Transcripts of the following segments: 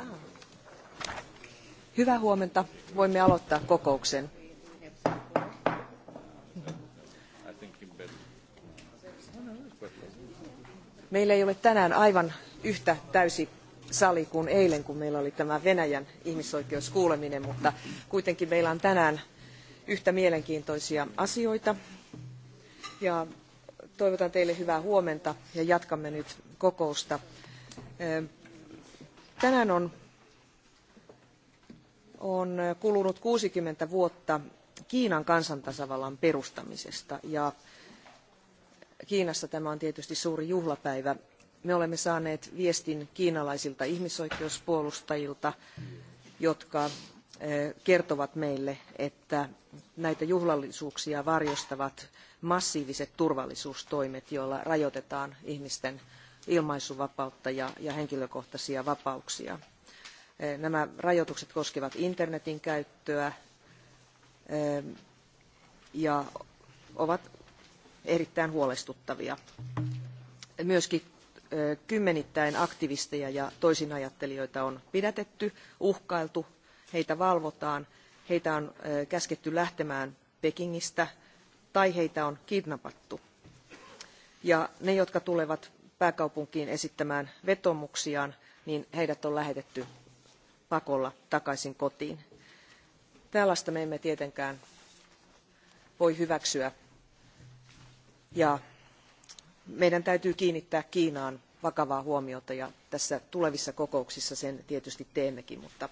Oh. Hyvää huomenta. Voimme aloittaa kokouksen. Meillä ei ole tänään aivan yhtä täysi sali kuin eilen, kun meillä oli tämä Venäjän ihmisoikeuskuuleminen, mutta kuitenkin meillä on tänään yhtä mielenkiintoisia asioita. Ja toivotan teille hyvää huomenta ja jatkamme nyt kokousta. Tänään on, on kulunut kuusikymmentä vuotta Kiinan kansantasavallan perustamisesta ja Kiinassa tämä on tietysti suuri juhlapäivä. Me olemme saaneet viestin kiinalaisilta ihmisoikeuspuolustajilta, jotka kertovat meille, että näitä juhlallisuuksia varjostavat massiiviset turvallisuustoimet, joilla rajoitetaan ihmisten ilmaisuvapautta ja, henkilökohtaisia vapauksia. Eh, nämä rajoitukset koskevat internetin käyttöä eh, ja ovat erittäin huolestuttavia. Myöskin eh, kymmenittäin aktivisteja ja toisinajattelijoita on pidätetty, uhkailtu, heitä valvotaan, heitä on käsketty lähtemään Pekingistä tai heitä on kidnappattu. Ja ne, jotka tulevat pääkaupunkiin esittämään vetomuksiaan, niin heidät on lähetetty pakolla takaisin kotiin. Tällaista me emme tietenkään voi hyväksyä. Ja meidän täytyy kiinnittää Kiinaan vakavaa huomiota ja tässä tulevissa kokouksissa sen tietysti teemmekin, mutta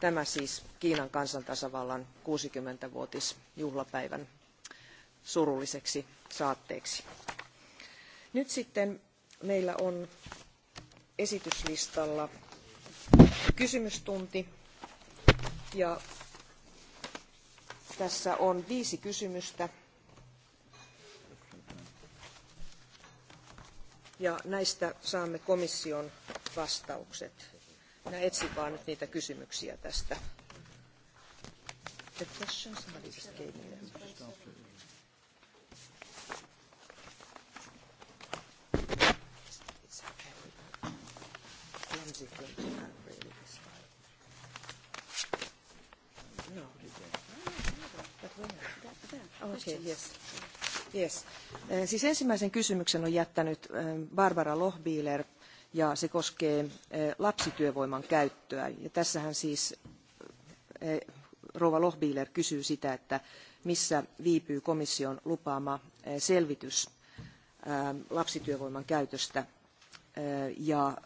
tämä siis Kiinan kansantasavallan 60-vuotisjuhlapäivän surulliseksi saatteeksi. Nyt sitten meillä on esityslistalla kysymystunti ja tässä on viisi kysymystä. Ja näistä saamme komission vastaukset. Minä etsin vaan nyt niitä kysymyksiä tästä. The somebody just gave me. is it going to have really this No. Okay, yes. Yes. Äh, siis ensimmäisen kysymyksen on jättänyt ähm, Barbara Lohbiiler ja se koskee äh, lapsityövoiman käyttöä. Ja tässähän siis äh, rouva Lohbiiler kysyy sitä, että missä viipyy komission lupaama selvitys ähm, lapsityövoiman käytöstä ja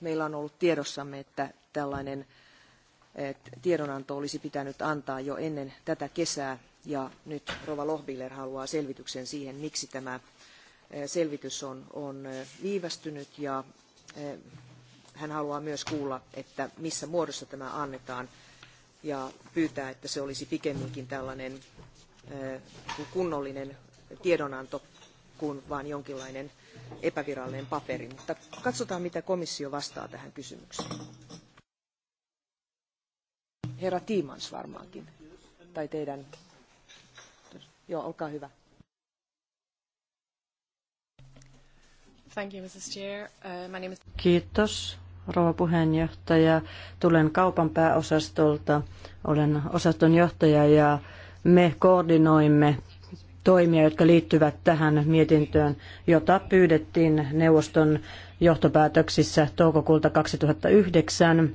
meillä on ollut tiedossamme, että tällainen tiedonanto olisi pitänyt antaa jo ennen tätä kesää. Ja nyt Rova Lohbiller haluaa selvityksen siihen, miksi tämä selvitys on, on viivästynyt ja hän haluaa myös kuulla, että missä muodossa tämä annetaan ja pyytää, että se olisi pikemminkin tällainen kunnollinen tiedonanto kuin vain jonkinlainen epävirallinen paperi, mutta katsotaan mitä komissio vastaa tähän kysymykseen. Herra Tiimans varmaankin, tai teidän, joo olkaa hyvä. Thank you, Mrs. Chair. Uh, my name is... Kiitos, rouva puheenjohtaja. Tulen kaupan pääosastolta. Olen osaston johtaja ja me koordinoimme toimia, jotka liittyvät tähän mietintöön, jota pyydettiin neuvoston johtopäätöksissä toukokuulta 2009.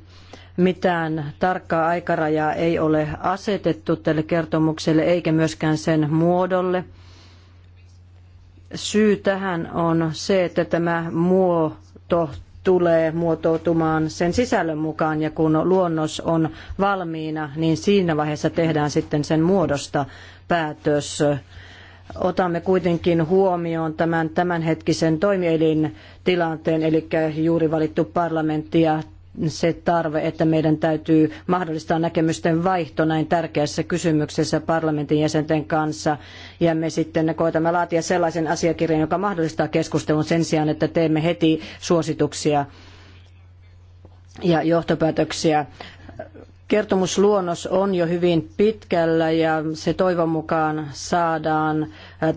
Mitään tarkkaa aikarajaa ei ole asetettu tälle kertomukselle eikä myöskään sen muodolle. Syy tähän on se, että tämä muoto tulee muotoutumaan sen sisällön mukaan ja kun luonnos on valmiina, niin siinä vaiheessa tehdään sitten sen muodosta päätös otamme kuitenkin huomioon tämän tämänhetkisen toimielin tilanteen, eli juuri valittu parlamentti ja se tarve, että meidän täytyy mahdollistaa näkemysten vaihto näin tärkeässä kysymyksessä parlamentin jäsenten kanssa. Ja me sitten koetamme laatia sellaisen asiakirjan, joka mahdollistaa keskustelun sen sijaan, että teemme heti suosituksia ja johtopäätöksiä Kertomusluonnos on jo hyvin pitkällä ja se toivon mukaan saadaan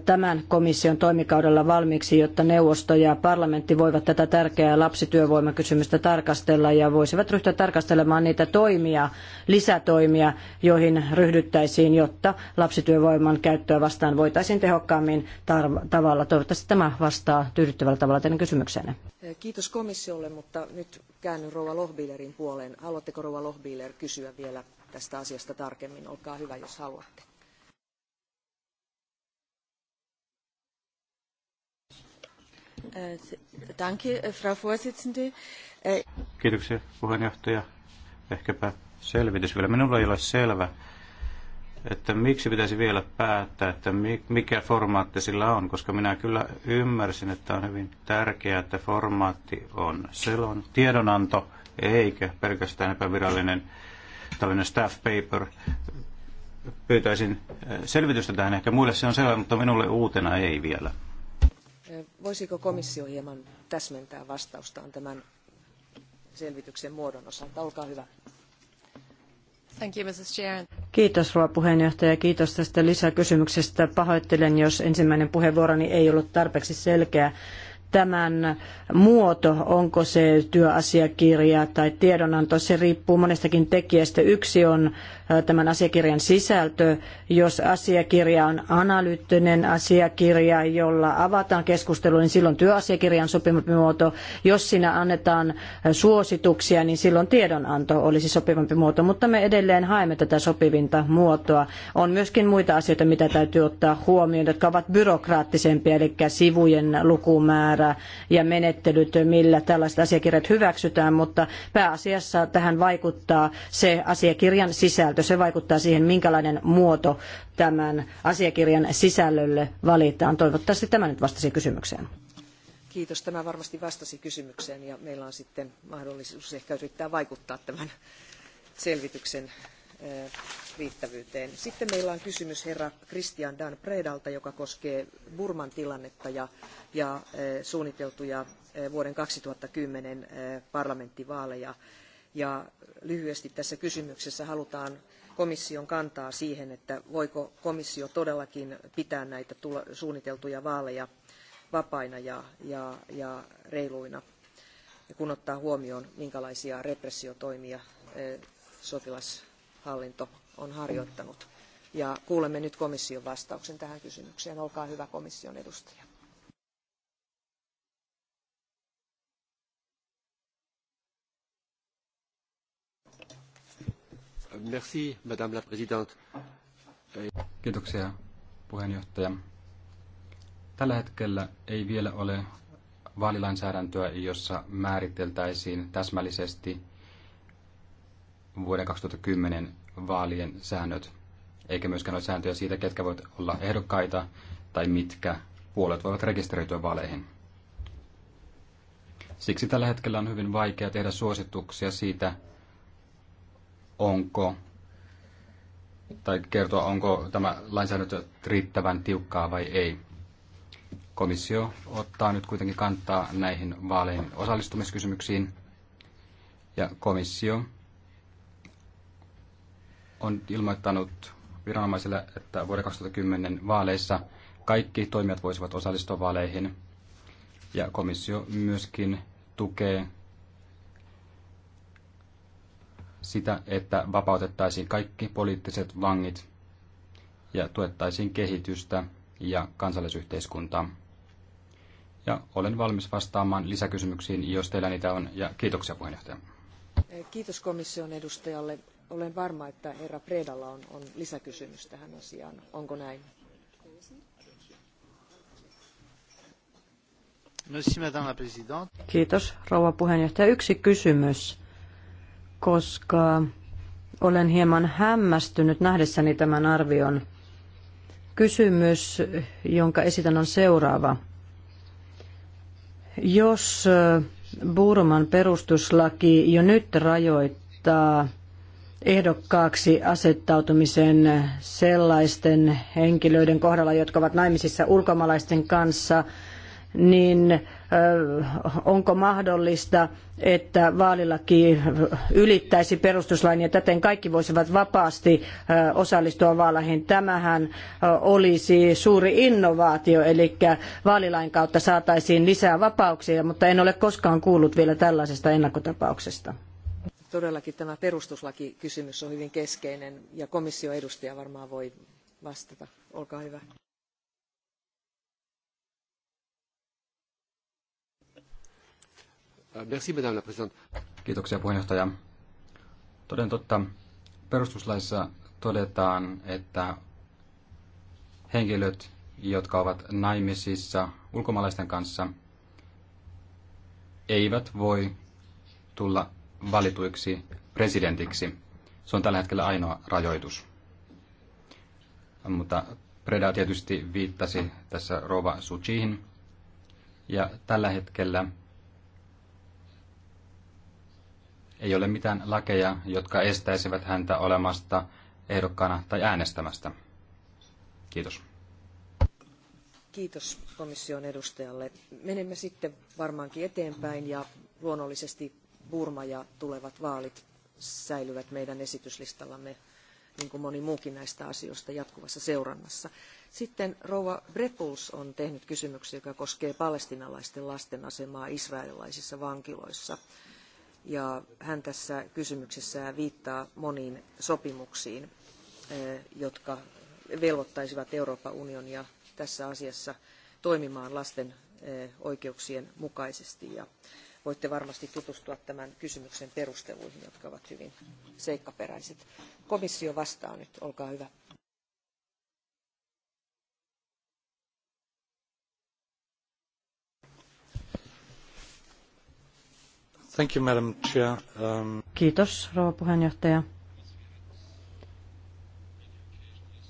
tämän komission toimikaudella valmiiksi, jotta neuvosto ja parlamentti voivat tätä tärkeää lapsityövoimakysymystä tarkastella ja voisivat ryhtyä tarkastelemaan niitä toimia, lisätoimia, joihin ryhdyttäisiin, jotta lapsityövoiman käyttöä vastaan voitaisiin tehokkaammin tavalla. Toivottavasti tämä vastaa tyydyttävällä tavalla teidän kysymykseenne. Kiitos komissiolle, mutta nyt käännyn rouva Lohbilerin puoleen. Haluatteko rouva Lohbiler kysyä vielä tästä asiasta tarkemmin? Olkaa hyvä, jos haluatte. Äh, danke, äh, Frau Vorsitzende. Äh, Kiitoksia, puheenjohtaja. Ehkäpä selvitys vielä. Minulla ei ole selvä, että miksi pitäisi vielä päättää, että mikä formaatti sillä on, koska minä kyllä ymmärsin, että on hyvin tärkeää, että formaatti on selon tiedonanto, eikä pelkästään epävirallinen tällainen staff paper. Pyytäisin selvitystä tähän ehkä muille se on selvä, mutta minulle uutena ei vielä. Voisiko komissio hieman täsmentää vastaustaan tämän selvityksen muodon osalta? Olkaa hyvä. Thank you, Mrs. Chair. Kiitos rouva puheenjohtaja, kiitos tästä lisäkysymyksestä. Pahoittelen, jos ensimmäinen puheenvuoroni ei ollut tarpeeksi selkeä tämän muoto, onko se työasiakirja tai tiedonanto, se riippuu monestakin tekijästä. Yksi on tämän asiakirjan sisältö. Jos asiakirja on analyyttinen asiakirja, jolla avataan keskustelu, niin silloin työasiakirjan sopivampi muoto. Jos siinä annetaan suosituksia, niin silloin tiedonanto olisi sopivampi muoto, mutta me edelleen haemme tätä sopivinta muotoa. On myöskin muita asioita, mitä täytyy ottaa huomioon, jotka ovat byrokraattisempia, eli sivujen lukumäärä määrä ja menettelyt, millä tällaiset asiakirjat hyväksytään, mutta pääasiassa tähän vaikuttaa se asiakirjan sisältö. Se vaikuttaa siihen, minkälainen muoto tämän asiakirjan sisällölle valitaan. Toivottavasti tämä nyt vastasi kysymykseen. Kiitos. Tämä varmasti vastasi kysymykseen ja meillä on sitten mahdollisuus ehkä yrittää vaikuttaa tämän selvityksen riittävyyteen. Sitten meillä on kysymys herra Christian Dan Predalta, joka koskee Burman tilannetta ja ja eh, suunniteltuja eh, vuoden 2010 eh, parlamenttivaaleja. Ja lyhyesti tässä kysymyksessä halutaan komission kantaa siihen, että voiko komissio todellakin pitää näitä suunniteltuja vaaleja vapaina ja, ja, ja reiluina, kun ottaa huomioon, minkälaisia repressiotoimia sotilashallinto on harjoittanut. Ja kuulemme nyt komission vastauksen tähän kysymykseen. Olkaa hyvä komission edustaja. Merci, Madame la Présidente. Kiitoksia, puheenjohtaja. Tällä hetkellä ei vielä ole vaalilainsäädäntöä, jossa määriteltäisiin täsmällisesti vuoden 2010 vaalien säännöt, eikä myöskään ole sääntöjä siitä, ketkä voivat olla ehdokkaita tai mitkä puolet voivat rekisteröityä vaaleihin. Siksi tällä hetkellä on hyvin vaikea tehdä suosituksia siitä, onko tai kertoa, onko tämä lainsäädäntö riittävän tiukkaa vai ei. Komissio ottaa nyt kuitenkin kantaa näihin vaaleihin osallistumiskysymyksiin. Ja komissio on ilmoittanut viranomaisille, että vuoden 2010 vaaleissa kaikki toimijat voisivat osallistua vaaleihin. Ja komissio myöskin tukee sitä, että vapautettaisiin kaikki poliittiset vangit ja tuettaisiin kehitystä ja kansallisyhteiskuntaa. Ja olen valmis vastaamaan lisäkysymyksiin, jos teillä niitä on, ja kiitoksia puheenjohtaja. Kiitos komission edustajalle. Olen varma, että herra Predalla on, on lisäkysymys tähän asiaan. Onko näin? Kiitos, rouva puheenjohtaja. Yksi kysymys koska olen hieman hämmästynyt nähdessäni tämän arvion. Kysymys, jonka esitän, on seuraava. Jos Burman perustuslaki jo nyt rajoittaa ehdokkaaksi asettautumisen sellaisten henkilöiden kohdalla, jotka ovat naimisissa ulkomaalaisten kanssa, niin onko mahdollista, että vaalilaki ylittäisi perustuslain ja täten kaikki voisivat vapaasti osallistua vaaleihin. Tämähän olisi suuri innovaatio, eli vaalilain kautta saataisiin lisää vapauksia, mutta en ole koskaan kuullut vielä tällaisesta ennakkotapauksesta. Todellakin tämä perustuslakikysymys on hyvin keskeinen ja komission edustaja varmaan voi vastata. Olkaa hyvä. Euh, merci, madame la présidente. Kiitoksia puheenjohtaja. Toden totta, perustuslaissa todetaan, että henkilöt, jotka ovat naimisissa ulkomaalaisten kanssa, eivät voi tulla valituiksi presidentiksi. Se on tällä hetkellä ainoa rajoitus. Mutta Preda tietysti viittasi tässä Rova Suchihin. Ja tällä hetkellä Ei ole mitään lakeja, jotka estäisivät häntä olemasta ehdokkaana tai äänestämästä. Kiitos. Kiitos komission edustajalle. Menemme sitten varmaankin eteenpäin ja luonnollisesti Burma ja tulevat vaalit säilyvät meidän esityslistallamme niin kuin moni muukin näistä asioista jatkuvassa seurannassa. Sitten rouva Brepuls on tehnyt kysymyksen, joka koskee palestinalaisten lasten asemaa israelilaisissa vankiloissa ja hän tässä kysymyksessään viittaa moniin sopimuksiin, eh, jotka velvoittaisivat Euroopan unionia tässä asiassa toimimaan lasten eh, oikeuksien mukaisesti. Ja voitte varmasti tutustua tämän kysymyksen perusteluihin, jotka ovat hyvin seikkaperäiset. Komissio vastaa nyt, olkaa hyvä. Thank you, Madam Chair. Um... Kiitos, rouva puheenjohtaja.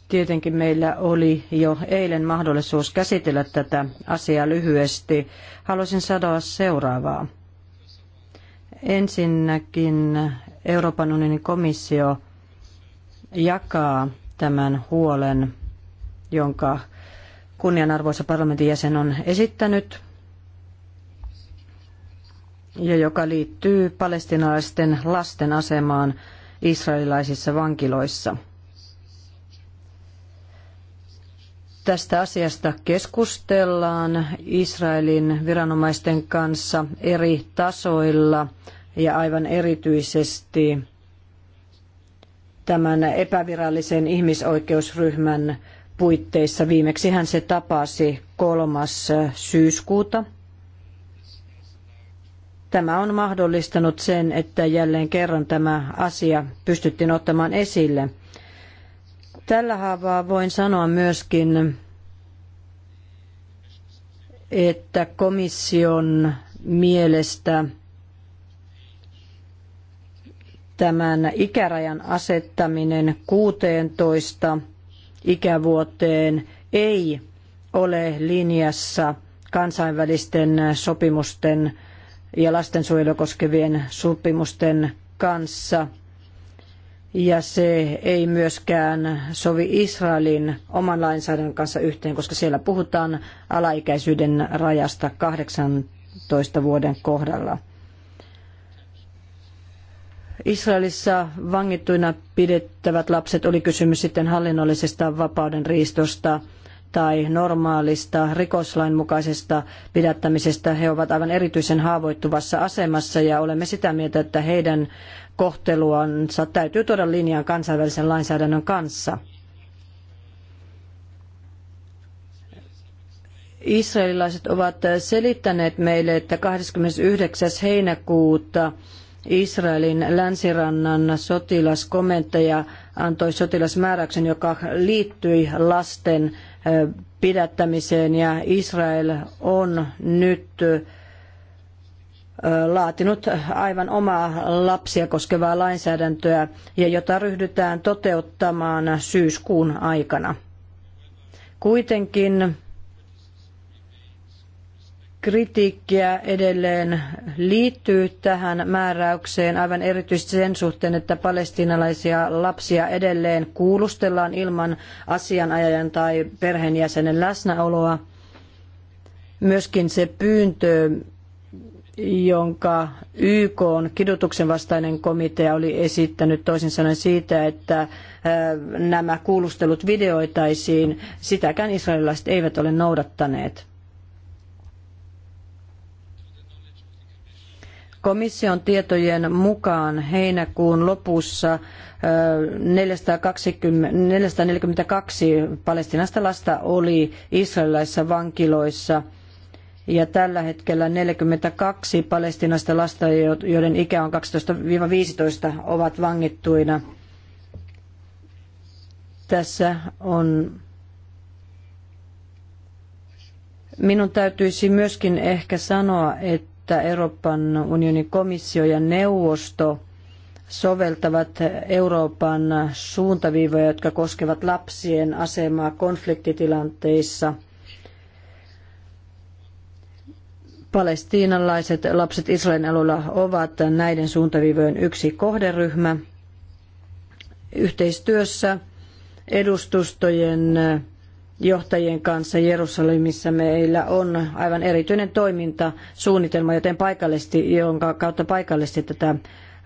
Tietenkin meillä oli jo eilen mahdollisuus käsitellä tätä asiaa lyhyesti. Haluaisin sanoa seuraavaa. Ensinnäkin Euroopan unionin komissio jakaa tämän huolen, jonka kunnianarvoisa parlamentin jäsen on esittänyt ja joka liittyy palestiinalaisten lasten asemaan israelilaisissa vankiloissa. Tästä asiasta keskustellaan Israelin viranomaisten kanssa eri tasoilla ja aivan erityisesti tämän epävirallisen ihmisoikeusryhmän puitteissa. Viimeksi hän se tapasi kolmas syyskuuta – Tämä on mahdollistanut sen, että jälleen kerran tämä asia pystyttiin ottamaan esille. Tällä haavaa voin sanoa myöskin, että komission mielestä tämän ikärajan asettaminen 16 ikävuoteen ei ole linjassa kansainvälisten sopimusten ja lastensuojelua koskevien sopimusten kanssa. Ja se ei myöskään sovi Israelin oman lainsäädännön kanssa yhteen, koska siellä puhutaan alaikäisyyden rajasta 18 vuoden kohdalla. Israelissa vangittuina pidettävät lapset, oli kysymys sitten hallinnollisesta vapauden riistosta, tai normaalista rikoslain mukaisesta pidättämisestä. He ovat aivan erityisen haavoittuvassa asemassa ja olemme sitä mieltä, että heidän kohteluansa täytyy tuoda linjaan kansainvälisen lainsäädännön kanssa. Israelilaiset ovat selittäneet meille, että 29. heinäkuuta Israelin länsirannan sotilaskomentaja antoi sotilasmääräyksen, joka liittyi lasten pidättämiseen ja Israel on nyt laatinut aivan omaa lapsia koskevaa lainsäädäntöä ja jota ryhdytään toteuttamaan syyskuun aikana. Kuitenkin kritiikkiä edelleen liittyy tähän määräykseen, aivan erityisesti sen suhteen, että palestiinalaisia lapsia edelleen kuulustellaan ilman asianajajan tai perheenjäsenen läsnäoloa. Myöskin se pyyntö, jonka YK on kidutuksen vastainen komitea oli esittänyt toisin sanoen siitä, että äh, nämä kuulustelut videoitaisiin, sitäkään israelilaiset eivät ole noudattaneet. Komission tietojen mukaan heinäkuun lopussa 420, 442 lasta oli israelilaisissa vankiloissa ja tällä hetkellä 42 palestinasta lasta, joiden ikä on 12-15, ovat vangittuina. Tässä on Minun täytyisi myöskin ehkä sanoa, että että Euroopan unionin komissio ja neuvosto soveltavat Euroopan suuntaviivoja, jotka koskevat lapsien asemaa konfliktitilanteissa. Palestiinalaiset lapset Israelin alueella ovat näiden suuntaviivojen yksi kohderyhmä. Yhteistyössä edustustojen johtajien kanssa Jerusalemissa. Meillä on aivan erityinen toimintasuunnitelma, joten paikallisesti, jonka kautta paikallisesti tätä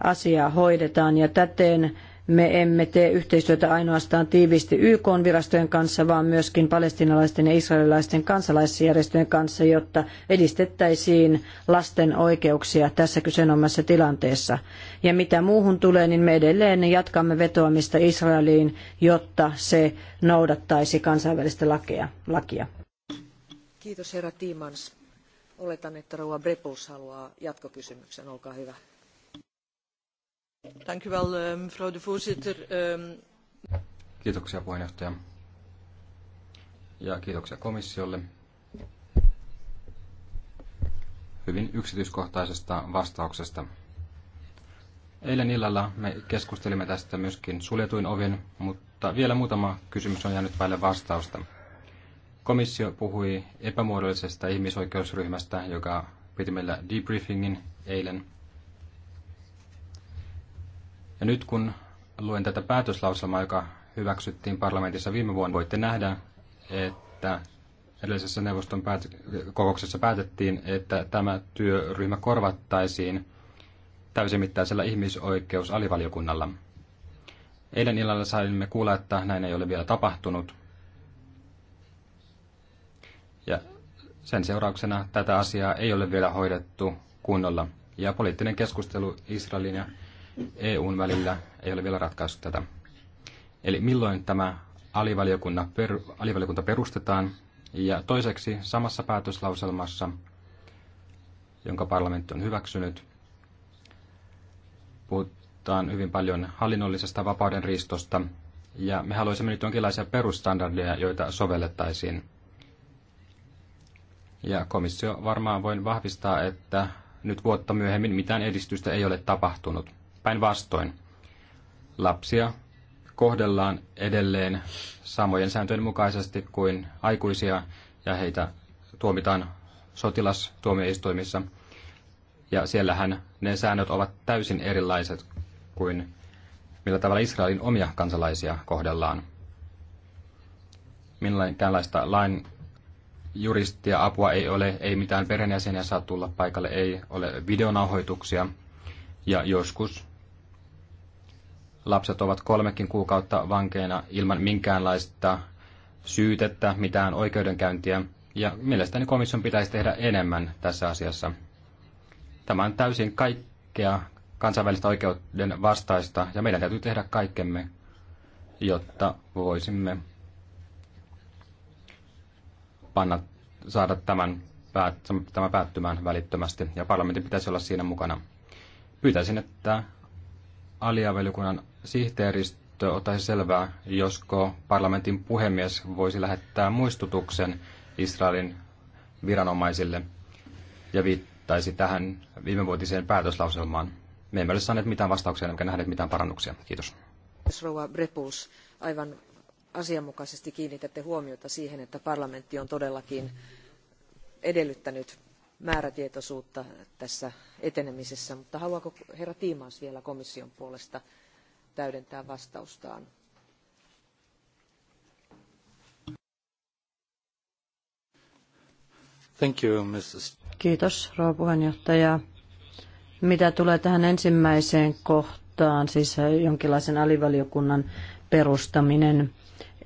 asiaa hoidetaan. Ja täten me emme tee yhteistyötä ainoastaan tiiviisti YK-virastojen kanssa, vaan myöskin palestinalaisten ja israelilaisten kansalaisjärjestöjen kanssa, jotta edistettäisiin lasten oikeuksia tässä kyseenomaisessa tilanteessa. Ja mitä muuhun tulee, niin me edelleen jatkamme vetoamista Israeliin, jotta se noudattaisi kansainvälistä lakia. lakia. Kiitos herra Tiimans. Oletan, että rouva Brepuls haluaa jatkokysymyksen. Olkaa hyvä. Ehm, voorzitter. Ehm, kiitoksia puheenjohtaja. Ja kiitoksia komissiolle hyvin yksityiskohtaisesta vastauksesta. Eilen illalla me keskustelimme tästä myöskin suljetuin ovin, mutta vielä muutama kysymys on jäänyt vaille vastausta. Komissio puhui epämuodollisesta ihmisoikeusryhmästä, joka piti meillä debriefingin eilen. Ja nyt kun luen tätä päätöslauselmaa, joka hyväksyttiin parlamentissa viime vuonna, voitte nähdä, että edellisessä neuvoston päät- kokouksessa päätettiin, että tämä työryhmä korvattaisiin täysimittaisella ihmisoikeusalivaliokunnalla. Eilen illalla saimme kuulla, että näin ei ole vielä tapahtunut. Ja sen seurauksena tätä asiaa ei ole vielä hoidettu kunnolla. Ja poliittinen keskustelu Israelin ja EUn välillä ei ole vielä ratkaistu tätä. Eli milloin tämä alivaliokunta, per, alivaliokunta perustetaan? Ja toiseksi samassa päätöslauselmassa, jonka parlamentti on hyväksynyt, puhutaan hyvin paljon hallinnollisesta vapauden riistosta, ja me haluaisimme nyt jonkinlaisia perusstandardeja, joita sovellettaisiin. Ja komissio varmaan voin vahvistaa, että nyt vuotta myöhemmin mitään edistystä ei ole tapahtunut. Päinvastoin, lapsia kohdellaan edelleen samojen sääntöjen mukaisesti kuin aikuisia ja heitä tuomitaan sotilastuomioistuimissa. Ja siellähän ne säännöt ovat täysin erilaiset kuin millä tavalla Israelin omia kansalaisia kohdellaan. Minkäänlaista lain juristia apua ei ole, ei mitään perheenjäseniä saa tulla paikalle, ei ole videonauhoituksia. Ja joskus Lapset ovat kolmekin kuukautta vankeina ilman minkäänlaista syytettä, mitään oikeudenkäyntiä, ja mielestäni komission pitäisi tehdä enemmän tässä asiassa. Tämä on täysin kaikkea kansainvälistä oikeuden vastaista, ja meidän täytyy tehdä kaikkemme, jotta voisimme panna, saada tämän, päät, tämän päättymään välittömästi, ja parlamentin pitäisi olla siinä mukana. Pyytäisin, että aliavelikunnan sihteeristö ottaisi selvää, josko parlamentin puhemies voisi lähettää muistutuksen Israelin viranomaisille ja viittaisi tähän viimevuotiseen päätöslauselmaan. Me emme ole saaneet mitään vastauksia emmekä nähneet mitään parannuksia. Kiitos. Rouva Brepuls, aivan asianmukaisesti kiinnitätte huomiota siihen, että parlamentti on todellakin edellyttänyt määrätietoisuutta tässä etenemisessä, mutta haluaako herra Tiimaus vielä komission puolesta täydentää vastaustaan? Thank you, Mrs. Kiitos, rouva puheenjohtaja. Mitä tulee tähän ensimmäiseen kohtaan, siis jonkinlaisen alivaliokunnan perustaminen,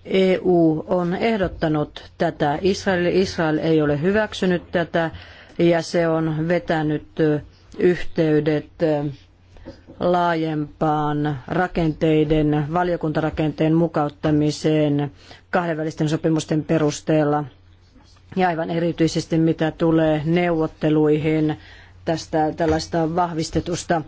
EU on ehdottanut tätä. Israel, Israel ei ole hyväksynyt tätä ja se on vetänyt yhteydet laajempaan rakenteiden, valiokuntarakenteen mukauttamiseen kahdenvälisten sopimusten perusteella. Ja aivan erityisesti mitä tulee neuvotteluihin tästä tällaista vahvistetusta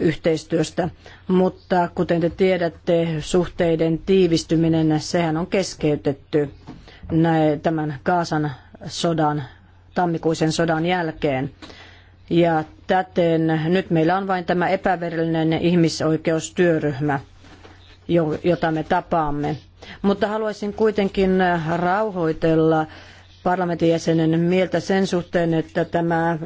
yhteistyöstä. Mutta kuten te tiedätte, suhteiden tiivistyminen, sehän on keskeytetty tämän Kaasan sodan tammikuisen sodan jälkeen. Ja täten nyt meillä on vain tämä epävirallinen ihmisoikeustyöryhmä, jota me tapaamme. Mutta haluaisin kuitenkin rauhoitella parlamentin jäsenen mieltä sen suhteen, että tämä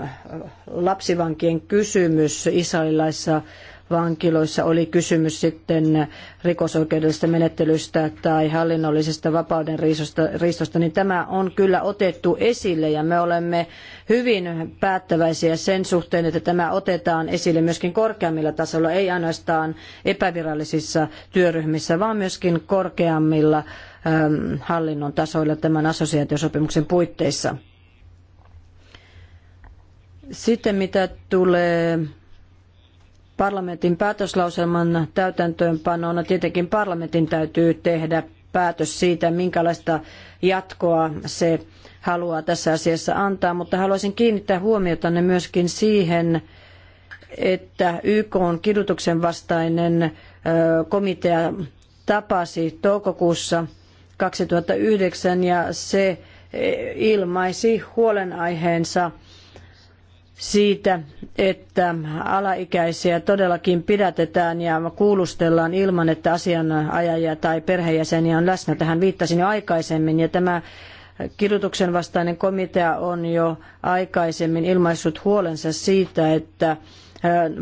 lapsivankien kysymys israelilaisessa vankiloissa, oli kysymys sitten rikosoikeudellisesta menettelystä tai hallinnollisesta vapauden riistosta, niin tämä on kyllä otettu esille ja me olemme hyvin päättäväisiä sen suhteen, että tämä otetaan esille myöskin korkeammilla tasoilla, ei ainoastaan epävirallisissa työryhmissä, vaan myöskin korkeammilla ähm, hallinnon tasoilla tämän assosiaatiosopimuksen puitteissa. Sitten mitä tulee parlamentin päätöslauselman täytäntöönpanona tietenkin parlamentin täytyy tehdä päätös siitä, minkälaista jatkoa se haluaa tässä asiassa antaa, mutta haluaisin kiinnittää huomiota myöskin siihen, että YK on kidutuksen vastainen komitea tapasi toukokuussa 2009 ja se e, ilmaisi huolenaiheensa siitä, että alaikäisiä todellakin pidätetään ja kuulustellaan ilman, että asianajajia tai perheenjäseniä on läsnä. Tähän viittasin jo aikaisemmin ja tämä kidutuksen vastainen komitea on jo aikaisemmin ilmaissut huolensa siitä, että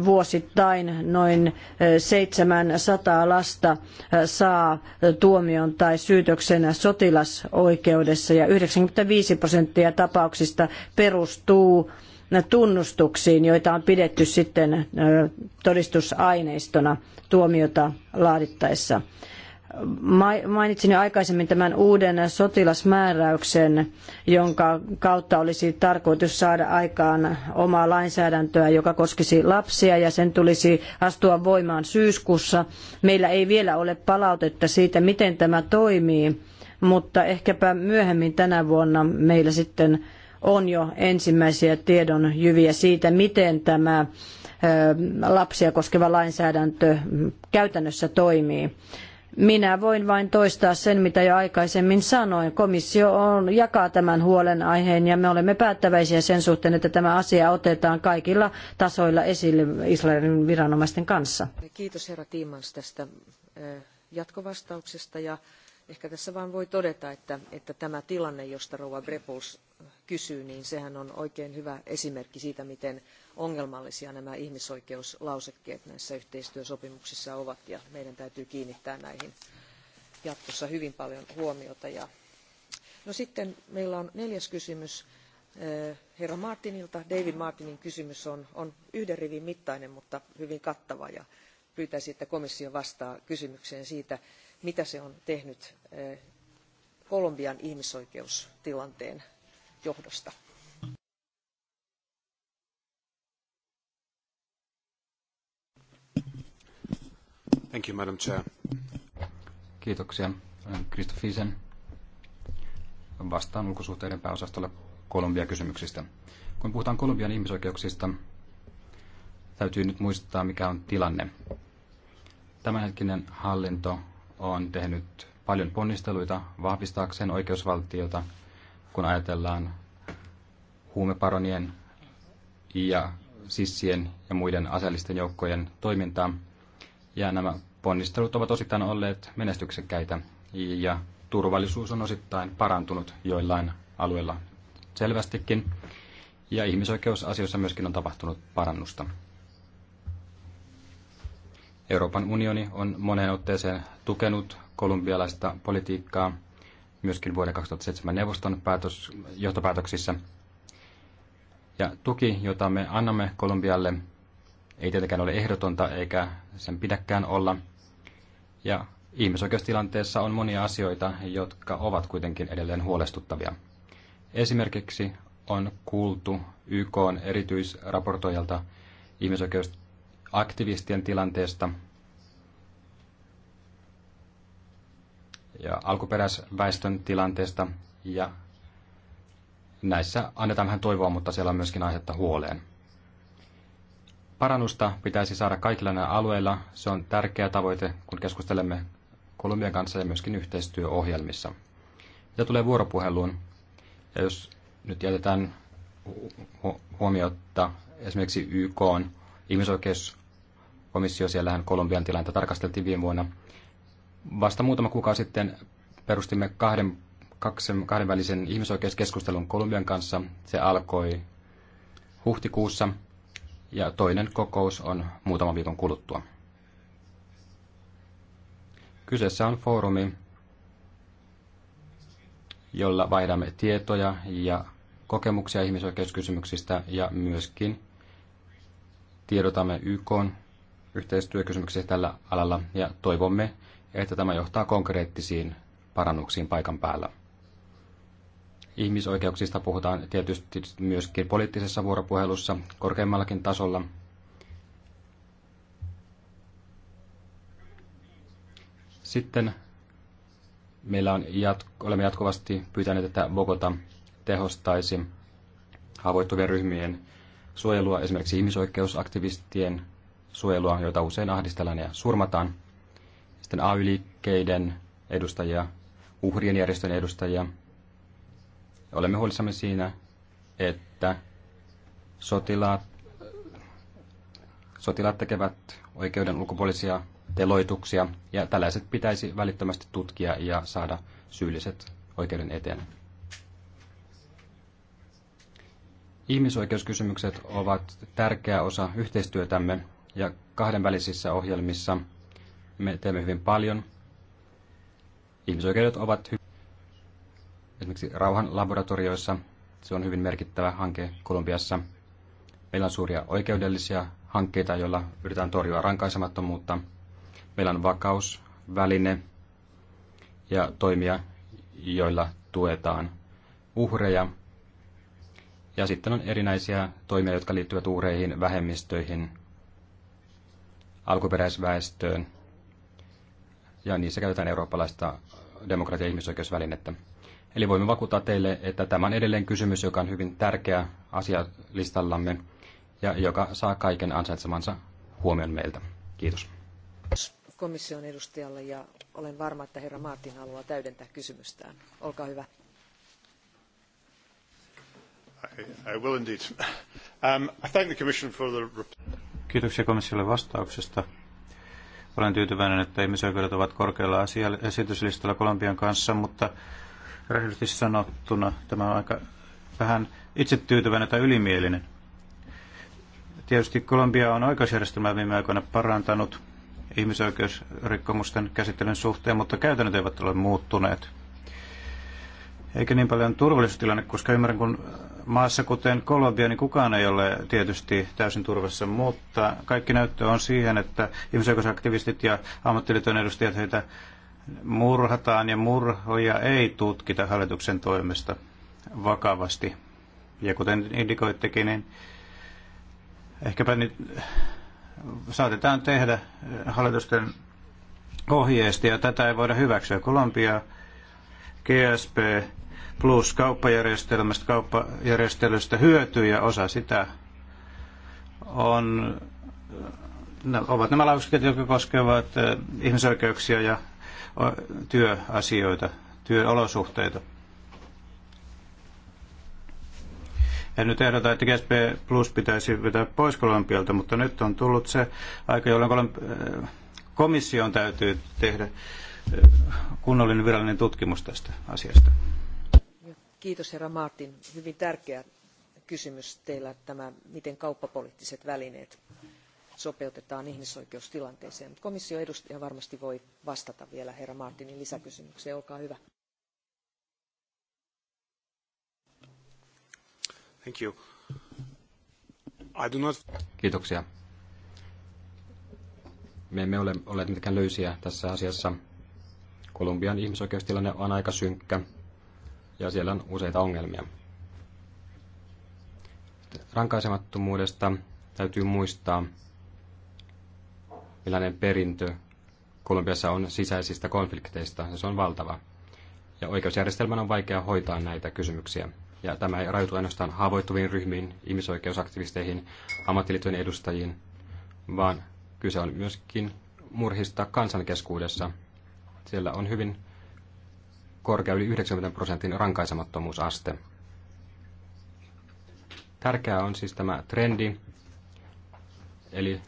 vuosittain noin 700 lasta saa tuomion tai syytöksen sotilasoikeudessa ja 95 prosenttia tapauksista perustuu tunnustuksiin, joita on pidetty sitten todistusaineistona tuomiota laadittaessa. Mainitsin jo aikaisemmin tämän uuden sotilasmääräyksen, jonka kautta olisi tarkoitus saada aikaan omaa lainsäädäntöä, joka koskisi lapsia ja sen tulisi astua voimaan syyskuussa. Meillä ei vielä ole palautetta siitä, miten tämä toimii, mutta ehkäpä myöhemmin tänä vuonna meillä sitten on jo ensimmäisiä tiedonjyviä siitä, miten tämä lapsia koskeva lainsäädäntö käytännössä toimii. Minä voin vain toistaa sen, mitä jo aikaisemmin sanoin. Komissio on, jakaa tämän huolenaiheen ja me olemme päättäväisiä sen suhteen, että tämä asia otetaan kaikilla tasoilla esille Israelin viranomaisten kanssa. Kiitos herra Tiimans tästä jatkovastauksesta ja ehkä tässä vain voi todeta, että, että tämä tilanne, josta rouva Brepols kysyy, niin sehän on oikein hyvä esimerkki siitä, miten ongelmallisia nämä ihmisoikeuslausekkeet näissä yhteistyösopimuksissa ovat, ja meidän täytyy kiinnittää näihin jatkossa hyvin paljon huomiota. Ja no sitten meillä on neljäs kysymys eh, herra Martinilta. David Martinin kysymys on, on yhden rivin mittainen, mutta hyvin kattava, ja pyytäisin, että komissio vastaa kysymykseen siitä, mitä se on tehnyt eh, Kolumbian ihmisoikeustilanteen johdosta. Thank you, Madam Chair. Kiitoksia. Olen Kristofisen. Vastaan ulkosuhteiden pääosastolle Kolumbia-kysymyksistä. Kun puhutaan Kolumbian ihmisoikeuksista, täytyy nyt muistaa, mikä on tilanne. Tämänhetkinen hallinto on tehnyt paljon ponnisteluita vahvistaakseen oikeusvaltiota kun ajatellaan huumeparonien ja sissien ja muiden aseellisten joukkojen toimintaa. Ja nämä ponnistelut ovat osittain olleet menestyksekkäitä ja turvallisuus on osittain parantunut joillain alueilla selvästikin. Ja ihmisoikeusasioissa myöskin on tapahtunut parannusta. Euroopan unioni on moneen otteeseen tukenut kolumbialaista politiikkaa – myöskin vuoden 2007 neuvoston päätös, johtopäätöksissä. Ja tuki, jota me annamme Kolumbialle, ei tietenkään ole ehdotonta eikä sen pidäkään olla. Ja ihmisoikeustilanteessa on monia asioita, jotka ovat kuitenkin edelleen huolestuttavia. Esimerkiksi on kuultu YK erityisraportoijalta ihmisoikeusaktivistien tilanteesta – ja alkuperäisväestön tilanteesta ja näissä annetaan vähän toivoa, mutta siellä on myöskin aihetta huoleen. Parannusta pitäisi saada kaikilla näillä alueilla. Se on tärkeä tavoite, kun keskustelemme Kolumbian kanssa ja myöskin yhteistyöohjelmissa. Mitä tulee vuoropuheluun, ja jos nyt jätetään huomiota esimerkiksi YK on ihmisoikeuskomissio, siellähän Kolumbian tilannetta tarkasteltiin viime vuonna – Vasta muutama kuukausi sitten perustimme kahden, kaksen, kahdenvälisen ihmisoikeuskeskustelun Kolumbian kanssa. Se alkoi huhtikuussa ja toinen kokous on muutaman viikon kuluttua. Kyseessä on foorumi, jolla vaihdamme tietoja ja kokemuksia ihmisoikeuskysymyksistä ja myöskin tiedotamme YK yhteistyökysymyksiä tällä alalla ja toivomme, että tämä johtaa konkreettisiin parannuksiin paikan päällä. Ihmisoikeuksista puhutaan tietysti myöskin poliittisessa vuoropuhelussa korkeimmallakin tasolla. Sitten meillä on jatko, olemme jatkuvasti pyytäneet, että Bogota tehostaisi haavoittuvien ryhmien suojelua, esimerkiksi ihmisoikeusaktivistien suojelua, joita usein ahdistellaan ja surmataan – sitten AY-liikkeiden edustajia, uhrien järjestön edustajia. Olemme huolissamme siinä, että sotilaat, sotilaat tekevät oikeuden ulkopuolisia teloituksia, ja tällaiset pitäisi välittömästi tutkia ja saada syylliset oikeuden eteen. Ihmisoikeuskysymykset ovat tärkeä osa yhteistyötämme ja kahdenvälisissä ohjelmissa – me teemme hyvin paljon. Ihmisoikeudet ovat hy- esimerkiksi rauhan laboratorioissa. Se on hyvin merkittävä hanke Kolumbiassa. Meillä on suuria oikeudellisia hankkeita, joilla yritetään torjua rankaisemattomuutta. Meillä on vakausväline ja toimia, joilla tuetaan uhreja. Ja sitten on erinäisiä toimia, jotka liittyvät uhreihin, vähemmistöihin, alkuperäisväestöön ja niissä käytetään eurooppalaista demokratia- ja ihmisoikeusvälinettä. Eli voimme vakuuttaa teille, että tämä on edelleen kysymys, joka on hyvin tärkeä asia listallamme ja joka saa kaiken ansaitsemansa huomion meiltä. Kiitos. Komission edustajalle ja olen varma, että herra Martin haluaa täydentää kysymystään. Olkaa hyvä. I will indeed. Um, I thank the Commission for the... Kiitoksia komissiolle vastauksesta. Olen tyytyväinen, että ihmisoikeudet ovat korkealla asialla esityslistalla Kolumbian kanssa, mutta rehellisesti sanottuna tämä on aika vähän itsetyytyväinen tai ylimielinen. Tietysti Kolumbia on oikeusjärjestelmää viime aikoina parantanut ihmisoikeusrikkomusten käsittelyn suhteen, mutta käytännöt eivät ole muuttuneet eikä niin paljon turvallisuustilanne, koska ymmärrän, kun maassa kuten Kolumbia, niin kukaan ei ole tietysti täysin turvassa, mutta kaikki näyttö on siihen, että ihmisoikeusaktivistit ja ammattiliiton edustajat heitä murhataan ja murhoja ei tutkita hallituksen toimesta vakavasti. Ja kuten indikoittekin, niin ehkäpä nyt saatetaan tehdä hallitusten ohjeista ja tätä ei voida hyväksyä. Kolumbia GSP plus kauppajärjestelmästä, kauppajärjestelystä hyötyy ja osa sitä on, ovat nämä lausekkeet, jotka koskevat ihmisoikeuksia ja työasioita, työolosuhteita. En nyt ehdota, että GSP Plus pitäisi vetää pois Kolumbialta, mutta nyt on tullut se aika, jolloin komission täytyy tehdä kunnollinen virallinen tutkimus tästä asiasta. Kiitos herra Martin. Hyvin tärkeä kysymys teillä tämä, miten kauppapoliittiset välineet sopeutetaan ihmisoikeustilanteeseen. Mutta komission edustaja varmasti voi vastata vielä herra Martinin lisäkysymykseen. Olkaa hyvä. Thank you. I do not... Kiitoksia. Me emme ole olleet mitenkään löysiä tässä asiassa. Kolumbian ihmisoikeustilanne on aika synkkä ja siellä on useita ongelmia. Rankaisemattomuudesta täytyy muistaa, millainen perintö Kolumbiassa on sisäisistä konflikteista, ja se on valtava. Ja oikeusjärjestelmän on vaikea hoitaa näitä kysymyksiä. Ja tämä ei rajoitu ainoastaan haavoittuviin ryhmiin, ihmisoikeusaktivisteihin, ammattiliittojen edustajiin, vaan kyse on myöskin murhista kansankeskuudessa. Siellä on hyvin korkea yli 90 prosentin rankaisemattomuusaste. Tärkeää on siis tämä trendi, eli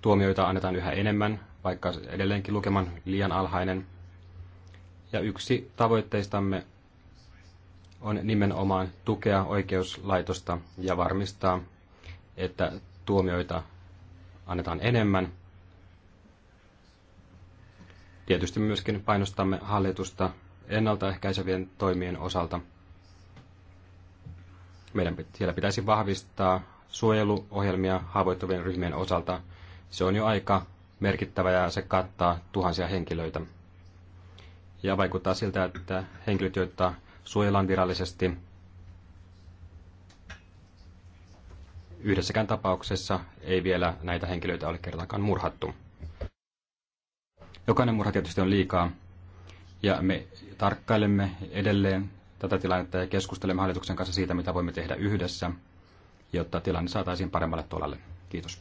tuomioita annetaan yhä enemmän, vaikka edelleenkin lukeman liian alhainen. Ja yksi tavoitteistamme on nimenomaan tukea oikeuslaitosta ja varmistaa, että tuomioita annetaan enemmän. Tietysti myöskin painostamme hallitusta ennaltaehkäisevien toimien osalta. Meidän siellä pitäisi vahvistaa suojeluohjelmia haavoittuvien ryhmien osalta. Se on jo aika merkittävä ja se kattaa tuhansia henkilöitä. Ja vaikuttaa siltä, että henkilöt, joita suojellaan virallisesti, yhdessäkään tapauksessa ei vielä näitä henkilöitä ole kertaakaan murhattu. Jokainen murha tietysti on liikaa, ja me tarkkailemme edelleen tätä tilannetta ja keskustelemme hallituksen kanssa siitä, mitä voimme tehdä yhdessä, jotta tilanne saataisiin paremmalle tolalle. Kiitos.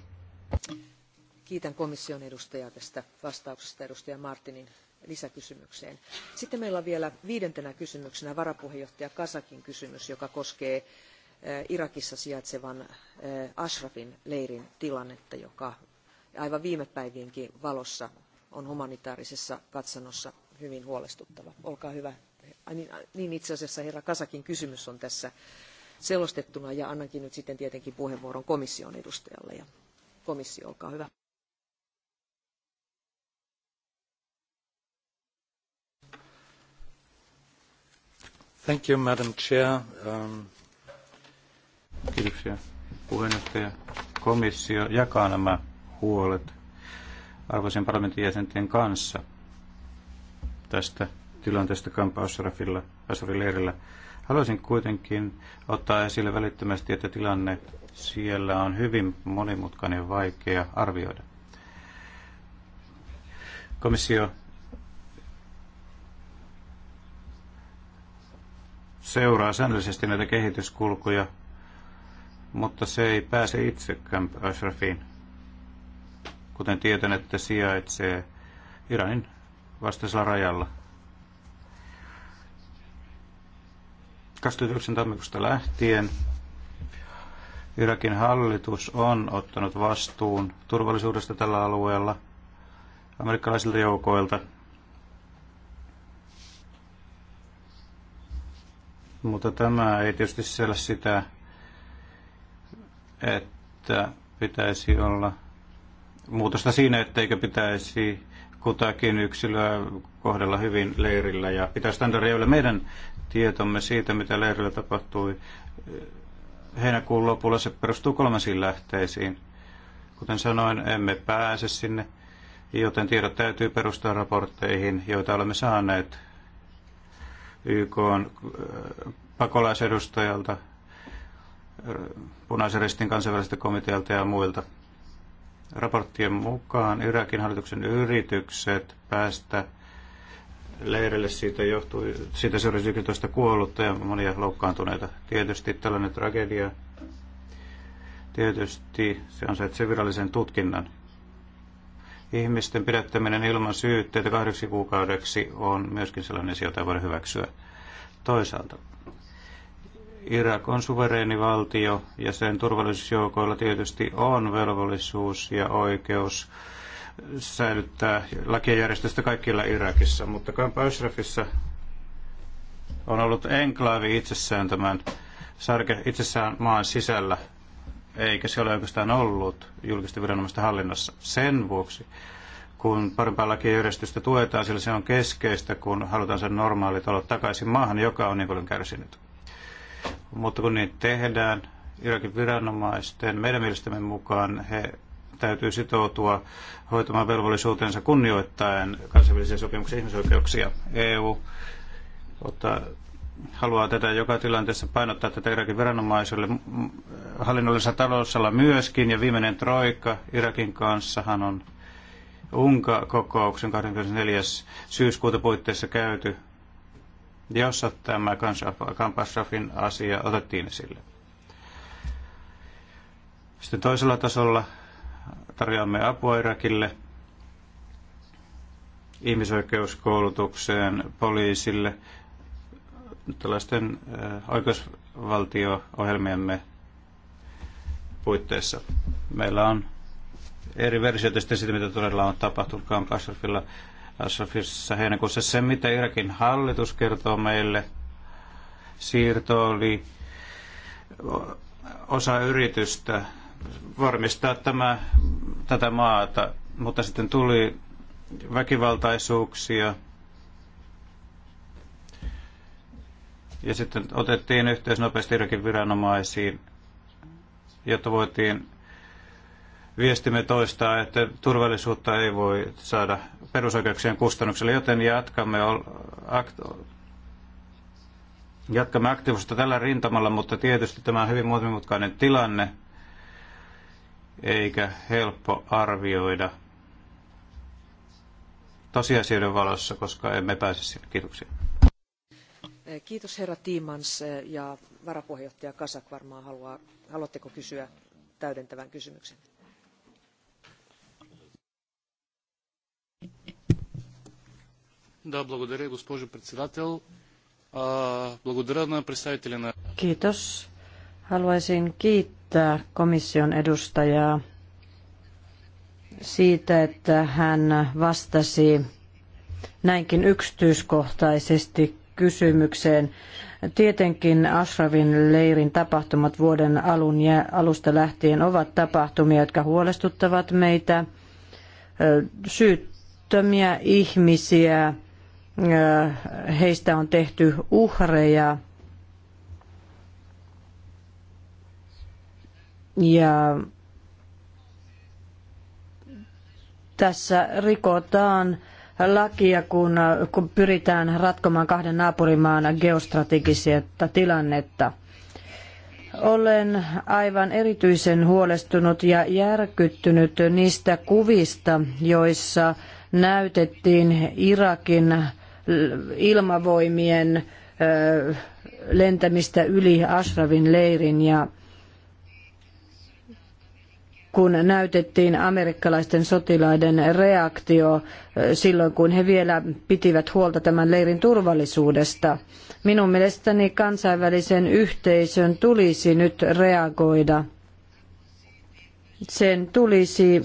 Kiitän komission edustajaa tästä vastauksesta edustaja Martinin lisäkysymykseen. Sitten meillä on vielä viidentenä kysymyksenä varapuheenjohtaja Kasakin kysymys, joka koskee eh, Irakissa sijaitsevan eh, Ashrafin leirin tilannetta, joka aivan viime päivienkin valossa on humanitaarisessa katsannossa hyvin huolestuttava. Olkaa hyvä. Niin, niin itse asiassa herra Kasakin kysymys on tässä selostettuna ja annankin nyt sitten tietenkin puheenvuoron komission edustajalle. Ja komissio, olkaa hyvä. Thank you, Madam Chair. Um... Kiitoksia puheenjohtaja. Komissio jakaa nämä huolet arvoisen parlamentin jäsenten kanssa – tästä tilanteesta Kampa Ashrafilla, Ashrafin Haluaisin kuitenkin ottaa esille välittömästi, että tilanne siellä on hyvin monimutkainen ja vaikea arvioida. Komissio seuraa säännöllisesti näitä kehityskulkuja, mutta se ei pääse itse Camp Ashrafiin. Kuten tiedän, että sijaitsee Iranin vastaisella rajalla. 29. tammikuusta lähtien Irakin hallitus on ottanut vastuun turvallisuudesta tällä alueella amerikkalaisilta joukoilta. Mutta tämä ei tietysti siellä sitä, että pitäisi olla muutosta siinä, etteikö pitäisi kutakin yksilöä kohdella hyvin leirillä ja pitää standardia yllä. Meidän tietomme siitä, mitä leirillä tapahtui eh, heinäkuun lopulla, se perustuu kolmansiin lähteisiin. Kuten sanoin, emme pääse sinne, joten tiedot täytyy perustaa raportteihin, joita olemme saaneet YK on eh, pakolaisedustajalta, eh, punaisen ristin kansainväliseltä komitealta ja muilta raporttien mukaan Irakin hallituksen yritykset päästä leirille siitä johtui, siitä seurasi 11 kuollutta ja monia loukkaantuneita. Tietysti tällainen tragedia, tietysti se on se virallisen tutkinnan. Ihmisten pidättäminen ilman syytteitä kahdeksi kuukaudeksi on myöskin sellainen jota voi hyväksyä. Toisaalta Irak on suvereeni valtio ja sen turvallisuusjoukoilla tietysti on velvollisuus ja oikeus säilyttää lakijärjestystä kaikilla Irakissa, mutta Camp Ashrafissa on ollut enklaavi itsessään tämän sarke itsessään maan sisällä, eikä se ole oikeastaan ollut julkisten viranomaisten hallinnassa. Sen vuoksi, kun parempaa lakijärjestystä tuetaan, sillä se on keskeistä, kun halutaan sen normaalit olot takaisin maahan, joka on niin paljon kärsinyt. Mutta kun niitä tehdään, Irakin viranomaisten meidän mielestämme mukaan he täytyy sitoutua hoitamaan velvollisuutensa kunnioittaen kansainvälisiä sopimuksia ihmisoikeuksia. EU ottaa, haluaa tätä joka tilanteessa painottaa tätä Irakin viranomaisille hallinnollisella talousalla myöskin. Ja viimeinen troika Irakin kanssahan on Unka-kokouksen 24. syyskuuta puitteissa käyty jossa tämä Kampasrafin asia otettiin esille. Sitten toisella tasolla tarjoamme apua Irakille, ihmisoikeuskoulutukseen, poliisille, tällaisten äh, oikeusvaltio-ohjelmiemme puitteissa. Meillä on eri versioita sitten siitä, mitä todella on tapahtunut Kampasrafilla. Ashrafissa heinäkuussa. Se, mitä Irakin hallitus kertoo meille, siirto oli osa yritystä varmistaa tämä, tätä maata, mutta sitten tuli väkivaltaisuuksia. Ja sitten otettiin yhteys nopeasti Irakin viranomaisiin, jotta voitiin viestimme toistaa, että turvallisuutta ei voi saada perusoikeuksien kustannuksella, joten jatkamme, akt- jatkamme aktiivisuutta tällä rintamalla, mutta tietysti tämä on hyvin monimutkainen tilanne, eikä helppo arvioida tosiasioiden valossa, koska emme pääse sinne. Kiitoksia. Kiitos herra Tiimans ja varapuheenjohtaja Kasak varmaan haluaa, haluatteko kysyä täydentävän kysymyksen? Да, благодаря, госпожо председател. Благодаря на представителя на... Kiitos. Haluaisin kiittää komission edustajaa siitä, että hän vastasi näinkin yksityiskohtaisesti kysymykseen. Tietenkin Ashrafin leirin tapahtumat vuoden alun ja alusta lähtien ovat tapahtumia, jotka huolestuttavat meitä. Syyttömiä ihmisiä heistä on tehty uhreja. Ja tässä rikotaan lakia, kun, kun pyritään ratkomaan kahden naapurimaan geostrategista tilannetta. Olen aivan erityisen huolestunut ja järkyttynyt niistä kuvista, joissa näytettiin Irakin ilmavoimien lentämistä yli Ashrafin leirin ja kun näytettiin amerikkalaisten sotilaiden reaktio silloin, kun he vielä pitivät huolta tämän leirin turvallisuudesta. Minun mielestäni kansainvälisen yhteisön tulisi nyt reagoida. Sen tulisi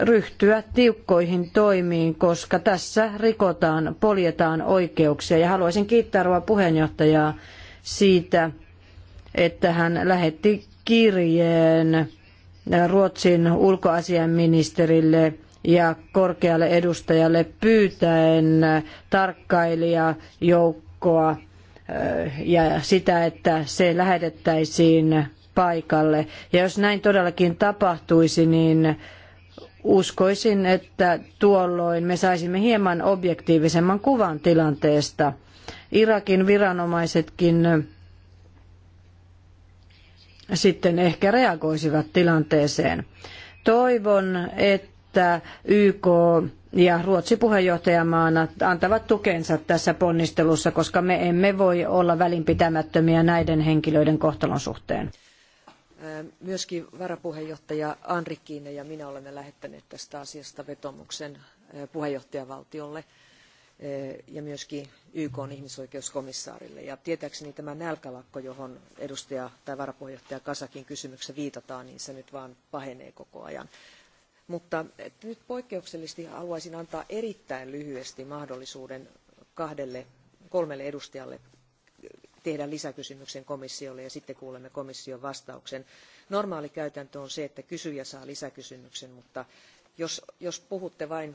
ryhtyä tiukkoihin toimiin, koska tässä rikotaan, poljetaan oikeuksia. Ja haluaisin kiittää rouva puheenjohtajaa siitä, että hän lähetti kirjeen Ruotsin ulkoasiainministerille ja korkealle edustajalle pyytäen tarkkailijajoukkoa eh, ja sitä, että se lähetettäisiin paikalle. Ja jos näin todellakin tapahtuisi, niin Uskoisin, että tuolloin me saisimme hieman objektiivisemman kuvan tilanteesta. Irakin viranomaisetkin sitten ehkä reagoisivat tilanteeseen. Toivon, että YK ja Ruotsi puheenjohtajamaana antavat tukensa tässä ponnistelussa, koska me emme voi olla välinpitämättömiä näiden henkilöiden kohtalon suhteen. Myöskin varapuheenjohtaja Anri Kiine ja minä olemme lähettäneet tästä asiasta vetomuksen puheenjohtajavaltiolle ja myöskin YK on ihmisoikeuskomissaarille. Ja tietääkseni tämä nälkälakko, johon edustaja tai varapuheenjohtaja Kasakin kysymyksessä viitataan, niin se nyt vaan pahenee koko ajan. Mutta nyt poikkeuksellisesti haluaisin antaa erittäin lyhyesti mahdollisuuden kahdelle, kolmelle edustajalle tehdä lisäkysymyksen komissiolle ja sitten kuulemme komission vastauksen. Normaali käytäntö on se, että kysyjä saa lisäkysymyksen, mutta jos, jos puhutte vain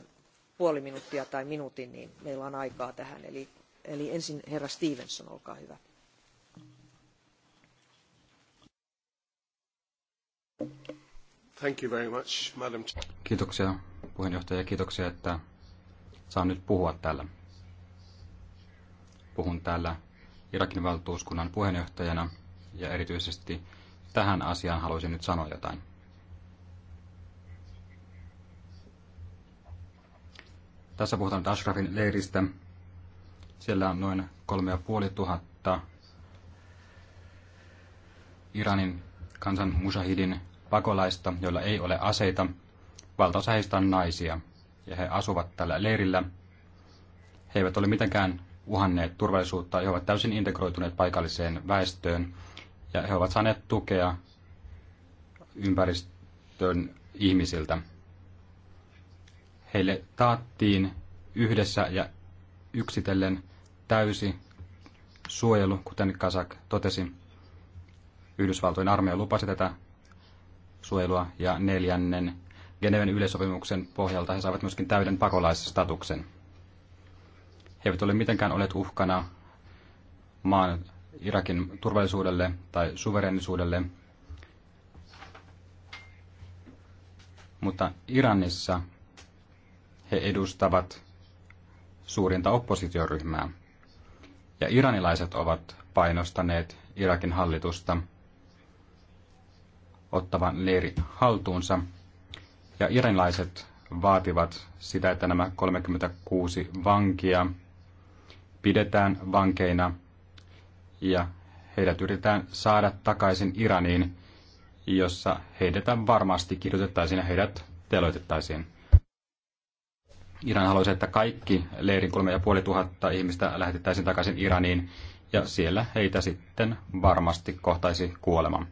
puoli minuuttia tai minuutin, niin meillä on aikaa tähän. Eli, eli ensin herra Stevenson, olkaa hyvä. Thank you very much, Madam. Kiitoksia puheenjohtaja, kiitoksia, että saan nyt puhua täällä. Puhun täällä Irakin valtuuskunnan puheenjohtajana ja erityisesti tähän asiaan haluaisin nyt sanoa jotain. Tässä puhutaan Ashrafin leiristä. Siellä on noin 3500 Iranin kansan mushahidin pakolaista, joilla ei ole aseita. Valtaosa heistä on naisia, ja he asuvat tällä leirillä. He eivät ole mitenkään uhanneet turvallisuutta. He ovat täysin integroituneet paikalliseen väestöön ja he ovat saaneet tukea ympäristön ihmisiltä. Heille taattiin yhdessä ja yksitellen täysi suojelu, kuten Kasak totesi. Yhdysvaltojen armeija lupasi tätä suojelua ja neljännen Geneven yleissopimuksen pohjalta he saivat myöskin täyden pakolaisstatuksen. He eivät ole mitenkään olleet uhkana maan Irakin turvallisuudelle tai suverenisuudelle. Mutta Iranissa he edustavat suurinta oppositioryhmää. Ja iranilaiset ovat painostaneet Irakin hallitusta ottavan leiri haltuunsa. Ja iranilaiset vaativat sitä, että nämä 36 vankia pidetään vankeina ja heidät yritetään saada takaisin Iraniin, jossa heidät varmasti kirjoitettaisiin ja heidät teloitettaisiin. Iran haluaisi, että kaikki leirin 3500 ihmistä lähetettäisiin takaisin Iraniin ja siellä heitä sitten varmasti kohtaisi kuolema.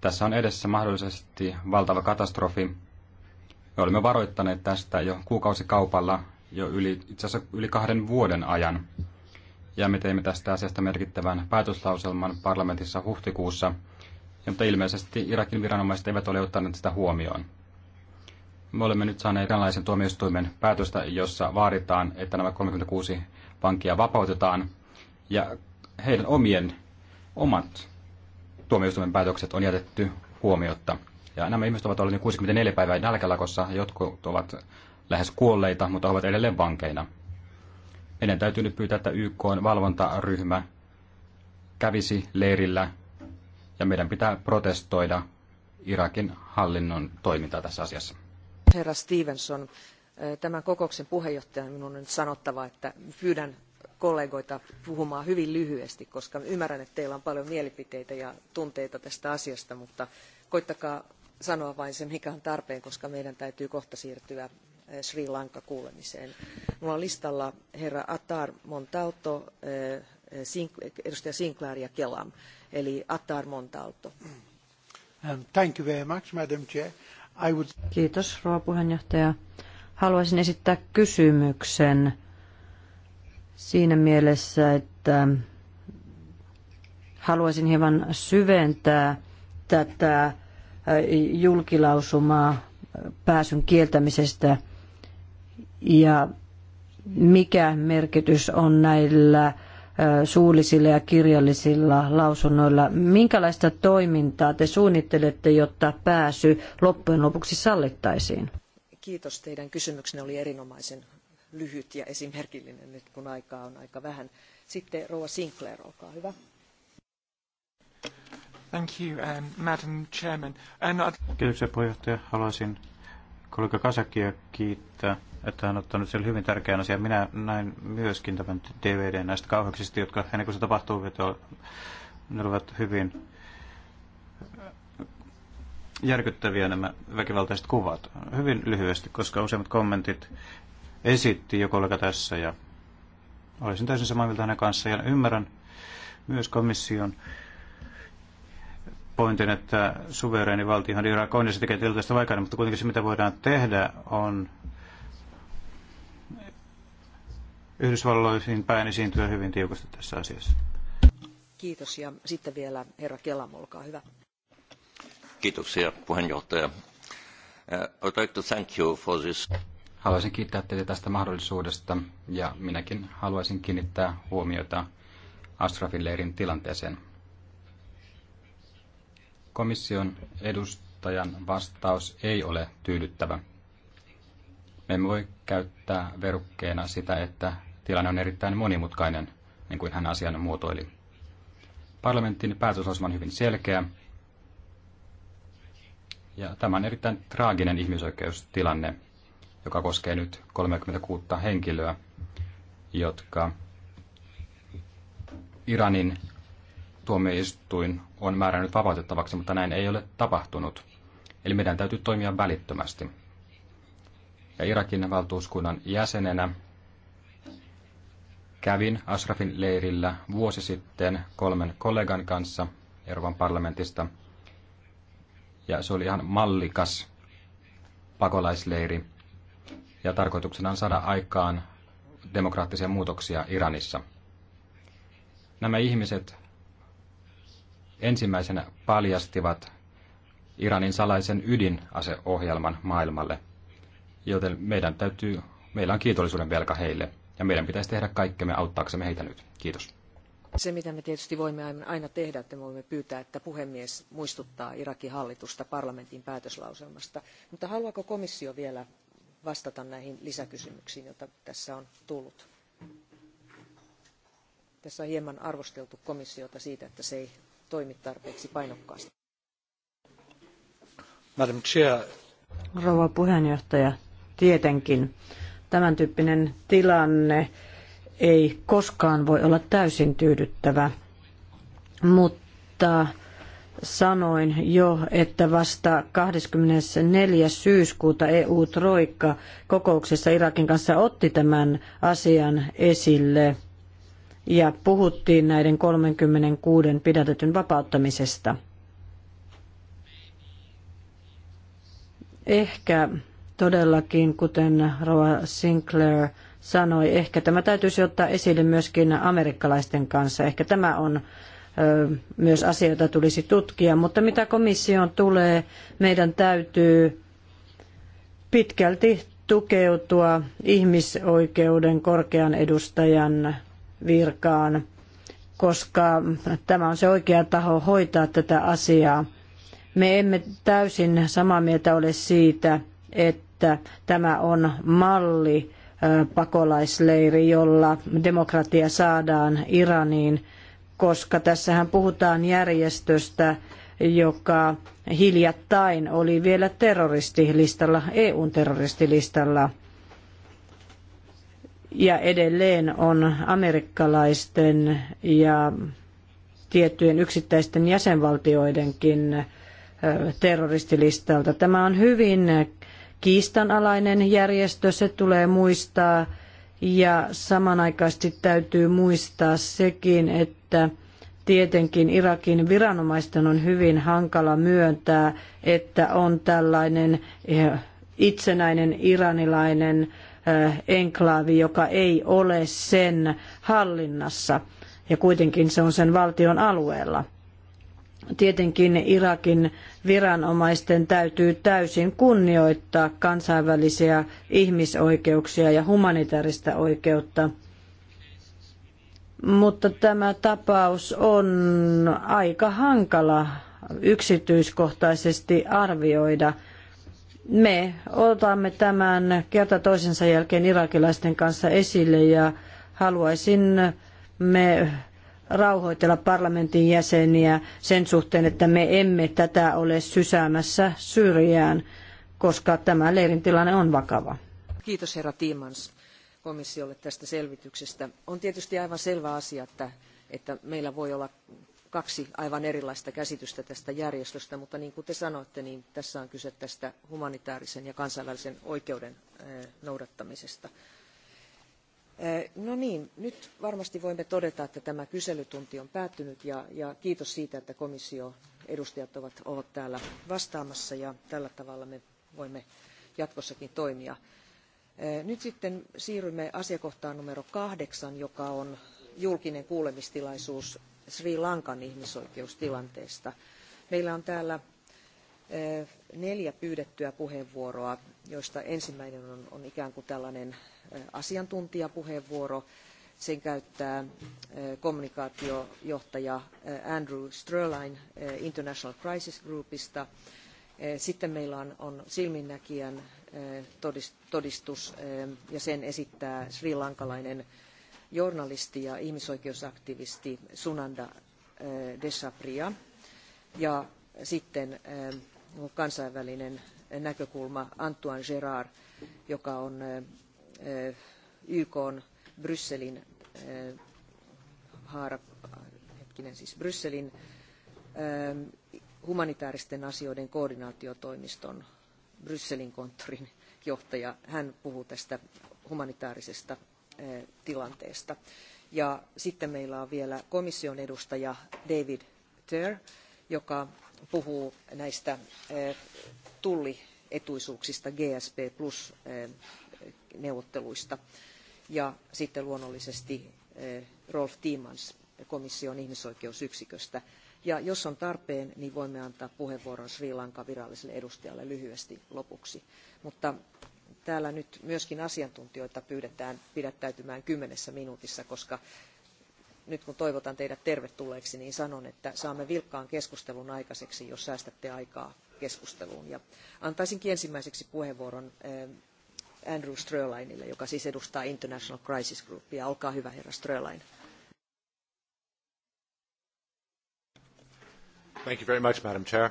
Tässä on edessä mahdollisesti valtava katastrofi, me olemme varoittaneet tästä jo kuukausikaupalla jo yli, itse asiassa yli kahden vuoden ajan. Ja me teimme tästä asiasta merkittävän päätöslauselman parlamentissa huhtikuussa, mutta ilmeisesti Irakin viranomaiset eivät ole ottaneet sitä huomioon. Me olemme nyt saaneet eräänlaisen tuomioistuimen päätöstä, jossa vaaditaan, että nämä 36 vankia vapautetaan ja heidän omien omat tuomioistuimen päätökset on jätetty huomiotta. Ja nämä ihmiset ovat olleet 64 päivää nälkälakossa, jotkut ovat lähes kuolleita, mutta ovat edelleen vankeina. Meidän täytyy nyt pyytää, että YK on valvontaryhmä kävisi leirillä ja meidän pitää protestoida Irakin hallinnon toimintaa tässä asiassa. Herra Stevenson, eh, tämän kokouksen puheenjohtaja minun on nyt sanottava, että pyydän kollegoita puhumaan hyvin lyhyesti, koska ymmärrän, että teillä on paljon mielipiteitä ja tunteita tästä asiasta, mutta koittakaa sanoa vain se, mikä on tarpeen, koska meidän täytyy kohta siirtyä eh, Sri Lanka-kuulemiseen. Minulla on listalla herra Attar Montalto, eh, eh, edustaja Sinclair ja Kelam, eli Attar Montalto. Um, thank you very much, Madam Chair. I would... Kiitos, rouva puheenjohtaja. Haluaisin esittää kysymyksen siinä mielessä, että haluaisin hieman syventää tätä julkilausumaa pääsyn kieltämisestä ja mikä merkitys on näillä suullisilla ja kirjallisilla lausunnoilla. Minkälaista toimintaa te suunnittelette, jotta pääsy loppujen lopuksi sallittaisiin? Kiitos. Teidän kysymyksenne oli erinomaisen lyhyt ja esimerkillinen nyt, kun aikaa on aika vähän. Sitten Rouva Sinclair, olkaa hyvä. Thank you, um, Madam Chairman. And Kiitoksia puheenjohtaja. Haluaisin kollega Kasakia kiittää, että hän on ottanut sen hyvin tärkeän asian. Minä näin myöskin tämän DVD näistä kauheuksista, jotka ennen kuin se tapahtuu, ne olivat hyvin äh, järkyttäviä nämä väkivaltaiset kuvat. Hyvin lyhyesti, koska useimmat kommentit esitti jo kollega tässä ja olisin täysin samaa mieltä hänen kanssaan ja ymmärrän myös komission pointin, että suvereeni valtiohan Irak on ja se tekee tilanteesta vaikana, mutta kuitenkin se mitä voidaan tehdä on Yhdysvalloihin päin esiintyä hyvin tiukasti tässä asiassa. Kiitos ja sitten vielä herra Kelam, olkaa hyvä. Kiitoksia puheenjohtaja. Uh, I'd like to thank you for this. Haluaisin kiittää teitä tästä mahdollisuudesta ja minäkin haluaisin kiinnittää huomiota Astrafin leirin tilanteeseen. Komission edustajan vastaus ei ole tyydyttävä. Me emme voi käyttää verukkeena sitä, että tilanne on erittäin monimutkainen, niin kuin hän asian muotoili. Parlamentin päätösosma on hyvin selkeä, ja tämä on erittäin traaginen ihmisoikeustilanne, joka koskee nyt 36 henkilöä, jotka Iranin tuomioistuin on määrännyt vapautettavaksi, mutta näin ei ole tapahtunut. Eli meidän täytyy toimia välittömästi. Ja Irakin valtuuskunnan jäsenenä kävin Ashrafin leirillä vuosi sitten kolmen kollegan kanssa Euroopan parlamentista. Ja se oli ihan mallikas pakolaisleiri. Ja tarkoituksena on saada aikaan demokraattisia muutoksia Iranissa. Nämä ihmiset ensimmäisenä paljastivat Iranin salaisen ydinaseohjelman maailmalle. Joten meidän täytyy, meillä on kiitollisuuden velka heille ja meidän pitäisi tehdä kaikkemme auttaaksemme heitä nyt. Kiitos. Se, mitä me tietysti voimme aina tehdä, että me voimme pyytää, että puhemies muistuttaa Irakin hallitusta parlamentin päätöslauselmasta. Mutta haluaako komissio vielä vastata näihin lisäkysymyksiin, joita tässä on tullut? Tässä on hieman arvosteltu komissiota siitä, että se ei toimi tarpeeksi painokkaasti. Madam Chair. Rouva puheenjohtaja, tietenkin tämän tyyppinen tilanne ei koskaan voi olla täysin tyydyttävä, mutta sanoin jo, että vasta 24. syyskuuta EU-troikka kokouksessa Irakin kanssa otti tämän asian esille – ja puhuttiin näiden 36 pidätetyn vapauttamisesta. Ehkä todellakin, kuten Roa Sinclair sanoi, ehkä tämä täytyisi ottaa esille myöskin amerikkalaisten kanssa. Ehkä tämä on myös asioita tulisi tutkia, mutta mitä komission tulee, meidän täytyy pitkälti tukeutua ihmisoikeuden korkean edustajan virkaan, koska tämä on se oikea taho hoitaa tätä asiaa. Me emme täysin samaa mieltä ole siitä, että tämä on malli pakolaisleiri, jolla demokratia saadaan Iraniin, koska tässähän puhutaan järjestöstä, joka hiljattain oli vielä terroristilistalla, EUn terroristilistalla – ja edelleen on amerikkalaisten ja tiettyjen yksittäisten jäsenvaltioidenkin terroristilistalta. Tämä on hyvin kiistanalainen järjestö, se tulee muistaa ja samanaikaisesti täytyy muistaa sekin, että tietenkin Irakin viranomaisten on hyvin hankala myöntää, että on tällainen itsenäinen iranilainen enklaavi, joka ei ole sen hallinnassa ja kuitenkin se on sen valtion alueella. Tietenkin Irakin viranomaisten täytyy täysin kunnioittaa kansainvälisiä ihmisoikeuksia ja humanitaarista oikeutta. Mutta tämä tapaus on aika hankala yksityiskohtaisesti arvioida – me otamme tämän kerta toisensa jälkeen irakilaisten kanssa esille ja haluaisin me rauhoitella parlamentin jäseniä sen suhteen, että me emme tätä ole sysäämässä syrjään, koska tämä leirin tilanne on vakava. Kiitos herra Tiimans komissiolle tästä selvityksestä. On tietysti aivan selvä asia, että, että meillä voi olla kaksi aivan erilaista käsitystä tästä järjestöstä, mutta niin kuin te sanoitte, niin tässä on kyse tästä humanitaarisen ja kansainvälisen oikeuden noudattamisesta. No niin, nyt varmasti voimme todeta, että tämä kyselytunti on päättynyt ja, ja kiitos siitä, että komission edustajat ovat, ovat täällä vastaamassa ja tällä tavalla me voimme jatkossakin toimia. Nyt sitten siirrymme asiakohtaan numero kahdeksan, joka on julkinen kuulemistilaisuus Sri Lankan ihmisoikeustilanteesta. Meillä on täällä eh, neljä pyydettyä puheenvuoroa, joista ensimmäinen on, on ikään kuin tällainen eh, asiantuntijapuheenvuoro. Sen käyttää eh, kommunikaatiojohtaja Andrew Sterline International Crisis Groupista. Sitten meillä on, on silminnäkijän todistus ja sen esittää sri lankalainen journalisti ja ihmisoikeusaktivisti Sunanda eh, Desapria ja sitten eh, kansainvälinen näkökulma Antoine Gerard, joka on eh, YK Brysselin, haara, hetkinen, siis Brysselin humanitaaristen asioiden koordinaatiotoimiston Brysselin konttorin johtaja. Hän puhuu tästä humanitaarisesta Eh, tilanteesta. Ja sitten meillä on vielä komission edustaja David Ter, joka puhuu näistä eh, tullietuisuuksista GSP plus eh, neuvotteluista. Ja sitten luonnollisesti Rolf Tiemans komission ihmisoikeusyksiköstä. Ja jos on tarpeen, niin voimme antaa puheenvuoron Sri Lankan viralliselle edustajalle lyhyesti lopuksi. Mutta täällä nyt myöskin asiantuntijoita pyydetään pidättäytymään kymmenessä minuutissa, koska nyt kun toivotan teidät tervetulleeksi, niin sanon, että saamme vilkkaan keskustelun aikaiseksi, jos säästätte aikaa keskusteluun. Ja antaisinkin ensimmäiseksi puheenvuoron eh, Andrew Strölainille, joka siis edustaa International Crisis Groupia. Olkaa hyvä, herra Strölain. Thank you very much, Madam Chair.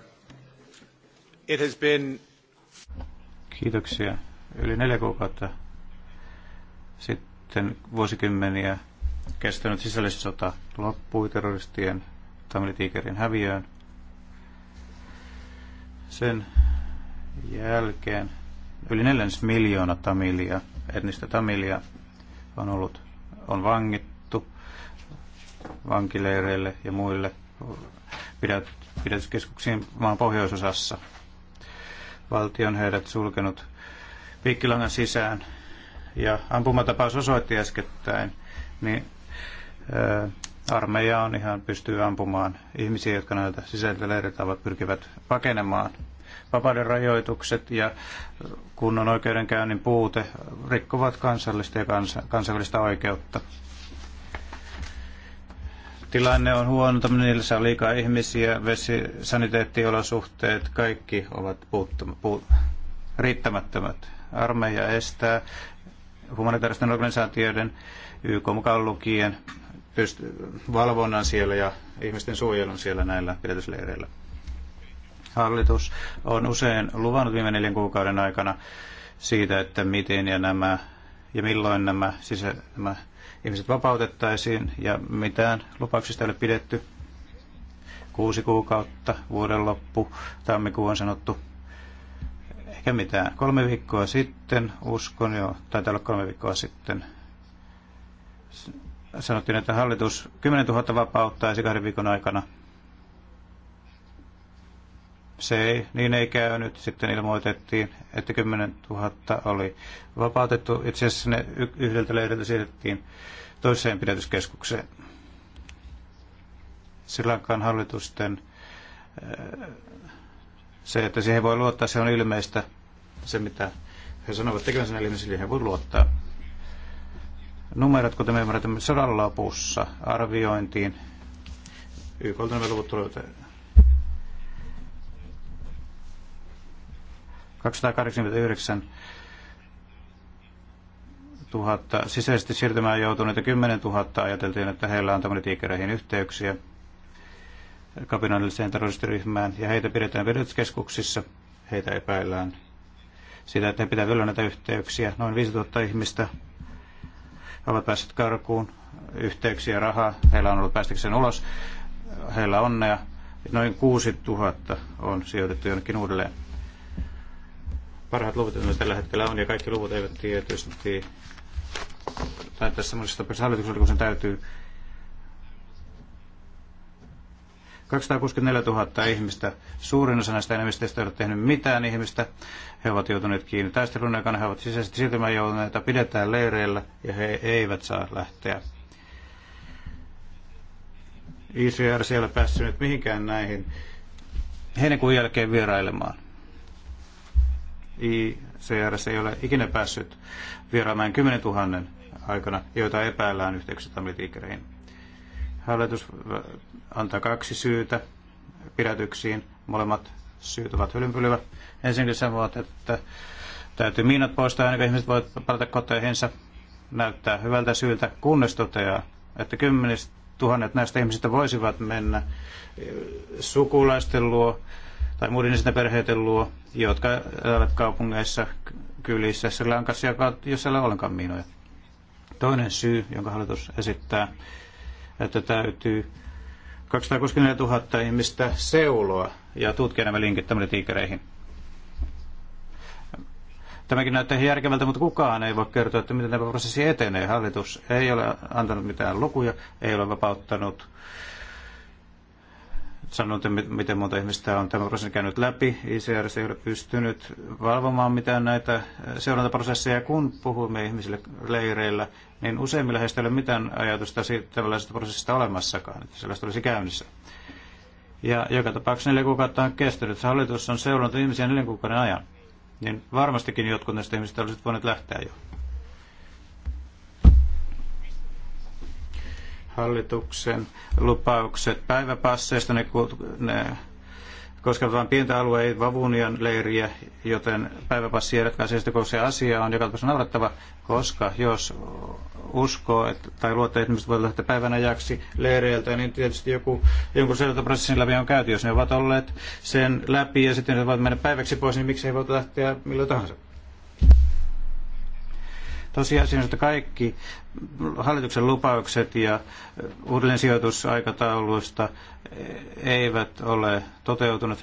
It has been... Kiitoksia, yli neljä kuukautta sitten vuosikymmeniä kestänyt sisällissota loppui terroristien Tamilitiikerin häviöön. Sen jälkeen yli neljännes miljoona tamilia, etnistä tamilia, on ollut on vangittu vankileireille ja muille pidätyskeskuksiin maan pohjoisosassa. Valtio on heidät sulkenut piikkilangan sisään. Ja ampumatapaus osoitti äskettäin, niin äh, armeija on ihan pystyy ampumaan ihmisiä, jotka näiltä sisältä leiriltä pyrkivät pakenemaan. Vapauden rajoitukset ja kunnon oikeudenkäynnin puute rikkovat kansallista ja kansa- kansainvälistä oikeutta. Tilanne on huono, niillä on liikaa ihmisiä, vesi, saniteettiolosuhteet, kaikki ovat puuttum- puu, riittämättömät. Armeija estää humanitaaristen organisaatioiden YK mukaan lukien valvonnan siellä ja ihmisten suojelun siellä näillä pidätysleireillä. Hallitus on usein luvannut viime neljän kuukauden aikana siitä, että miten ja nämä ja milloin nämä, sisä, nämä ihmiset vapautettaisiin ja mitään lupauksista ei ole pidetty. Kuusi kuukautta, vuoden loppu, tammikuu on sanottu ja mitä kolme viikkoa sitten, uskon jo, taitaa olla kolme viikkoa sitten, sanottiin, että hallitus 10 000 vapauttaisi kahden viikon aikana. Se ei, niin ei käynyt. Sitten ilmoitettiin, että 10 000 oli vapautettu. Itse asiassa ne yhdeltä leiriltä siirrettiin toiseen pidätyskeskukseen. Sri Lankan hallitusten se, että siihen voi luottaa, se on ilmeistä. Se, mitä he sanovat tekevänsä näille ihmisille, he voi luottaa. Numerot, kuten me ymmärrämme, sodan lopussa arviointiin. YKlta nämä luvut tulevat 289 000 sisäisesti siirtymään joutuneita 10 000 ajateltiin, että heillä on tämmöinen tiikereihin yhteyksiä kapinalliseen terroristiryhmään ja heitä pidetään vedotuskeskuksissa. Heitä epäillään sitä, että he pitää yllä näitä yhteyksiä. Noin 5000 ihmistä ovat päässeet karkuun, yhteyksiä, rahaa, heillä on ollut päästäkseen ulos, heillä onnea. Noin 6000 on sijoitettu jonnekin uudelleen. Parhaat luvut, joita tällä hetkellä on, ja kaikki luvut eivät tietysti tai tässä muistissa kun sen täytyy 264 000 ihmistä, suurin osa näistä enemmistöistä ei ole tehnyt mitään ihmistä. He ovat joutuneet kiinni taistelun aikana, he ovat sisäisesti siirtymään joutuneita, pidetään leireillä ja he eivät saa lähteä. ICR siellä päässyt mihinkään näihin heinäkuun jälkeen vierailemaan. ICR ei ole ikinä päässyt vierailemaan 10 000 aikana, joita epäillään yhteyksistä militiikereihin. Hallitus antaa kaksi syytä pidätyksiin. Molemmat syyt ovat hylynpylyvä. Ensinnäkin on, että täytyy miinat poistaa ennen kuin ihmiset voivat palata koteihinsa. Näyttää hyvältä syyltä, kunnes toteaa, että kymmenistä tuhannet näistä ihmisistä voisivat mennä sukulaisten luo tai muiden sitä perheiden luo, jotka elävät kaupungeissa, kylissä, sillä on joka, jos ei ole ollenkaan miinoja. Toinen syy, jonka hallitus esittää, että täytyy 264 000 ihmistä seuloa ja tutkia nämä linkit tämmöinen tiikereihin. Tämäkin näyttää ihan järkevältä, mutta kukaan ei voi kertoa, että miten tämä prosessi etenee. Hallitus ei ole antanut mitään lukuja, ei ole vapauttanut että miten monta ihmistä on tämän prosessin käynyt läpi. ICRC ei ole pystynyt valvomaan mitään näitä äh, seurantaprosesseja. Kun puhumme ihmisille leireillä, niin useimmilla heistä ei ole mitään ajatusta siitä tällaisesta prosessista olemassakaan, että sellaista olisi käynnissä. Ja joka tapauksessa neljä kuukautta on kestänyt. hallitus on seurannut ihmisiä neljän kuukauden ajan. Niin varmastikin jotkut näistä ihmisistä olisivat voineet lähteä jo. Hallituksen lupaukset päiväpasseista, ne, ne koskevat vain pientä ei Vavunian leiriä, joten päiväpassi ratkaisee koska se asia on joka tapauksessa naurettava, koska jos uskoo että, tai luottaa, että ihmiset voivat lähteä päivän ajaksi leireiltä, niin tietysti joku, jonkun seurantaprosessin läpi on käyty. Jos ne ovat olleet sen läpi ja sitten ne voivat mennä päiväksi pois, niin miksi he voi lähteä milloin tahansa? Tosiasiassa, että kaikki hallituksen lupaukset ja uudelleen sijoitusaikatauluista eivät ole toteutuneet.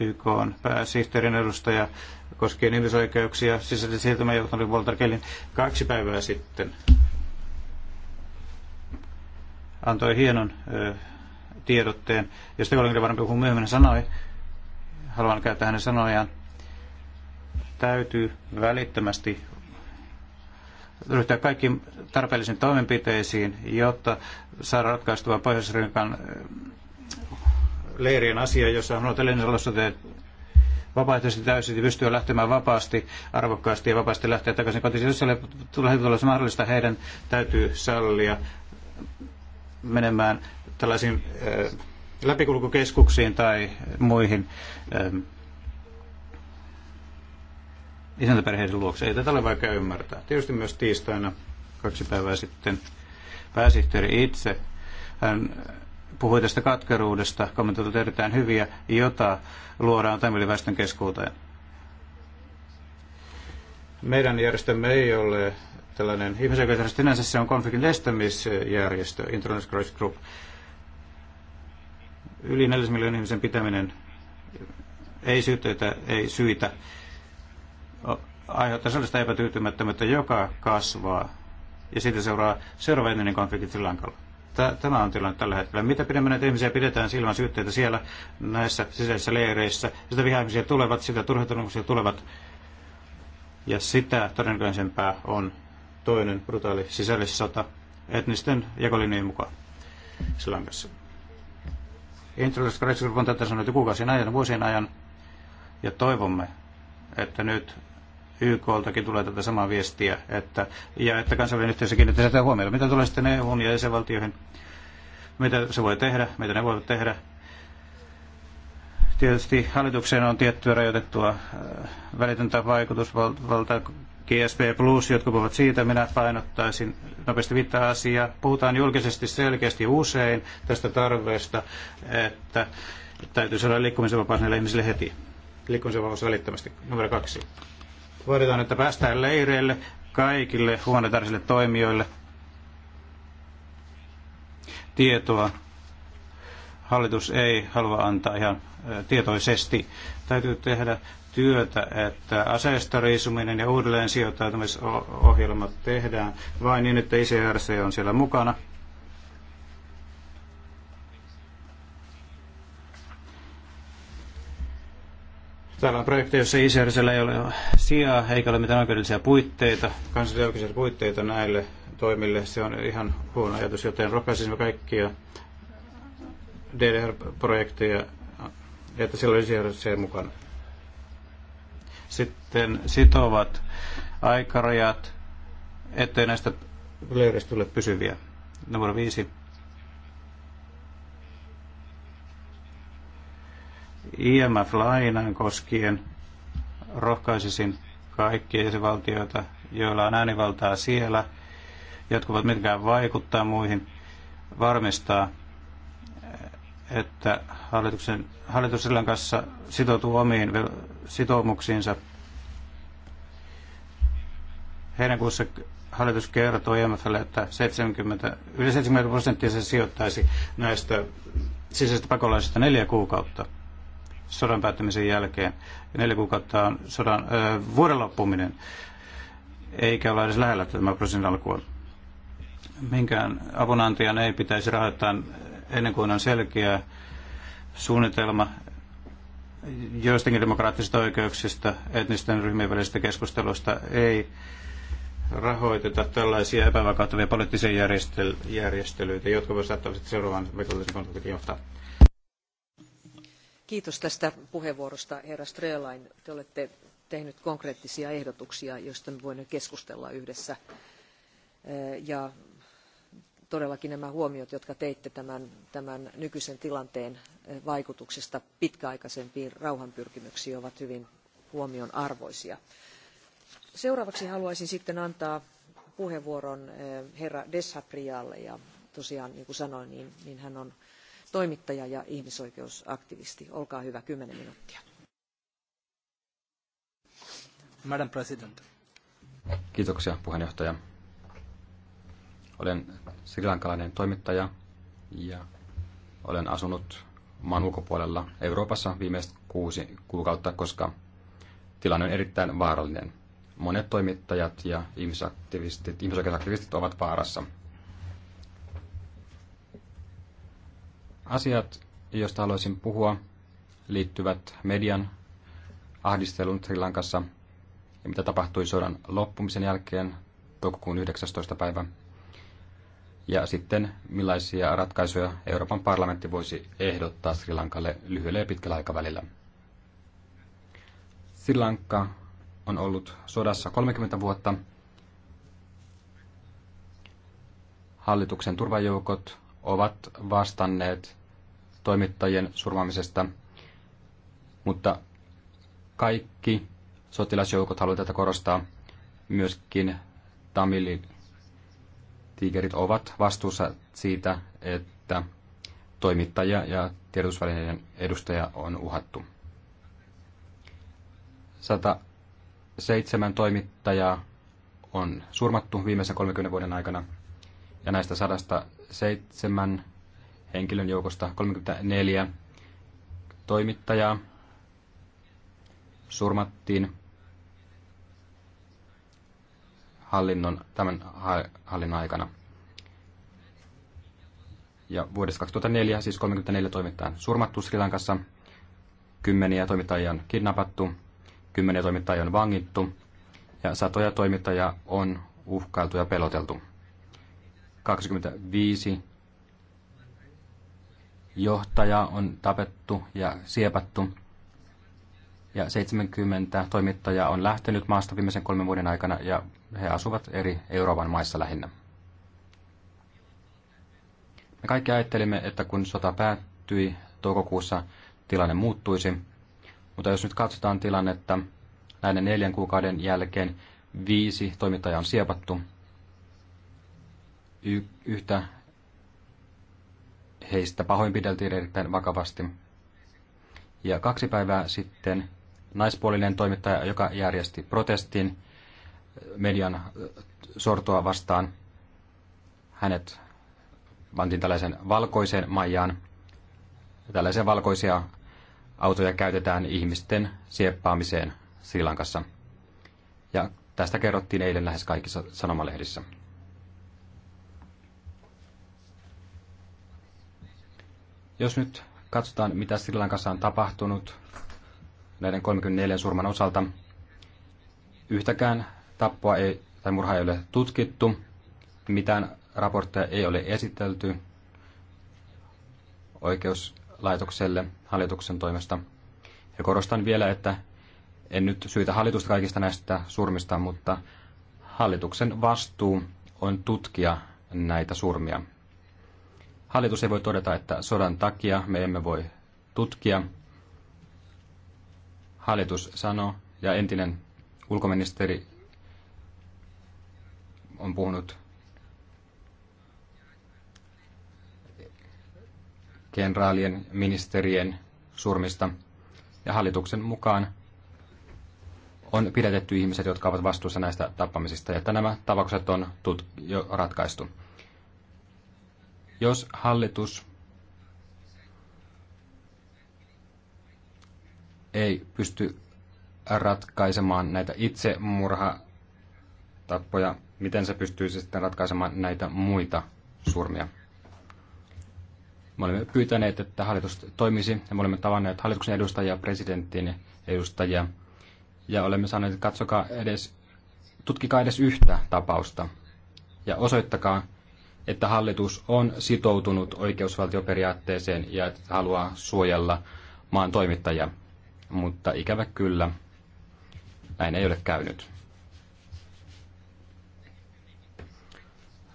YK on pääsihteerin edustaja koskien ihmisoikeuksia sisäisen siirtymäjohtajan Walter Kellin kaksi päivää sitten antoi hienon ö, tiedotteen, josta Kolingren varmaan puhuu myöhemmin sanoi. Haluan käyttää hänen sanojaan täytyy välittömästi ryhtyä kaikkiin tarpeellisiin toimenpiteisiin, jotta saada ratkaistua pohjois eh, leirien asia, jossa on olosuhteet vapaaehtoisesti täysin pystyä lähtemään vapaasti, arvokkaasti ja vapaasti lähteä takaisin kotiin. Jos ei ole lähitulossa mahdollista, heidän täytyy sallia menemään tällaisiin eh, läpikulkukeskuksiin tai muihin eh, isäntäperheiden luokse. Ei tätä ole vaikea ymmärtää. Tietysti myös tiistaina kaksi päivää sitten pääsihteeri itse hän puhui tästä katkeruudesta, kommentoitu erittäin hyviä, jota luodaan tamiliväestön keskuuteen. Meidän järjestömme ei ole tällainen ihmisoikeusjärjestö, sinänsä se on konfliktin estämisjärjestö, Internet Crisis Group. Yli 4 miljoonan ihmisen pitäminen ei syytetä, ei syitä aiheuttaa sellaista epätyytymättömyyttä, joka kasvaa. Ja siitä seuraa seuraava ennen konflikti Sri Lankalla. Tämä on tilanne tällä hetkellä. Mitä pidemmän näitä ihmisiä pidetään silmän syytteitä siellä näissä sisäisissä leireissä, sitä vihaimisia tulevat, sitä turhautumuksia tulevat. Ja sitä todennäköisempää on toinen brutaali sisällissota etnisten jakolinjojen mukaan Sri Lankassa. Interest Crisis Group on tätä sanonut jo kuukausien ajan, vuosien ajan, ja toivomme, että nyt YKltakin tulee tätä samaa viestiä, että, ja että kansainvälinen yhteisö kiinnittää sitä huomiota. Mitä tulee sitten EUn ja jäsenvaltioihin? Mitä se voi tehdä? Mitä ne voivat tehdä? Tietysti hallitukseen on tiettyä rajoitettua äh, välitöntä vaikutusvaltaa, GSP Plus, jotka puhuvat siitä, minä painottaisin nopeasti viittaa asiaa. Puhutaan julkisesti selkeästi usein tästä tarveesta, että täytyy olla liikkumisen vapaus näille ihmisille heti. Liikkumisen vapaus välittömästi. Numero kaksi. Vaaditaan, että päästään leireille kaikille huonetarisille toimijoille tietoa. Hallitus ei halua antaa ihan tietoisesti. Täytyy tehdä työtä, että aseista riisuminen ja uudelleen sijoittautumisohjelmat tehdään vain niin, että ICRC on siellä mukana. Täällä on projekti, jossa ICRCllä ei ole sijaa eikä ole mitään oikeudellisia puitteita, kansallisia puitteita näille toimille. Se on ihan huono ajatus, joten rohkaisimme kaikkia DDR-projekteja, että siellä olisi ICRC mukana. Sitten sitovat aikarajat, ettei näistä leireistä tule pysyviä. Numero viisi IMF-lainan koskien rohkaisisin kaikkia jäsenvaltioita, joilla on äänivaltaa siellä, jotka voivat mitenkään vaikuttaa muihin, varmistaa, että hallituksen, hallitus Sillan kanssa sitoutuu omiin sitoumuksiinsa. Heinäkuussa hallitus kertoi IMFlle, että 70, yli 70 prosenttia se sijoittaisi näistä sisäisistä pakolaisista neljä kuukautta – sodan päättymisen jälkeen. Neljä kuukautta on sodan, äh, vuoden loppuminen, eikä ole edes lähellä tämä prosessin alkua. Minkään avunantajan ei pitäisi rahoittaa ennen kuin on selkeä suunnitelma joistakin demokraattisista oikeuksista, etnisten ryhmien välisestä keskustelusta ei rahoiteta tällaisia epävakauttavia poliittisia järjestelyitä, jotka voisivat saattaa seuraavan väkivaltaisen konfliktin johtaa. Kiitos tästä puheenvuorosta, herra Strelain. Te olette tehnyt konkreettisia ehdotuksia, joista me voimme keskustella yhdessä. Ja todellakin nämä huomiot, jotka teitte tämän, tämän nykyisen tilanteen vaikutuksesta pitkäaikaisempiin rauhanpyrkimyksiin, ovat hyvin huomionarvoisia. Seuraavaksi haluaisin sitten antaa puheenvuoron herra Deshaprialle ja tosiaan niin kuin sanoin, niin, niin hän on toimittaja ja ihmisoikeusaktivisti. Olkaa hyvä, kymmenen minuuttia. Madam President. Kiitoksia puheenjohtaja. Olen srilankalainen toimittaja ja olen asunut maan ulkopuolella Euroopassa viimeiset kuusi kuukautta, koska tilanne on erittäin vaarallinen. Monet toimittajat ja ihmisaktivistit, ihmisoikeusaktivistit ovat vaarassa. Asiat, joista haluaisin puhua, liittyvät median ahdistelun Sri Lankassa ja mitä tapahtui sodan loppumisen jälkeen toukokuun 19. päivä. Ja sitten millaisia ratkaisuja Euroopan parlamentti voisi ehdottaa Sri Lankalle lyhyellä ja pitkällä aikavälillä. Sri Lanka on ollut sodassa 30 vuotta. Hallituksen turvajoukot ovat vastanneet toimittajien surmaamisesta, mutta kaikki sotilasjoukot, haluan tätä korostaa, myöskin tiikerit ovat vastuussa siitä, että toimittajia ja tiedotusvälineiden edustaja on uhattu. 107 toimittajaa on surmattu viimeisen 30 vuoden aikana – ja näistä 107 henkilön joukosta 34 toimittajaa surmattiin hallinnon, tämän hallinnon aikana. Ja vuodesta 2004 siis 34 toimittajaa surmattu Sri Lankassa, kymmeniä toimittajia on kidnappattu, kymmeniä toimittajia on vangittu ja satoja toimittajia on uhkailtu ja peloteltu. 25 johtaja on tapettu ja siepattu. Ja 70 toimittajaa on lähtenyt maasta viimeisen kolmen vuoden aikana ja he asuvat eri Euroopan maissa lähinnä. Me kaikki ajattelimme, että kun sota päättyi toukokuussa, tilanne muuttuisi. Mutta jos nyt katsotaan tilannetta, näiden neljän kuukauden jälkeen viisi toimittajaa on siepattu y- yhtä heistä pahoinpideltiin erittäin vakavasti. Ja kaksi päivää sitten naispuolinen toimittaja, joka järjesti protestin median sortoa vastaan, hänet pantiin tällaisen valkoisen majaan. Tällaisia valkoisia autoja käytetään ihmisten sieppaamiseen Sri Lankassa. Ja tästä kerrottiin eilen lähes kaikissa sanomalehdissä. Jos nyt katsotaan, mitä Sri Lankassa on tapahtunut näiden 34 surman osalta, yhtäkään tappoa ei, tai murhaa ei ole tutkittu, mitään raportteja ei ole esitelty oikeuslaitokselle hallituksen toimesta. Ja korostan vielä, että en nyt syytä hallitusta kaikista näistä surmista, mutta hallituksen vastuu on tutkia näitä surmia. Hallitus ei voi todeta, että sodan takia me emme voi tutkia. Hallitus sanoo, ja entinen ulkoministeri on puhunut kenraalien, ministerien surmista. Ja hallituksen mukaan on pidätetty ihmiset, jotka ovat vastuussa näistä tappamisista, ja että nämä tapaukset on tut- jo ratkaistu. Jos hallitus ei pysty ratkaisemaan näitä itsemurhatappoja, miten se pystyisi sitten ratkaisemaan näitä muita surmia? Me olemme pyytäneet, että hallitus toimisi ja me olemme tavanneet hallituksen edustajia, presidenttiin, edustajia ja olemme sanoneet, että katsokaa edes, tutkikaa edes yhtä tapausta ja osoittakaa, että hallitus on sitoutunut oikeusvaltioperiaatteeseen ja että haluaa suojella maan toimittajia. Mutta ikävä kyllä, näin ei ole käynyt.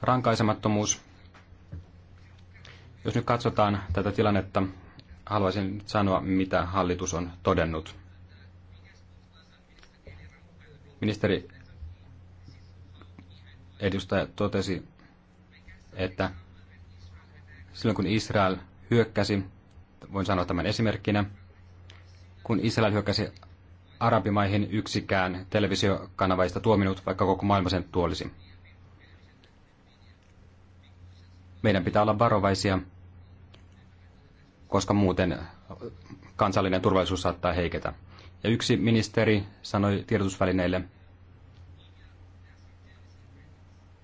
Rankaisemattomuus. Jos nyt katsotaan tätä tilannetta, haluaisin nyt sanoa, mitä hallitus on todennut. Ministeri edustaja totesi, että silloin kun Israel hyökkäsi, voin sanoa tämän esimerkkinä, kun Israel hyökkäsi arabimaihin yksikään televisiokanavaista tuominut, vaikka koko maailma sen tuolisi. Meidän pitää olla varovaisia, koska muuten kansallinen turvallisuus saattaa heiketä. Ja yksi ministeri sanoi tiedotusvälineille,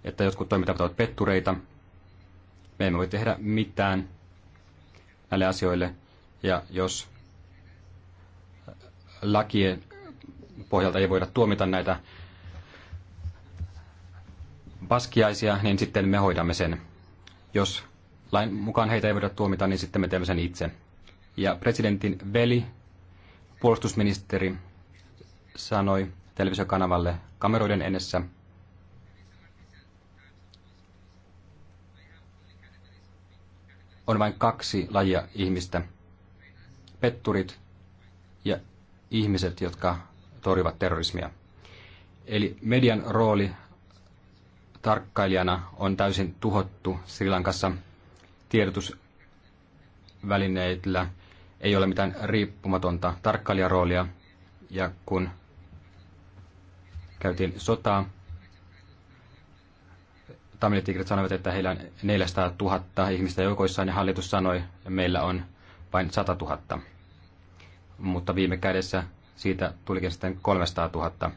että jotkut toimittajat ovat pettureita, me emme voi tehdä mitään näille asioille. Ja jos lakien pohjalta ei voida tuomita näitä paskiaisia, niin sitten me hoidamme sen. Jos lain mukaan heitä ei voida tuomita, niin sitten me teemme sen itse. Ja presidentin veli, puolustusministeri, sanoi televisiokanavalle kameroiden edessä on vain kaksi lajia ihmistä. Petturit ja ihmiset, jotka torjuvat terrorismia. Eli median rooli tarkkailijana on täysin tuhottu Sri Lankassa tiedotusvälineillä. Ei ole mitään riippumatonta tarkkailijaroolia. Ja kun käytiin sotaa, Tamilitigrit sanoivat, että heillä on 400 000 ihmistä joukoissaan ja hallitus sanoi, että meillä on vain 100 000. Mutta viime kädessä siitä tulikin sitten 300 000,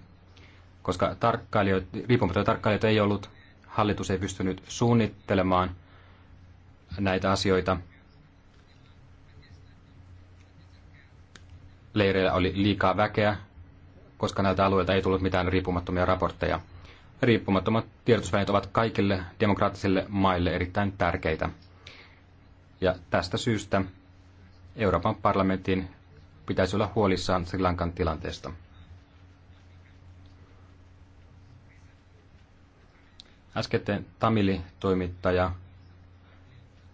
koska tarkkailijoita, riippumatta tarkkailijoita ei ollut, hallitus ei pystynyt suunnittelemaan näitä asioita. Leireillä oli liikaa väkeä, koska näiltä alueilta ei tullut mitään riippumattomia raportteja riippumattomat tiedotusvälineet ovat kaikille demokraattisille maille erittäin tärkeitä. Ja tästä syystä Euroopan parlamentin pitäisi olla huolissaan Sri Lankan tilanteesta. Äskettäin Tamili-toimittaja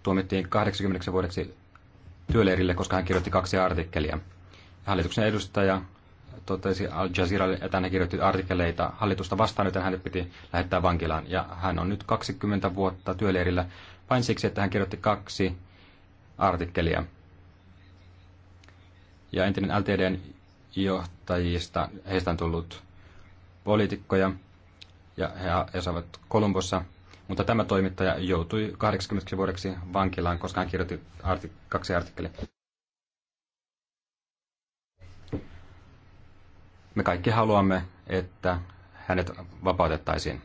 tuomittiin 80 vuodeksi työleirille, koska hän kirjoitti kaksi artikkelia. Hallituksen edustaja totesi Al Jazeeralle, että hän kirjoitti artikkeleita hallitusta vastaan, joten hänet piti lähettää vankilaan. Ja hän on nyt 20 vuotta työleirillä vain siksi, että hän kirjoitti kaksi artikkelia. Ja entinen LTDn johtajista, heistä on tullut poliitikkoja, ja he asuvat Kolumbossa. Mutta tämä toimittaja joutui 80 vuodeksi vankilaan, koska hän kirjoitti kaksi artikkelia. Me kaikki haluamme, että hänet vapautettaisiin.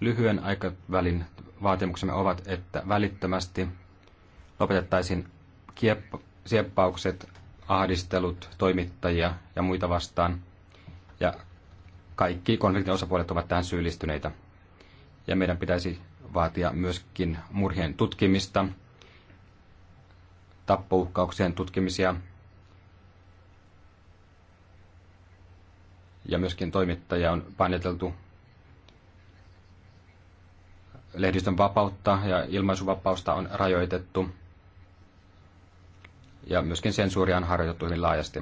Lyhyen aikavälin vaatimuksemme ovat, että välittömästi lopetettaisiin kiepp- sieppaukset, ahdistelut toimittajia ja muita vastaan. Ja kaikki konfliktin osapuolet ovat tähän syyllistyneitä. Ja meidän pitäisi vaatia myöskin murhien tutkimista, tappouhkauksien tutkimisia ja myöskin toimittajia on paneteltu, lehdistön vapautta ja ilmaisuvapausta on rajoitettu ja myöskin sensuuria on harjoitettu hyvin laajasti.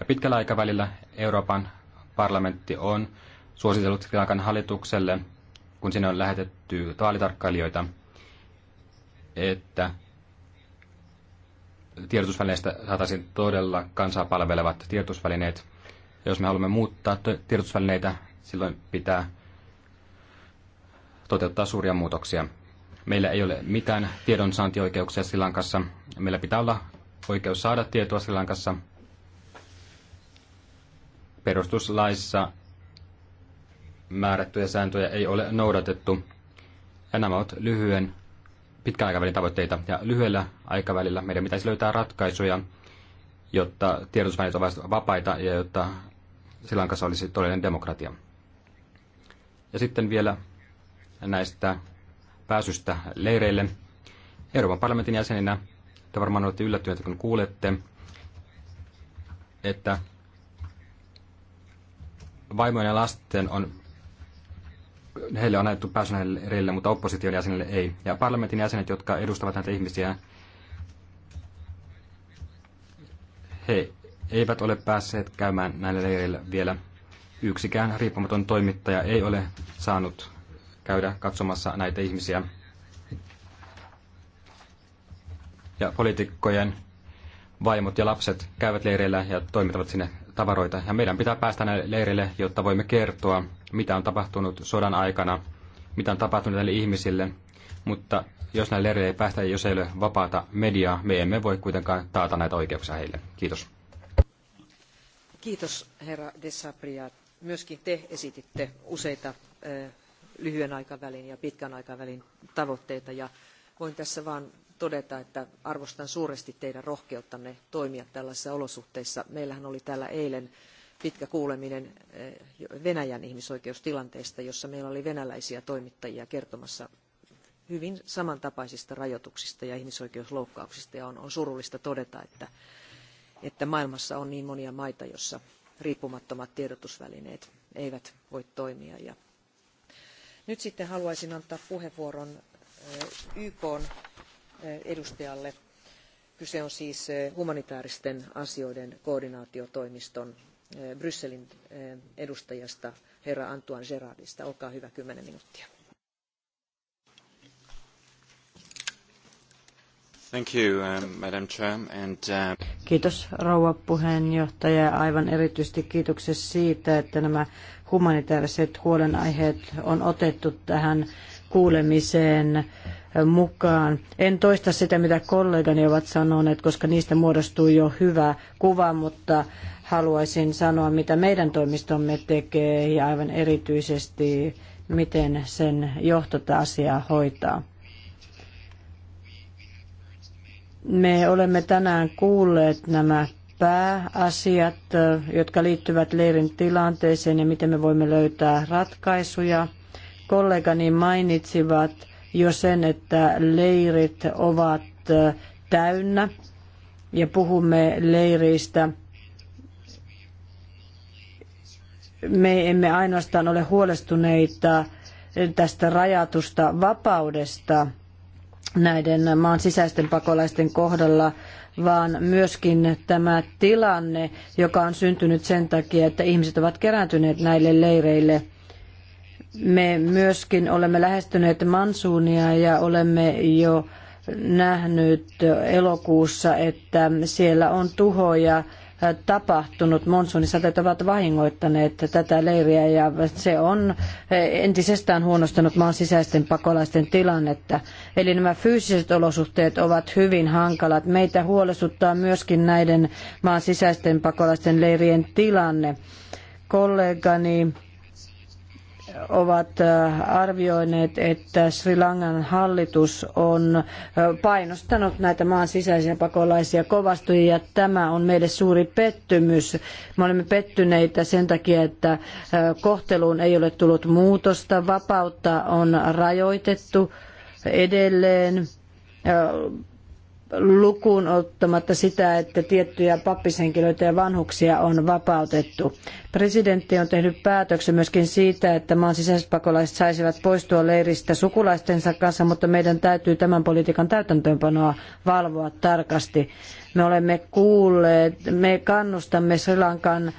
Ja pitkällä aikavälillä Euroopan parlamentti on suositellut Sri Lankan hallitukselle, kun sinne on lähetetty vaalitarkkailijoita, että tiedotusvälineistä saataisiin todella kansaa palvelevat tiedotusvälineet. Ja jos me haluamme muuttaa tiedotusvälineitä, silloin pitää toteuttaa suuria muutoksia. Meillä ei ole mitään tiedonsaantioikeuksia Sri Lankassa. Meillä pitää olla oikeus saada tietoa Sri Lankassa. Perustuslaissa määrättyjä sääntöjä ei ole noudatettu. Ja nämä ovat lyhyen pitkän aikavälin tavoitteita. Ja lyhyellä aikavälillä meidän pitäisi löytää ratkaisuja, jotta tiedotusvälineet ovat vapaita ja jotta Sri Lankassa olisi todellinen demokratia. Ja sitten vielä näistä pääsystä leireille. Euroopan parlamentin jäseninä te varmaan olette yllättyneet, kun kuulette, että vaimojen ja lasten on heille on annettu pääsy näille ereille, mutta opposition jäsenille ei. Ja parlamentin jäsenet, jotka edustavat näitä ihmisiä, he eivät ole päässeet käymään näillä leireillä vielä. Yksikään riippumaton toimittaja ei ole saanut käydä katsomassa näitä ihmisiä. Ja poliitikkojen vaimot ja lapset käyvät leireillä ja toimittavat sinne tavaroita. Ja meidän pitää päästä näille leirille, jotta voimme kertoa, mitä on tapahtunut sodan aikana, mitä on tapahtunut näille ihmisille. Mutta jos näille leirille ei päästä, jos ei ole vapaata mediaa, me emme voi kuitenkaan taata näitä oikeuksia heille. Kiitos. Kiitos herra Desapria. Myöskin te esititte useita lyhyen aikavälin ja pitkän aikavälin tavoitteita ja voin tässä vain todeta, että arvostan suuresti teidän rohkeuttanne toimia tällaisissa olosuhteissa. Meillähän oli täällä eilen pitkä kuuleminen eh, Venäjän ihmisoikeustilanteesta, jossa meillä oli venäläisiä toimittajia kertomassa hyvin samantapaisista rajoituksista ja ihmisoikeusloukkauksista. Ja on, on surullista todeta, että, että maailmassa on niin monia maita, joissa riippumattomat tiedotusvälineet eivät voi toimia. Ja nyt sitten haluaisin antaa puheenvuoron eh, YK Eh, edustajalle. Kyse on siis eh, humanitaaristen asioiden koordinaatiotoimiston eh, Brysselin edustajasta herra Antoine Gerardista. Olkaa hyvä, kymmenen minuuttia. Thank you, um, Madam Chair, and, uh... Kiitos rouva puheenjohtaja. Aivan erityisesti kiitokset siitä, että nämä humanitaariset huolenaiheet on otettu tähän kuulemiseen mukaan. En toista sitä, mitä kollegani ovat sanoneet, koska niistä muodostuu jo hyvä kuva, mutta haluaisin sanoa, mitä meidän toimistomme tekee ja aivan erityisesti, miten sen johto tätä asiaa hoitaa. Me olemme tänään kuulleet nämä pääasiat, jotka liittyvät leirin tilanteeseen ja miten me voimme löytää ratkaisuja. Kollegani mainitsivat jo sen, että leirit ovat täynnä ja puhumme leireistä. Me emme ainoastaan ole huolestuneita tästä rajatusta vapaudesta näiden maan sisäisten pakolaisten kohdalla, vaan myöskin tämä tilanne, joka on syntynyt sen takia, että ihmiset ovat kerääntyneet näille leireille – me myöskin olemme lähestyneet Mansuunia ja olemme jo nähnyt elokuussa, että siellä on tuhoja tapahtunut. Monsuunisateet ovat vahingoittaneet tätä leiriä ja se on entisestään huonostanut maan sisäisten pakolaisten tilannetta. Eli nämä fyysiset olosuhteet ovat hyvin hankalat. Meitä huolestuttaa myöskin näiden maan sisäisten pakolaisten leirien tilanne. Kollegani ovat äh, arvioineet, että Sri Lankan hallitus on äh, painostanut näitä maan sisäisiä pakolaisia kovasti ja tämä on meille suuri pettymys. Me olemme pettyneitä sen takia, että äh, kohteluun ei ole tullut muutosta, vapautta on rajoitettu edelleen lukuun ottamatta sitä, että tiettyjä pappishenkilöitä ja vanhuksia on vapautettu. Presidentti on tehnyt päätöksen myöskin siitä, että maan sisäispakolaiset saisivat poistua leiristä sukulaistensa kanssa, mutta meidän täytyy tämän politiikan täytäntöönpanoa valvoa tarkasti. Me olemme kuulleet, me kannustamme Sri Lankan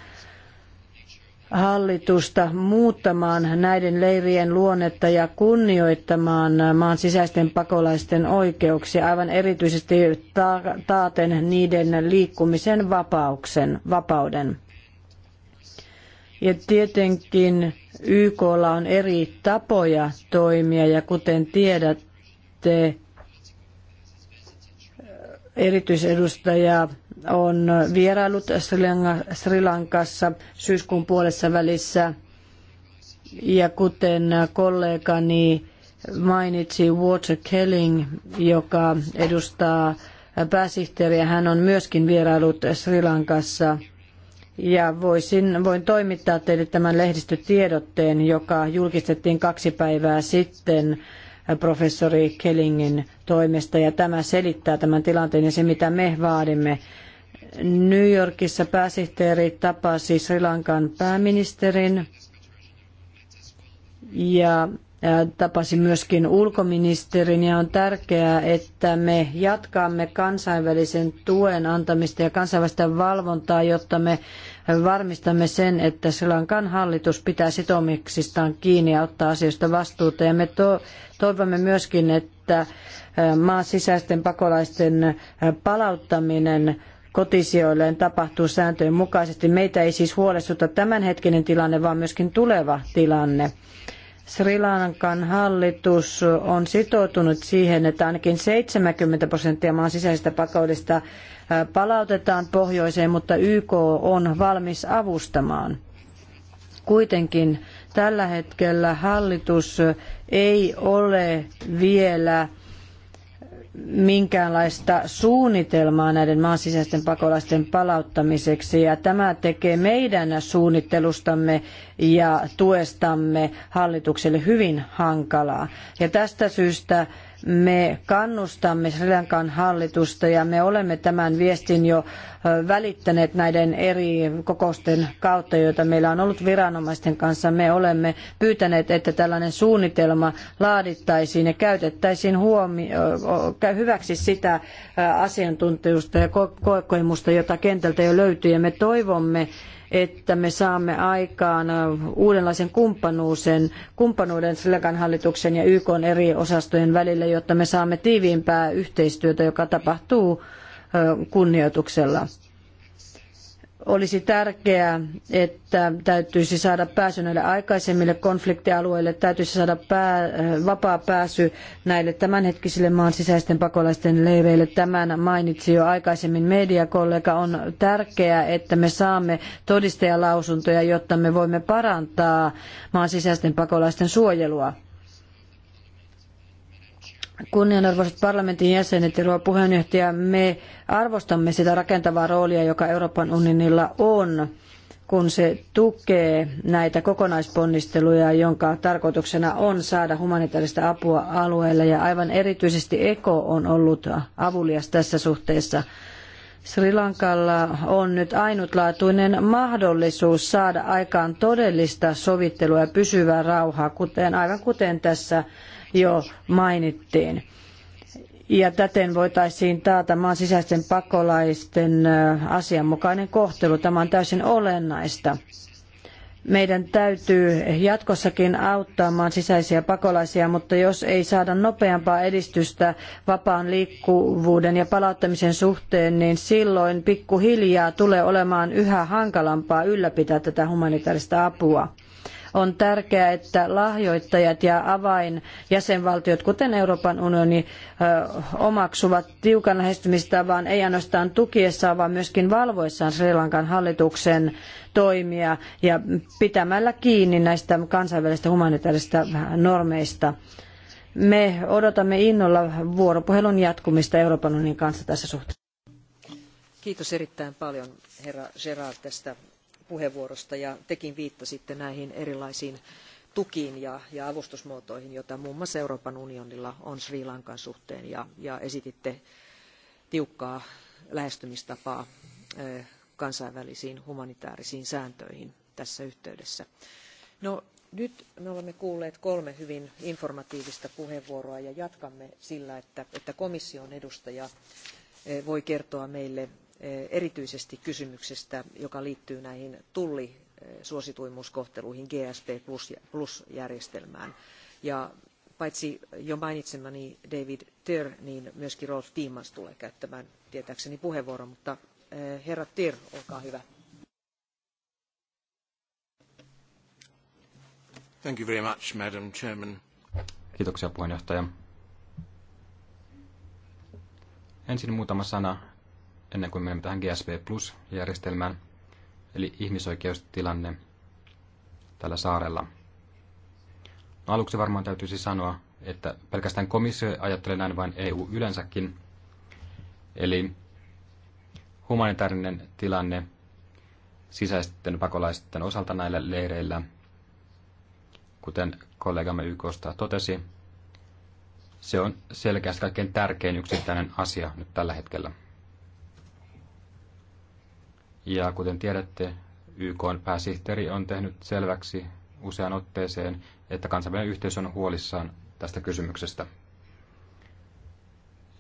hallitusta muuttamaan näiden leirien luonnetta ja kunnioittamaan maan sisäisten pakolaisten oikeuksia, aivan erityisesti taaten niiden liikkumisen vapauksen, vapauden. Ja tietenkin YKlla on eri tapoja toimia ja kuten tiedätte, erityisedustaja on vierailut Sri Lankassa syyskuun puolessa välissä. Ja kuten kollegani mainitsi Walter Kelling, joka edustaa pääsihteeriä, hän on myöskin vierailut Sri Lankassa. Ja voisin, voin toimittaa teille tämän lehdistötiedotteen, joka julkistettiin kaksi päivää sitten professori Kellingin toimesta. Ja tämä selittää tämän tilanteen ja se, mitä me vaadimme New Yorkissa pääsihteeri tapasi Sri Lankan pääministerin ja tapasi myöskin ulkoministerin ja on tärkeää, että me jatkamme kansainvälisen tuen antamista ja kansainvälistä valvontaa, jotta me varmistamme sen, että Sri Lankan hallitus pitää sitoumuksistaan kiinni ja ottaa asioista vastuuta. Ja me to- toivomme myöskin, että maan sisäisten pakolaisten palauttaminen kotisijoilleen tapahtuu sääntöjen mukaisesti. Meitä ei siis huolestuta tämänhetkinen tilanne, vaan myöskin tuleva tilanne. Sri Lankan hallitus on sitoutunut siihen, että ainakin 70 prosenttia maan sisäisistä pakoudista äh, palautetaan pohjoiseen, mutta YK on valmis avustamaan. Kuitenkin tällä hetkellä hallitus ei ole vielä minkäänlaista suunnitelmaa näiden maan sisäisten pakolaisten palauttamiseksi. Ja tämä tekee meidän suunnittelustamme ja tuestamme hallitukselle hyvin hankalaa. Ja tästä syystä me kannustamme Sri Lankan hallitusta ja me olemme tämän viestin jo välittäneet näiden eri kokousten kautta, joita meillä on ollut viranomaisten kanssa. Me olemme pyytäneet, että tällainen suunnitelma laadittaisiin ja käytettäisiin huomi- hyväksi sitä asiantuntijuutta ja kokemusta, jota kentältä jo löytyy. Ja me toivomme, että me saamme aikaan äh, uudenlaisen kumppanuuden, kumppanuuden Sri Lankan hallituksen ja YK eri osastojen välillä, jotta me saamme tiiviimpää yhteistyötä, joka tapahtuu äh, kunnioituksella olisi tärkeää, että täytyisi saada pääsy näille aikaisemmille konfliktialueille, täytyisi saada pää, vapaa pääsy näille tämänhetkisille maan sisäisten pakolaisten leireille. Tämän mainitsi jo aikaisemmin mediakollega. On tärkeää, että me saamme todistajalausuntoja, jotta me voimme parantaa maan sisäisten pakolaisten suojelua. Kunnianarvoiset parlamentin jäsenet ja rouva puheenjohtaja, me arvostamme sitä rakentavaa roolia, joka Euroopan unionilla on, kun se tukee näitä kokonaisponnisteluja, jonka tarkoituksena on saada humanitaarista apua alueelle. Ja aivan erityisesti EKO on ollut avulias tässä suhteessa. Sri Lankalla on nyt ainutlaatuinen mahdollisuus saada aikaan todellista sovittelua ja pysyvää rauhaa, kuten, aivan kuten tässä jo mainittiin. Ja täten voitaisiin taata maan sisäisten pakolaisten asianmukainen kohtelu. Tämä on täysin olennaista. Meidän täytyy jatkossakin auttaa maan sisäisiä pakolaisia, mutta jos ei saada nopeampaa edistystä vapaan liikkuvuuden ja palauttamisen suhteen, niin silloin pikkuhiljaa tulee olemaan yhä hankalampaa ylläpitää tätä humanitaarista apua. On tärkeää, että lahjoittajat ja avain jäsenvaltiot, kuten Euroopan unioni, omaksuvat tiukan lähestymistavan, ei ainoastaan tukiessaan, vaan myöskin valvoissaan Sri Lankan hallituksen toimia ja pitämällä kiinni näistä kansainvälisistä humanitaarisista normeista. Me odotamme innolla vuoropuhelun jatkumista Euroopan unionin kanssa tässä suhteessa. Kiitos erittäin paljon herra Gerard tästä puheenvuorosta ja tekin viittasitte näihin erilaisiin tukiin ja, ja avustusmuotoihin, joita muun muassa Euroopan unionilla on Sri Lankan suhteen ja, ja esititte tiukkaa lähestymistapaa kansainvälisiin humanitaarisiin sääntöihin tässä yhteydessä. No, nyt me olemme kuulleet kolme hyvin informatiivista puheenvuoroa ja jatkamme sillä, että, että komission edustaja voi kertoa meille Eh, erityisesti kysymyksestä, joka liittyy näihin tullisuosituimmuuskohteluihin GSP Plus-järjestelmään. Ja paitsi jo mainitsemani David Tyr, niin myöskin Rolf Timmans tulee käyttämään tietääkseni puheenvuoron, mutta eh, herra Tyr, olkaa hyvä. Thank you very much, Madam Chairman. Kiitoksia puheenjohtaja. Ensin muutama sana ennen kuin menemme tähän GSP Plus-järjestelmään, eli ihmisoikeustilanne tällä saarella. No, aluksi varmaan täytyisi sanoa, että pelkästään komissio ajattelee näin vain EU yleensäkin. Eli humanitaarinen tilanne sisäisten pakolaisten osalta näillä leireillä, kuten kollegamme YKsta totesi, se on selkeästi kaikkein tärkein yksittäinen asia nyt tällä hetkellä. Ja kuten tiedätte, YK pääsihteeri on tehnyt selväksi usean otteeseen, että kansainvälinen yhteisö on huolissaan tästä kysymyksestä.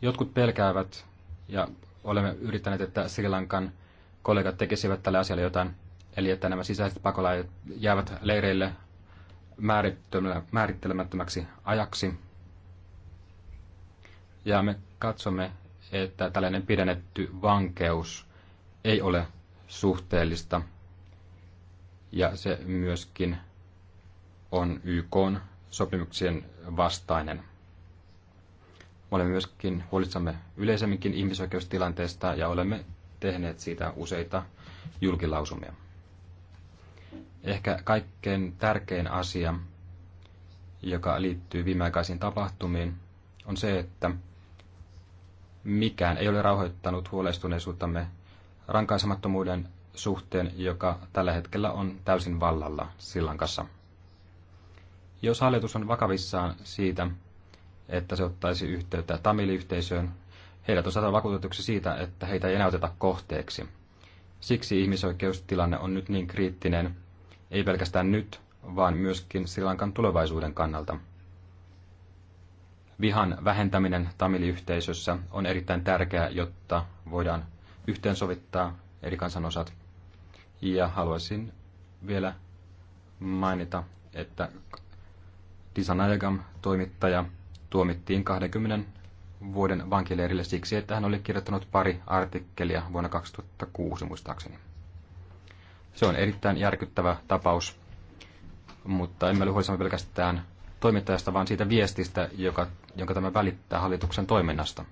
Jotkut pelkäävät, ja olemme yrittäneet, että Sri Lankan kollegat tekisivät tälle asialle jotain, eli että nämä sisäiset pakolaiset jäävät leireille määrittelemättömäksi ajaksi. Ja me katsomme, että tällainen pidennetty vankeus ei ole suhteellista ja se myöskin on YK sopimuksien vastainen. Olemme myöskin huolissamme yleisemminkin ihmisoikeustilanteesta ja olemme tehneet siitä useita julkilausumia. Ehkä kaikkein tärkein asia, joka liittyy viimeaikaisiin tapahtumiin, on se, että mikään ei ole rauhoittanut huolestuneisuuttamme rankaisemattomuuden suhteen, joka tällä hetkellä on täysin vallalla sillankassa. Jos hallitus on vakavissaan siitä, että se ottaisi yhteyttä tamiliyhteisöön, heidät on saatava vakuutetuksi siitä, että heitä ei enää oteta kohteeksi. Siksi ihmisoikeustilanne on nyt niin kriittinen, ei pelkästään nyt, vaan myöskin Silankan tulevaisuuden kannalta. Vihan vähentäminen tamiliyhteisössä on erittäin tärkeää, jotta voidaan yhteensovittaa eri kansanosat. Ja haluaisin vielä mainita, että Disanayagam toimittaja tuomittiin 20 vuoden vankileirille siksi, että hän oli kirjoittanut pari artikkelia vuonna 2006 muistaakseni. Se on erittäin järkyttävä tapaus, mutta emme ole huolissamme pelkästään toimittajasta, vaan siitä viestistä, joka, jonka tämä välittää hallituksen toiminnasta.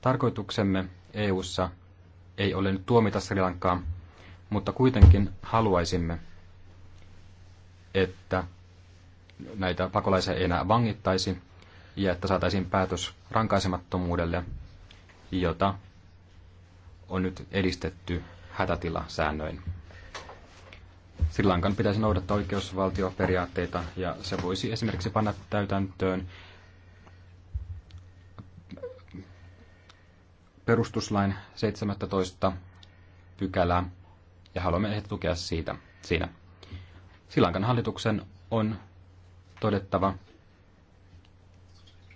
Tarkoituksemme EU:ssa ei ole nyt tuomita Sri Lankaa, mutta kuitenkin haluaisimme, että näitä pakolaisia ei enää vangittaisi ja että saataisiin päätös rankaisemattomuudelle, jota on nyt edistetty hätätilasäännöin. Sri Lankan pitäisi noudattaa oikeusvaltioperiaatteita ja se voisi esimerkiksi panna täytäntöön perustuslain 17 pykälää ja haluamme heitä tukea siitä, siinä. Silankan hallituksen on todettava,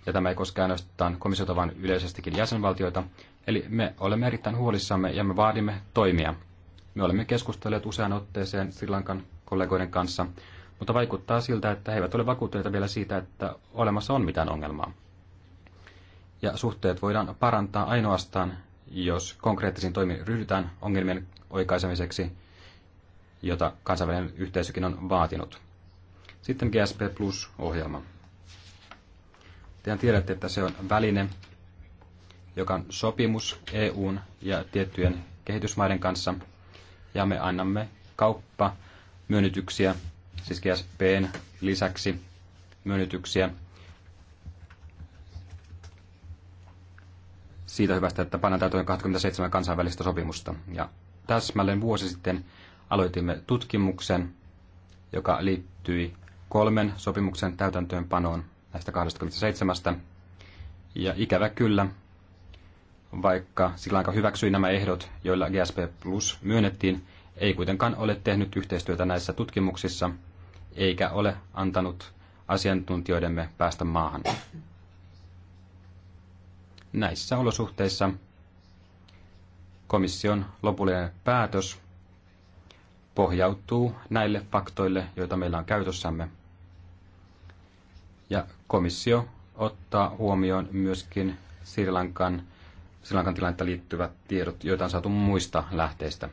ja tämä ei koske ainoastaan komissiota, vaan yleisestikin jäsenvaltioita, eli me olemme erittäin huolissamme ja me vaadimme toimia. Me olemme keskustelleet usean otteeseen Silankan kollegoiden kanssa, mutta vaikuttaa siltä, että he eivät ole vakuuttuneita vielä siitä, että olemassa on mitään ongelmaa ja suhteet voidaan parantaa ainoastaan, jos konkreettisiin toimiin ryhdytään ongelmien oikaisemiseksi, jota kansainvälinen yhteisökin on vaatinut. Sitten GSP Plus-ohjelma. Tehän tiedätte, että se on väline, joka on sopimus EUn ja tiettyjen kehitysmaiden kanssa, ja me annamme kauppa myönnytyksiä, siis GSPn lisäksi myönnytyksiä siitä hyvästä, että pannaan täytyy 27 kansainvälistä sopimusta. Ja täsmälleen vuosi sitten aloitimme tutkimuksen, joka liittyi kolmen sopimuksen täytäntöönpanoon näistä 27. Ja ikävä kyllä, vaikka aika hyväksyi nämä ehdot, joilla GSP Plus myönnettiin, ei kuitenkaan ole tehnyt yhteistyötä näissä tutkimuksissa, eikä ole antanut asiantuntijoidemme päästä maahan. Näissä olosuhteissa komission lopullinen päätös pohjautuu näille faktoille, joita meillä on käytössämme. Ja komissio ottaa huomioon myöskin Sri Lankan, Sri Lankan tilannetta liittyvät tiedot, joita on saatu muista lähteistä.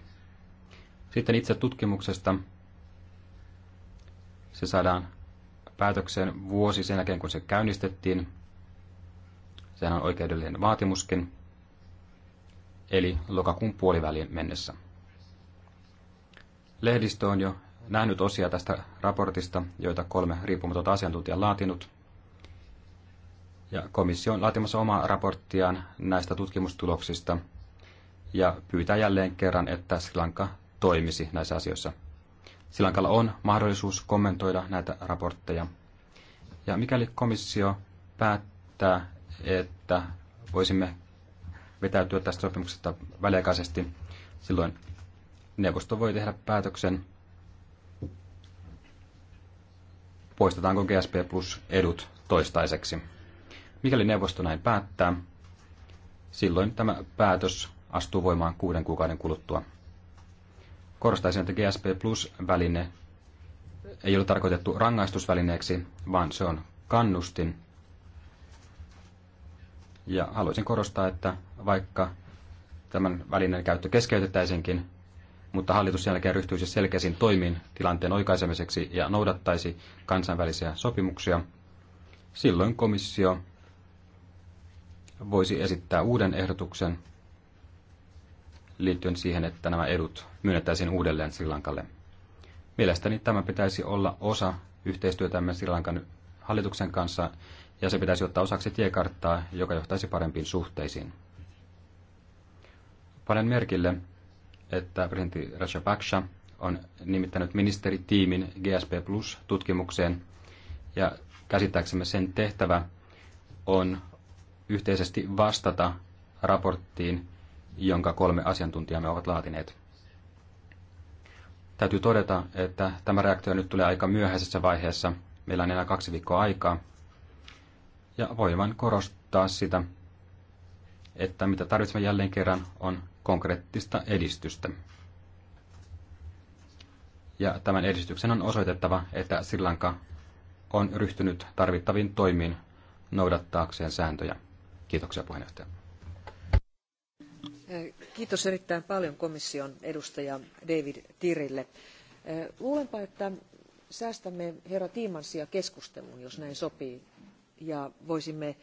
Sitten itse tutkimuksesta. Se saadaan päätökseen vuosi sen jälkeen, kun se käynnistettiin Sehän on oikeudellinen vaatimuskin, eli lokakuun puoliväliin mennessä. Lehdistö on jo nähnyt osia tästä raportista, joita kolme riippumatonta asiantuntijaa laatinut. Ja komissio on laatimassa omaa raporttiaan näistä tutkimustuloksista ja pyytää jälleen kerran, että Sri Lanka toimisi näissä asioissa. Sri Lankalla on mahdollisuus kommentoida näitä raportteja. Ja mikäli komissio päättää, että voisimme vetäytyä tästä sopimuksesta väliaikaisesti. Silloin neuvosto voi tehdä päätöksen, poistetaanko GSP Plus edut toistaiseksi. Mikäli neuvosto näin päättää, silloin tämä päätös astuu voimaan kuuden kuukauden kuluttua. Korostaisin, että GSP Plus-väline ei ole tarkoitettu rangaistusvälineeksi, vaan se on kannustin ja haluaisin korostaa, että vaikka tämän välineen käyttö keskeytettäisinkin, mutta hallitus sen jälkeen ryhtyisi selkeisiin toimiin tilanteen oikaisemiseksi ja noudattaisi kansainvälisiä sopimuksia, silloin komissio voisi esittää uuden ehdotuksen liittyen siihen, että nämä edut myönnettäisiin uudelleen Sri Lankalle. Mielestäni tämä pitäisi olla osa yhteistyötämme Sri Lankan hallituksen kanssa ja se pitäisi ottaa osaksi tiekarttaa, joka johtaisi parempiin suhteisiin. Panen merkille, että presidentti Rajapaksha on nimittänyt ministeritiimin GSP Plus-tutkimukseen, ja käsittääksemme sen tehtävä on yhteisesti vastata raporttiin, jonka kolme asiantuntijamme ovat laatineet. Täytyy todeta, että tämä reaktio nyt tulee aika myöhäisessä vaiheessa. Meillä on enää kaksi viikkoa aikaa. Ja voi vain korostaa sitä, että mitä tarvitsemme jälleen kerran on konkreettista edistystä. Ja tämän edistyksen on osoitettava, että Sillanka on ryhtynyt tarvittaviin toimiin noudattaakseen sääntöjä. Kiitoksia puheenjohtaja. Kiitos erittäin paljon komission edustaja David Tirille. Luulenpa, että säästämme herra Tiimansia keskusteluun, jos näin sopii ja voisimme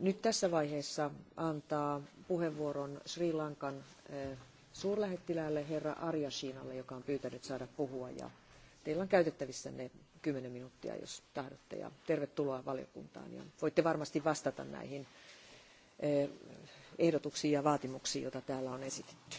nyt tässä vaiheessa antaa puheenvuoron Sri Lankan eh, suurlähettiläälle herra Arja joka on pyytänyt saada puhua. Ja teillä on käytettävissänne kymmenen minuuttia, jos tahdotte. Ja tervetuloa valiokuntaan. Ja voitte varmasti vastata näihin eh, ehdotuksiin ja vaatimuksiin, joita täällä on esitetty.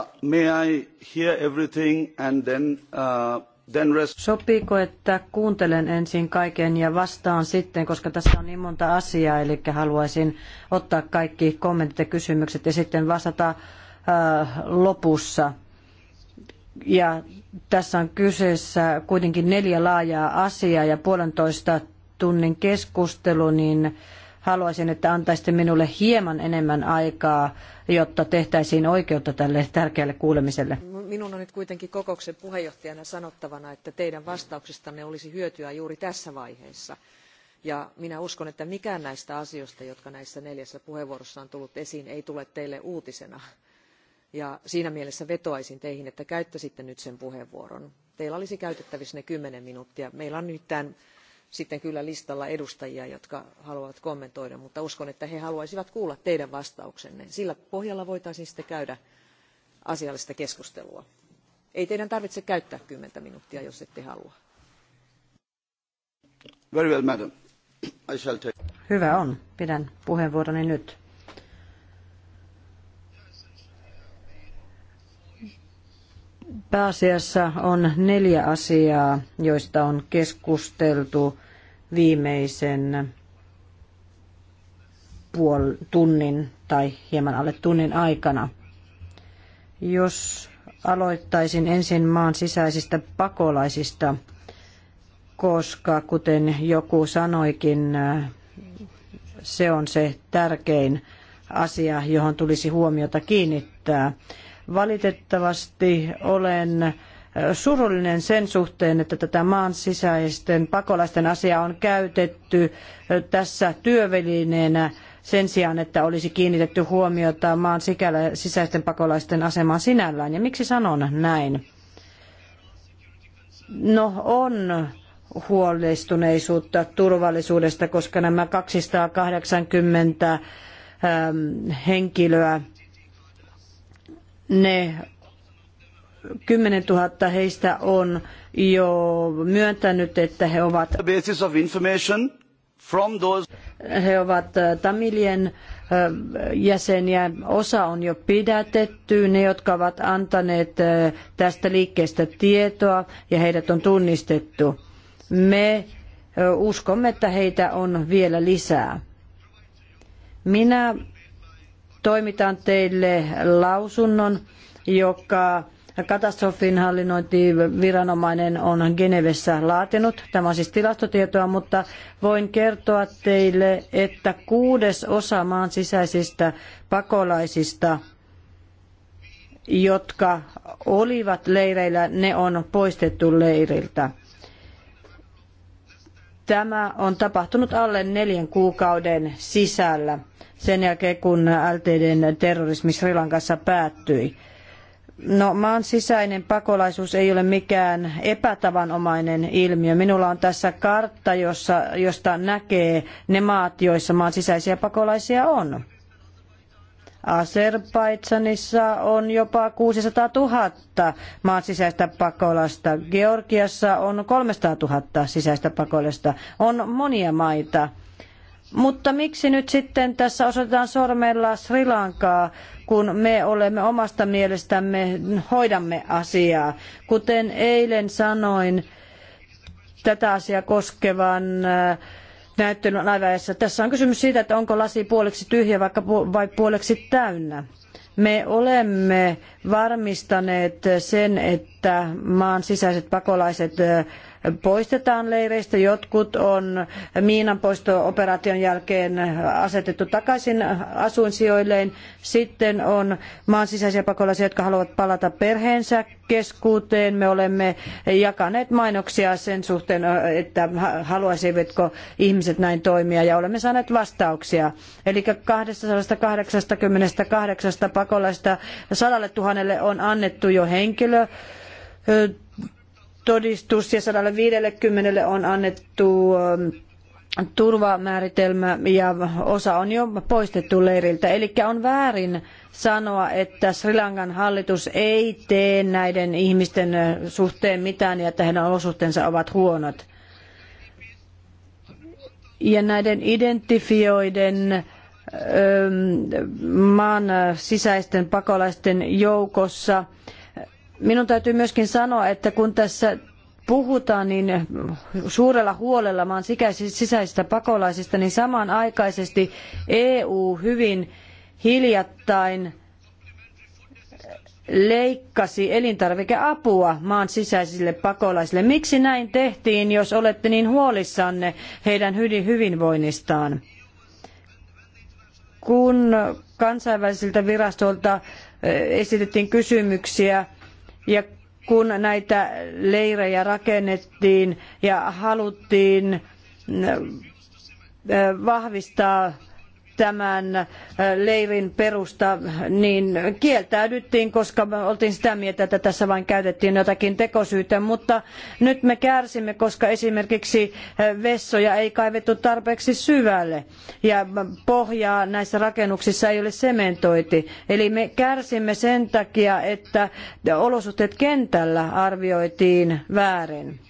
Uh, may I hear everything and then, uh, then rest... Sopiiko, että kuuntelen ensin kaiken ja vastaan sitten, koska tässä on niin monta asiaa, eli haluaisin ottaa kaikki kommentit ja kysymykset ja sitten vastata uh, lopussa. Ja tässä on kyseessä kuitenkin neljä laajaa asiaa ja puolentoista tunnin keskustelu, niin Haluaisin, että antaisitte minulle hieman enemmän aikaa, jotta tehtäisiin oikeutta tälle tärkeälle kuulemiselle. Minun on nyt kuitenkin kokouksen puheenjohtajana sanottavana, että teidän vastauksistanne olisi hyötyä juuri tässä vaiheessa. Ja minä uskon, että mikään näistä asioista, jotka näissä neljässä puheenvuorossa on tullut esiin, ei tule teille uutisena. Ja siinä mielessä vetoaisin teihin, että käyttäisitte nyt sen puheenvuoron. Teillä olisi käytettävissä ne kymmenen minuuttia. Meillä on nyt tämän sitten kyllä listalla edustajia, jotka haluavat kommentoida, mutta uskon, että he haluaisivat kuulla teidän vastauksenne. Sillä pohjalla voitaisiin sitten käydä asiallista keskustelua. Ei teidän tarvitse käyttää kymmentä minuuttia, jos ette halua. Hyvä on. Pidän puheenvuoroni nyt. Pääasiassa on neljä asiaa, joista on keskusteltu viimeisen puol tunnin tai hieman alle tunnin aikana. Jos aloittaisin ensin maan sisäisistä pakolaisista, koska kuten joku sanoikin, se on se tärkein asia, johon tulisi huomiota kiinnittää. Valitettavasti olen surullinen sen suhteen, että tätä maan sisäisten pakolaisten asiaa on käytetty tässä työvälineenä sen sijaan, että olisi kiinnitetty huomiota maan sisäisten pakolaisten asemaan sinällään. Ja miksi sanon näin? No on huolestuneisuutta turvallisuudesta, koska nämä 280 henkilöä ne 10 000 heistä on jo myöntänyt, että he ovat, he ovat äh, Tamilien äh, jäseniä. Osa on jo pidätetty, ne jotka ovat antaneet äh, tästä liikkeestä tietoa ja heidät on tunnistettu. Me uskomme, että heitä on vielä lisää. Minä toimitan teille lausunnon, joka katastrofinhallinnointiviranomainen on Genevessä laatinut. Tämä on siis tilastotietoa, mutta voin kertoa teille, että kuudes osa maan sisäisistä pakolaisista, jotka olivat leireillä, ne on poistettu leiriltä. Tämä on tapahtunut alle neljän kuukauden sisällä sen jälkeen, kun LTDn terrorismi Sri Lankassa päättyi. No, maan sisäinen pakolaisuus ei ole mikään epätavanomainen ilmiö. Minulla on tässä kartta, jossa, josta näkee ne maat, joissa maan sisäisiä pakolaisia on. Azerbaidsanissa on jopa 600 000 maan sisäistä pakolasta. Georgiassa on 300 000 sisäistä pakolasta. On monia maita. Mutta miksi nyt sitten tässä osoitetaan sormella Sri Lankaa, kun me olemme omasta mielestämme, hoidamme asiaa? Kuten eilen sanoin, tätä asiaa koskevan äh, näyttelyn laivaajassa. Tässä on kysymys siitä, että onko lasi puoleksi tyhjä vaikka vai puoleksi täynnä. Me olemme varmistaneet sen, että maan sisäiset pakolaiset poistetaan leireistä, jotkut on miinanpoisto operaation jälkeen asetettu takaisin asuinsijoilleen. Sitten on maan sisäisiä pakolaisia, jotka haluavat palata perheensä keskuuteen. Me olemme jakaneet mainoksia sen suhteen, että haluaisivatko ihmiset näin toimia ja olemme saaneet vastauksia. Eli 288 pakolaista sadalle 000 on annettu jo henkilö todistus ja 150 on annettu ähm, turvamääritelmä ja osa on jo poistettu leiriltä. Eli on väärin sanoa, että Sri Lankan hallitus ei tee näiden ihmisten äh, suhteen mitään ja että heidän olosuhteensa ovat huonot. Ja näiden identifioiden ähm, maan sisäisten pakolaisten joukossa Minun täytyy myöskin sanoa, että kun tässä puhutaan niin suurella huolella maan sisäisistä pakolaisista, niin samanaikaisesti EU hyvin hiljattain leikkasi elintarvikeapua maan sisäisille pakolaisille. Miksi näin tehtiin, jos olette niin huolissanne heidän hyvinvoinnistaan? Kun kansainvälisiltä virastoilta eh, esitettiin kysymyksiä, ja kun näitä leirejä rakennettiin ja haluttiin äh, äh, vahvistaa tämän äh, leirin perusta, niin kieltäydyttiin, koska oltiin sitä mieltä, että tässä vain käytettiin jotakin tekosyytä, mutta nyt me kärsimme, koska esimerkiksi äh, vessoja ei kaivettu tarpeeksi syvälle ja pohjaa näissä rakennuksissa ei ole sementoiti. Eli me kärsimme sen takia, että olosuhteet kentällä arvioitiin väärin.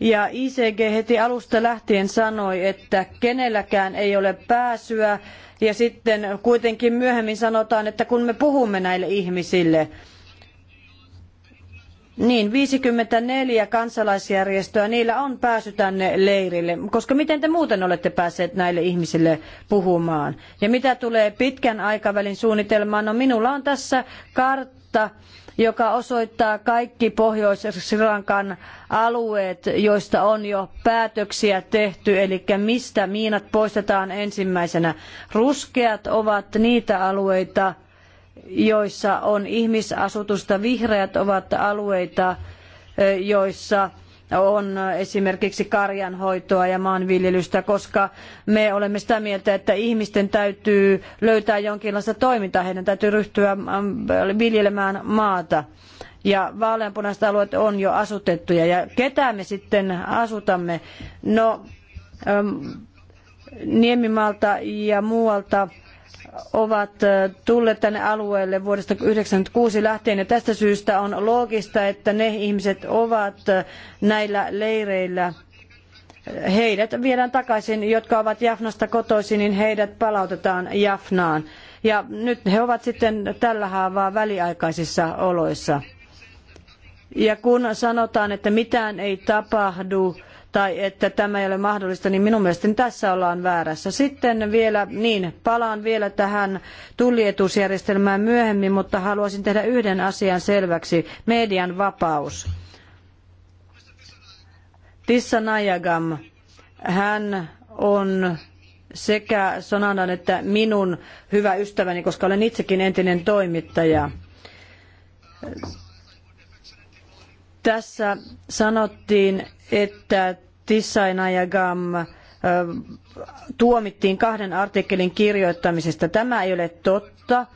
Ja ICG heti alusta lähtien sanoi, että kenelläkään ei ole pääsyä. Ja sitten kuitenkin myöhemmin sanotaan, että kun me puhumme näille ihmisille, niin, 54 kansalaisjärjestöä, niillä on pääsy tänne leirille, koska miten te muuten olette päässeet näille ihmisille puhumaan? Ja mitä tulee pitkän aikavälin suunnitelmaan, no minulla on tässä kartta, joka osoittaa kaikki Pohjois-Sri Lankan alueet, joista on jo päätöksiä tehty, eli mistä miinat poistetaan ensimmäisenä. Ruskeat ovat niitä alueita, joissa on ihmisasutusta, vihreät ovat alueita, joissa on esimerkiksi karjanhoitoa ja maanviljelystä, koska me olemme sitä mieltä, että ihmisten täytyy löytää jonkinlaista toimintaa, heidän täytyy ryhtyä mm, viljelemään maata. Ja vaaleanpunaiset alueet on jo asutettuja. Ja ketä me sitten asutamme? No, mm, Niemimaalta ja muualta ovat tulleet tänne alueelle vuodesta 1996 lähtien ja tästä syystä on loogista, että ne ihmiset ovat näillä leireillä heidät viedään takaisin, jotka ovat Jafnasta kotoisin, niin heidät palautetaan Jafnaan. Ja nyt he ovat sitten tällä haavaa väliaikaisissa oloissa. Ja kun sanotaan, että mitään ei tapahdu, tai että tämä ei ole mahdollista, niin minun mielestäni tässä ollaan väärässä. Sitten vielä, niin, palaan vielä tähän tullietuusjärjestelmään myöhemmin, mutta haluaisin tehdä yhden asian selväksi. Median vapaus. Tissa Najagam, hän on sekä Sonanan että minun hyvä ystäväni, koska olen itsekin entinen toimittaja. Tässä sanottiin, että Tissaina ja tuomittiin kahden artikkelin kirjoittamisesta. Tämä ei ole totta.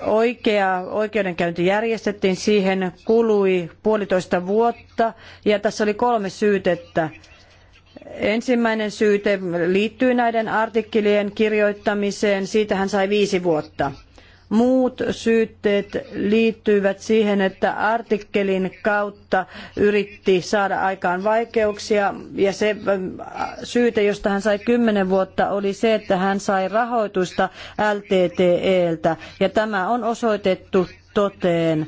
Oikea oikeudenkäynti järjestettiin, siihen kului puolitoista vuotta ja tässä oli kolme syytettä. Ensimmäinen syyte liittyy näiden artikkelien kirjoittamiseen, siitä hän sai viisi vuotta. Muut syytteet liittyivät siihen, että artikkelin kautta yritti saada aikaan vaikeuksia ja se ähm, syyte, josta hän sai kymmenen vuotta, oli se, että hän sai rahoitusta LTTEltä ja tämä on osoitettu toteen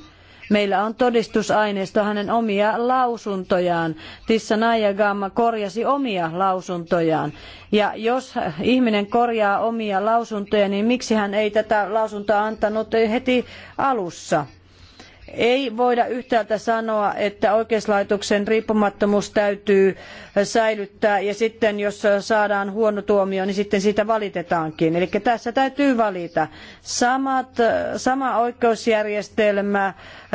Meillä on todistusaineisto hänen omia lausuntojaan. Tissa Nayagama korjasi omia lausuntojaan. Ja jos ihminen korjaa omia lausuntoja, niin miksi hän ei tätä lausuntoa antanut heti alussa? Ei voida yhtäältä sanoa, että oikeuslaitoksen riippumattomuus täytyy säilyttää ja sitten jos saadaan huono tuomio, niin sitten siitä valitetaankin. Eli tässä täytyy valita. Samat, sama oikeusjärjestelmä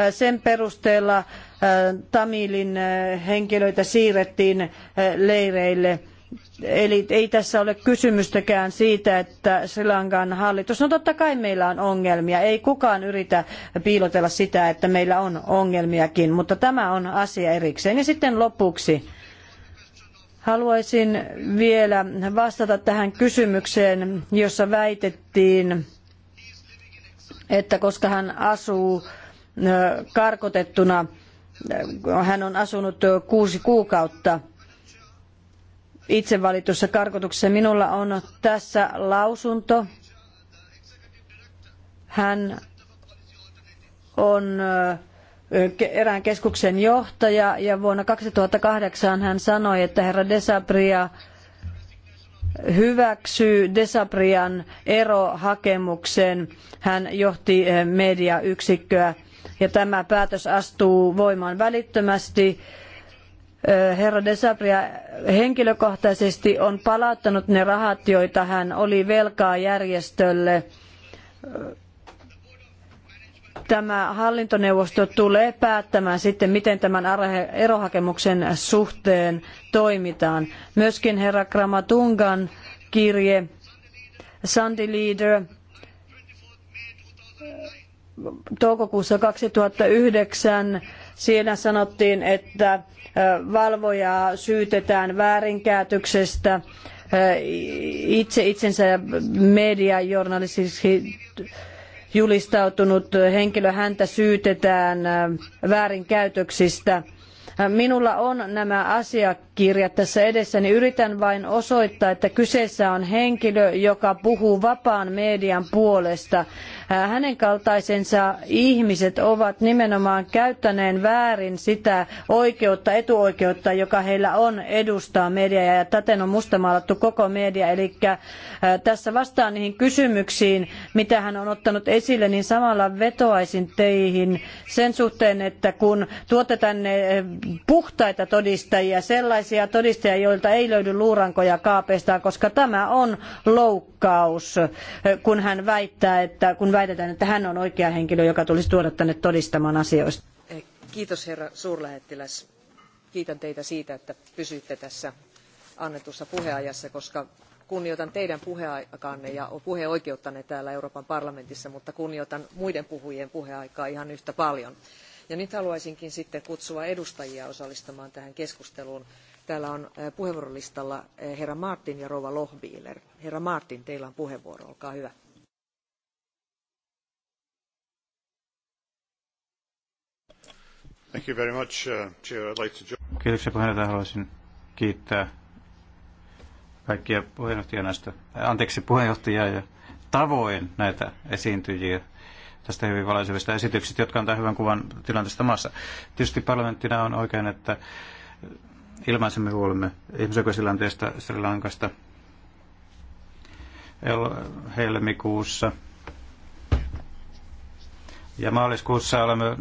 sen perusteella eh, Tamilin eh, henkilöitä siirrettiin eh, leireille – Eli ei tässä ole kysymystäkään siitä, että Sri Lankan hallitus, no totta kai meillä on ongelmia, ei kukaan yritä piilotella sitä, että meillä on ongelmiakin, mutta tämä on asia erikseen. Ja sitten lopuksi haluaisin vielä vastata tähän kysymykseen, jossa väitettiin, että koska hän asuu karkotettuna, hän on asunut kuusi kuukautta – itse valitussa karkotuksessa. Minulla on tässä lausunto. Hän on erään keskuksen johtaja ja vuonna 2008 hän sanoi, että herra Desabria hyväksyy Desabrian erohakemuksen. Hän johti mediayksikköä ja tämä päätös astuu voimaan välittömästi herra Desabria henkilökohtaisesti on palauttanut ne rahat, joita hän oli velkaa järjestölle. Tämä hallintoneuvosto tulee päättämään sitten, miten tämän erohakemuksen suhteen toimitaan. Myöskin herra Kramatungan kirje Sunday Leader toukokuussa 2009 Siinä sanottiin, että valvojaa syytetään väärinkäytöksestä itse itsensä mediajournalistiksi julistautunut henkilö, häntä syytetään väärinkäytöksistä. Minulla on nämä asiakirjat tässä edessäni. Niin yritän vain osoittaa, että kyseessä on henkilö, joka puhuu vapaan median puolesta. Hänen kaltaisensa ihmiset ovat nimenomaan käyttäneen väärin sitä oikeutta, etuoikeutta, joka heillä on edustaa mediaa ja täten on mustamaalattu koko media. Eli äh, tässä vastaan niihin kysymyksiin, mitä hän on ottanut esille, niin samalla vetoaisin teihin sen suhteen, että kun tuotte tänne äh, puhtaita todistajia, sellaisia todistajia, joilta ei löydy luurankoja kaapeista, koska tämä on loukkaus, äh, kun hän väittää, että kun väitetään, että hän on oikea henkilö, joka tulisi tuoda tänne todistamaan asioista. Kiitos herra suurlähettiläs. Kiitän teitä siitä, että pysyitte tässä annetussa puheajassa, koska kunnioitan teidän puheaikaanne ja puheoikeuttanne täällä Euroopan parlamentissa, mutta kunnioitan muiden puhujien puheaikaa ihan yhtä paljon. Ja nyt haluaisinkin sitten kutsua edustajia osallistumaan tähän keskusteluun. Täällä on eh, puheenvuorolistalla eh, herra Martin ja rouva Lohbiiler. Herra Martin, teillä on puheenvuoro, olkaa hyvä. Thank you very much, uh, Chair. I'd like to... Kiitoksia puheenjohtaja. Haluaisin kiittää kaikkia puheenjohtajia näistä, anteeksi puheenjohtajia ja tavoin näitä esiintyjiä tästä hyvin valaisevista esityksistä, jotka antaa hyvän kuvan tilanteesta maassa. Tietysti parlamenttina on oikein, että ilmaisemme huolemme ihmisoikeustilanteesta Sri Lankasta helmikuussa ja maaliskuussa olemme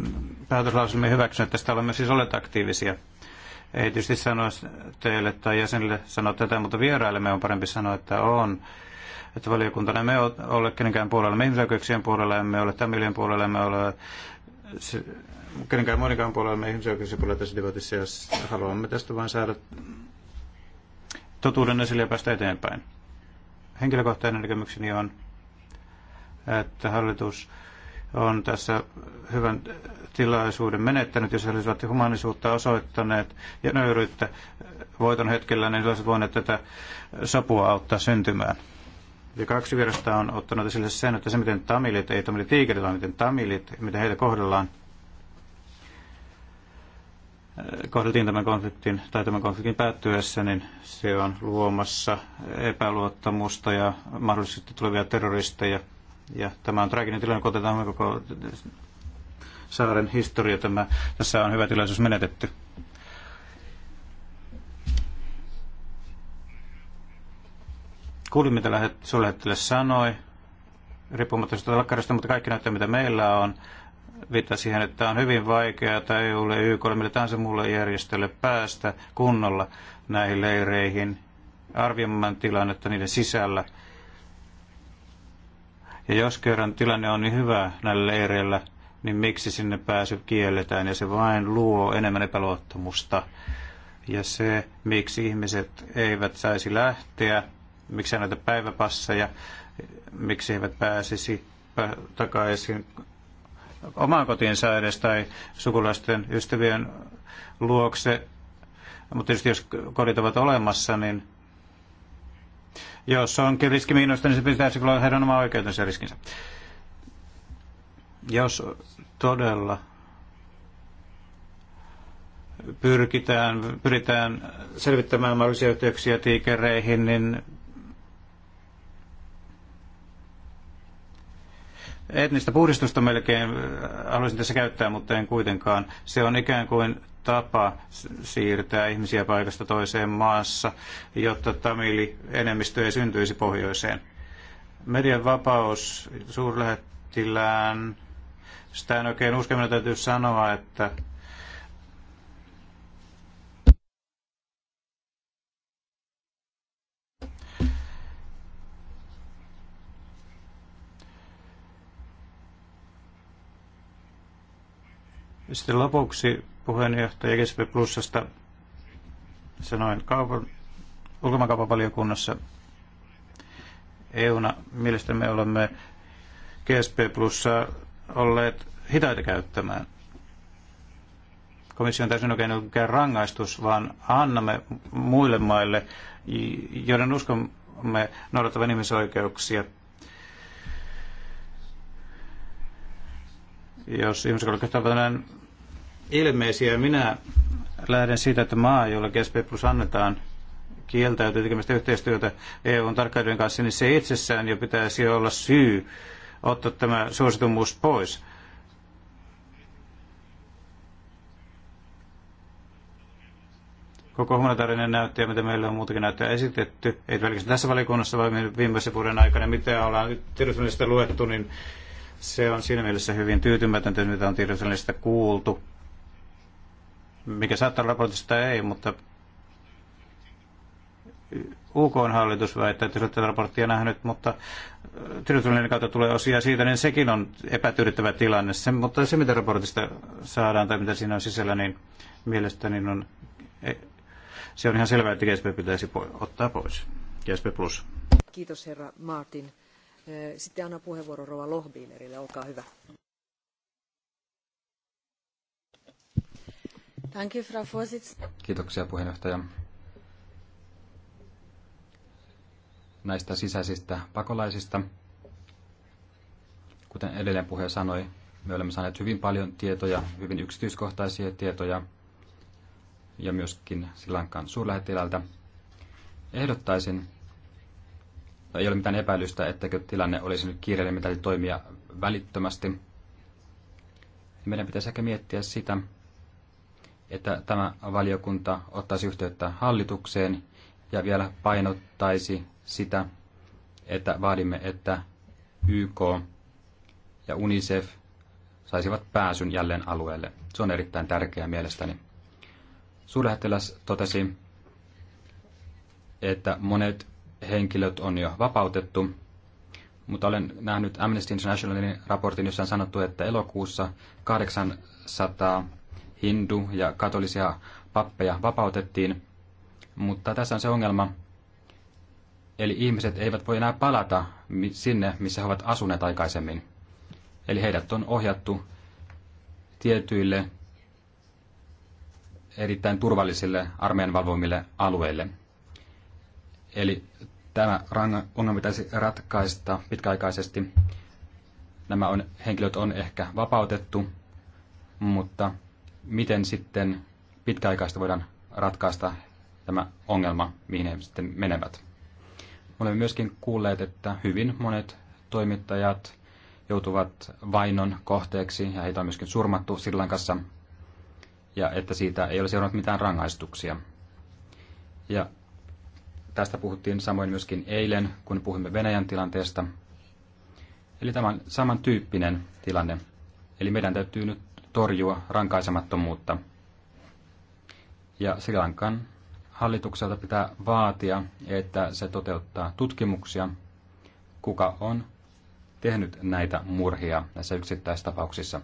päätöslauselmme hyväksyneet, tästä olemme siis olleet aktiivisia. Ei tietysti sanoa teille tai jäsenille sanoa tätä, mutta vieraillemme on parempi sanoa, että on. Että valiokuntana me ole kenenkään puolella, me ihmisoikeuksien puolella emme ole, Tamilien puolella emme ole, kenenkään monikaan puolella, me ihmisoikeuksien puolella tässä debatissa, ja haluamme tästä vain saada totuuden esille ja päästä eteenpäin. Henkilökohtainen näkemykseni on, että hallitus on tässä hyvän tilaisuuden menettänyt, jos he olisivat humanisuutta osoittaneet ja nöyryyttä voiton hetkellä, niin he olisivat voineet tätä sopua auttaa syntymään. Ja kaksi virasta on ottanut esille sen, että se miten tamilit, ei tamilit tiikerit, vaan miten tamilit, miten heitä kohdellaan, kohdeltiin tämän konfliktin tai tämän konfliktin päättyessä, niin se on luomassa epäluottamusta ja mahdollisesti tulevia terroristeja – ja tämä on traaginen tilanne, kun otetaan koko saaren historia. Tämä, tässä on hyvä tilaisuus menetetty. Kuulin, mitä lähet, suurlähettilä sanoi, riippumatta lakkarista, mutta kaikki näyttää, mitä meillä on. Viittaa siihen, että on hyvin vaikeaa tai ole YK, millä tahansa muulle järjestölle päästä kunnolla näihin leireihin arvioimaan tilannetta niiden sisällä – ja jos kerran tilanne on niin hyvä näillä leireillä, niin miksi sinne pääsy kielletään? Ja se vain luo enemmän epäluottamusta. Ja se, miksi ihmiset eivät saisi lähteä, miksi näitä päiväpasseja, miksi eivät pääsisi takaisin omaan kotiinsa edes tai sukulaisten ystävien luokse. Mutta tietysti jos kodit ovat olemassa, niin jos onkin riski miinusta, niin se pitäisi kyllä heidän oma oikeutensa riskinsä. Jos todella pyrkitään, pyritään selvittämään mahdollisia yhteyksiä tiikereihin, niin etnistä puhdistusta melkein haluaisin tässä käyttää, mutta en kuitenkaan. Se on ikään kuin tapa siirtää ihmisiä paikasta toiseen maassa, jotta tamili enemmistö ei syntyisi pohjoiseen. Median vapaus suurlähettilään, sitä en oikein uskeminen täytyy sanoa, että Sitten lopuksi puheenjohtaja GSP Plusasta sanoin kaupan, ulkomaankaupan valiokunnassa EUna me olemme GSP Plussa olleet hitaita käyttämään. on täysin oikein mikään rangaistus, vaan annamme muille maille, joiden uskomme noudattavan ihmisoikeuksia. Jos ihmisoikeudet kohtaan ilmeisiä. Minä lähden siitä, että maa, jolla GSP Plus annetaan, kieltäytyy tekemästä yhteistyötä EUn tarkkaiden kanssa, niin se itsessään jo pitäisi olla syy ottaa tämä suositumus pois. Koko humanitaarinen näyttö ja mitä meillä on muutakin näyttöä esitetty, ei pelkästään tässä valikunnassa, vaan viimeisen vuoden aikana, mitä ollaan tiedotusvälineistä luettu, niin se on siinä mielessä hyvin tyytymätöntä, mitä on tiedotusvälineistä kuultu mikä saattaa olla ei, mutta UK-hallitus väittää, että se tätä raporttia nähnyt, mutta äh, tiedotusvälineiden kautta tulee osia siitä, niin sekin on epätyydyttävä tilanne. Se, mutta se, mitä raportista saadaan tai mitä siinä on sisällä, niin mielestäni on, e, se on ihan selvää, että GSP pitäisi ottaa pois. GSP Plus. Kiitos herra Martin. Äh, sitten anna puheenvuoron Rova Lohbiinerille, olkaa hyvä. Kiitoksia puheenjohtaja. Näistä sisäisistä pakolaisista. Kuten edellinen puhuja sanoi, me olemme saaneet hyvin paljon tietoja, hyvin yksityiskohtaisia tietoja ja myöskin Silankan suurlähettilältä. Ehdottaisin, no ei ole mitään epäilystä, etteikö tilanne olisi nyt kiireellinen, mitä toimia välittömästi. Meidän pitäisi ehkä miettiä sitä, että tämä valiokunta ottaisi yhteyttä hallitukseen ja vielä painottaisi sitä, että vaadimme, että YK ja UNICEF saisivat pääsyn jälleen alueelle. Se on erittäin tärkeää mielestäni. Suurlähettiläs totesi, että monet henkilöt on jo vapautettu, mutta olen nähnyt Amnesty Internationalin raportin, jossa on sanottu, että elokuussa 800 hindu- ja katolisia pappeja vapautettiin, mutta tässä on se ongelma. Eli ihmiset eivät voi enää palata sinne, missä he ovat asuneet aikaisemmin. Eli heidät on ohjattu tietyille erittäin turvallisille armeijan valvomille alueille. Eli tämä ongelma pitäisi ratkaista pitkäaikaisesti. Nämä on, henkilöt on ehkä vapautettu, mutta miten sitten pitkäaikaista voidaan ratkaista tämä ongelma, mihin he sitten menevät. Olemme myöskin kuulleet, että hyvin monet toimittajat joutuvat vainon kohteeksi ja heitä on myöskin surmattu kanssa ja että siitä ei ole seurannut mitään rangaistuksia. Ja tästä puhuttiin samoin myöskin eilen, kun puhumme Venäjän tilanteesta. Eli tämä on samantyyppinen tilanne. Eli meidän täytyy nyt torjua rankaisemattomuutta. Ja Sri Lankan hallitukselta pitää vaatia, että se toteuttaa tutkimuksia, kuka on tehnyt näitä murhia näissä yksittäistapauksissa.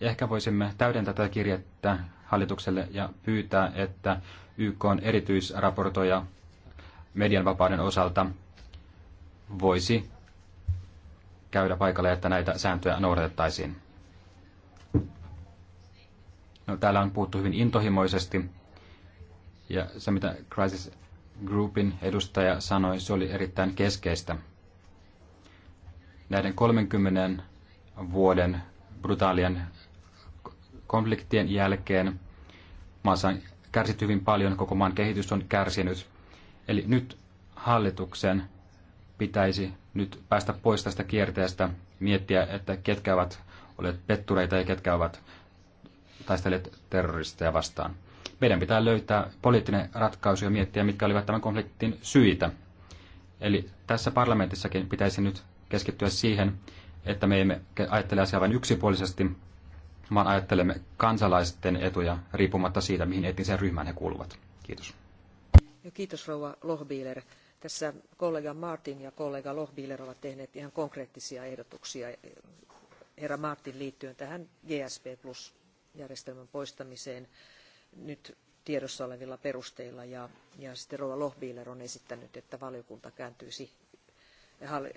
ehkä voisimme täydentää tätä kirjettä hallitukselle ja pyytää, että YK on erityisraportoja median vapauden osalta voisi käydä paikalle, että näitä sääntöjä noudatettaisiin. No, täällä on puhuttu hyvin intohimoisesti, ja se mitä Crisis Groupin edustaja sanoi, se oli erittäin keskeistä. Näiden 30 vuoden brutaalien konfliktien jälkeen maassa on kärsit hyvin paljon, koko maan kehitys on kärsinyt. Eli nyt hallituksen pitäisi nyt päästä pois tästä kierteestä, miettiä, että ketkä ovat olleet pettureita ja ketkä ovat taistelleet terroristeja vastaan. Meidän pitää löytää poliittinen ratkaisu ja miettiä, mitkä olivat tämän konfliktin syitä. Eli tässä parlamentissakin pitäisi nyt keskittyä siihen, että me emme ajattele asiaa vain yksipuolisesti, vaan ajattelemme kansalaisten etuja riippumatta siitä, mihin etniseen ryhmään he kuuluvat. Kiitos. Ja kiitos rouva Lohbiiler. Tässä kollega Martin ja kollega Lohbiiler ovat tehneet ihan konkreettisia ehdotuksia eh, herra Martin liittyen tähän GSP plus järjestelmän poistamiseen nyt tiedossa olevilla perusteilla. Ja, ja sitten Rova Lohbiiler on esittänyt, että valiokunta kääntyisi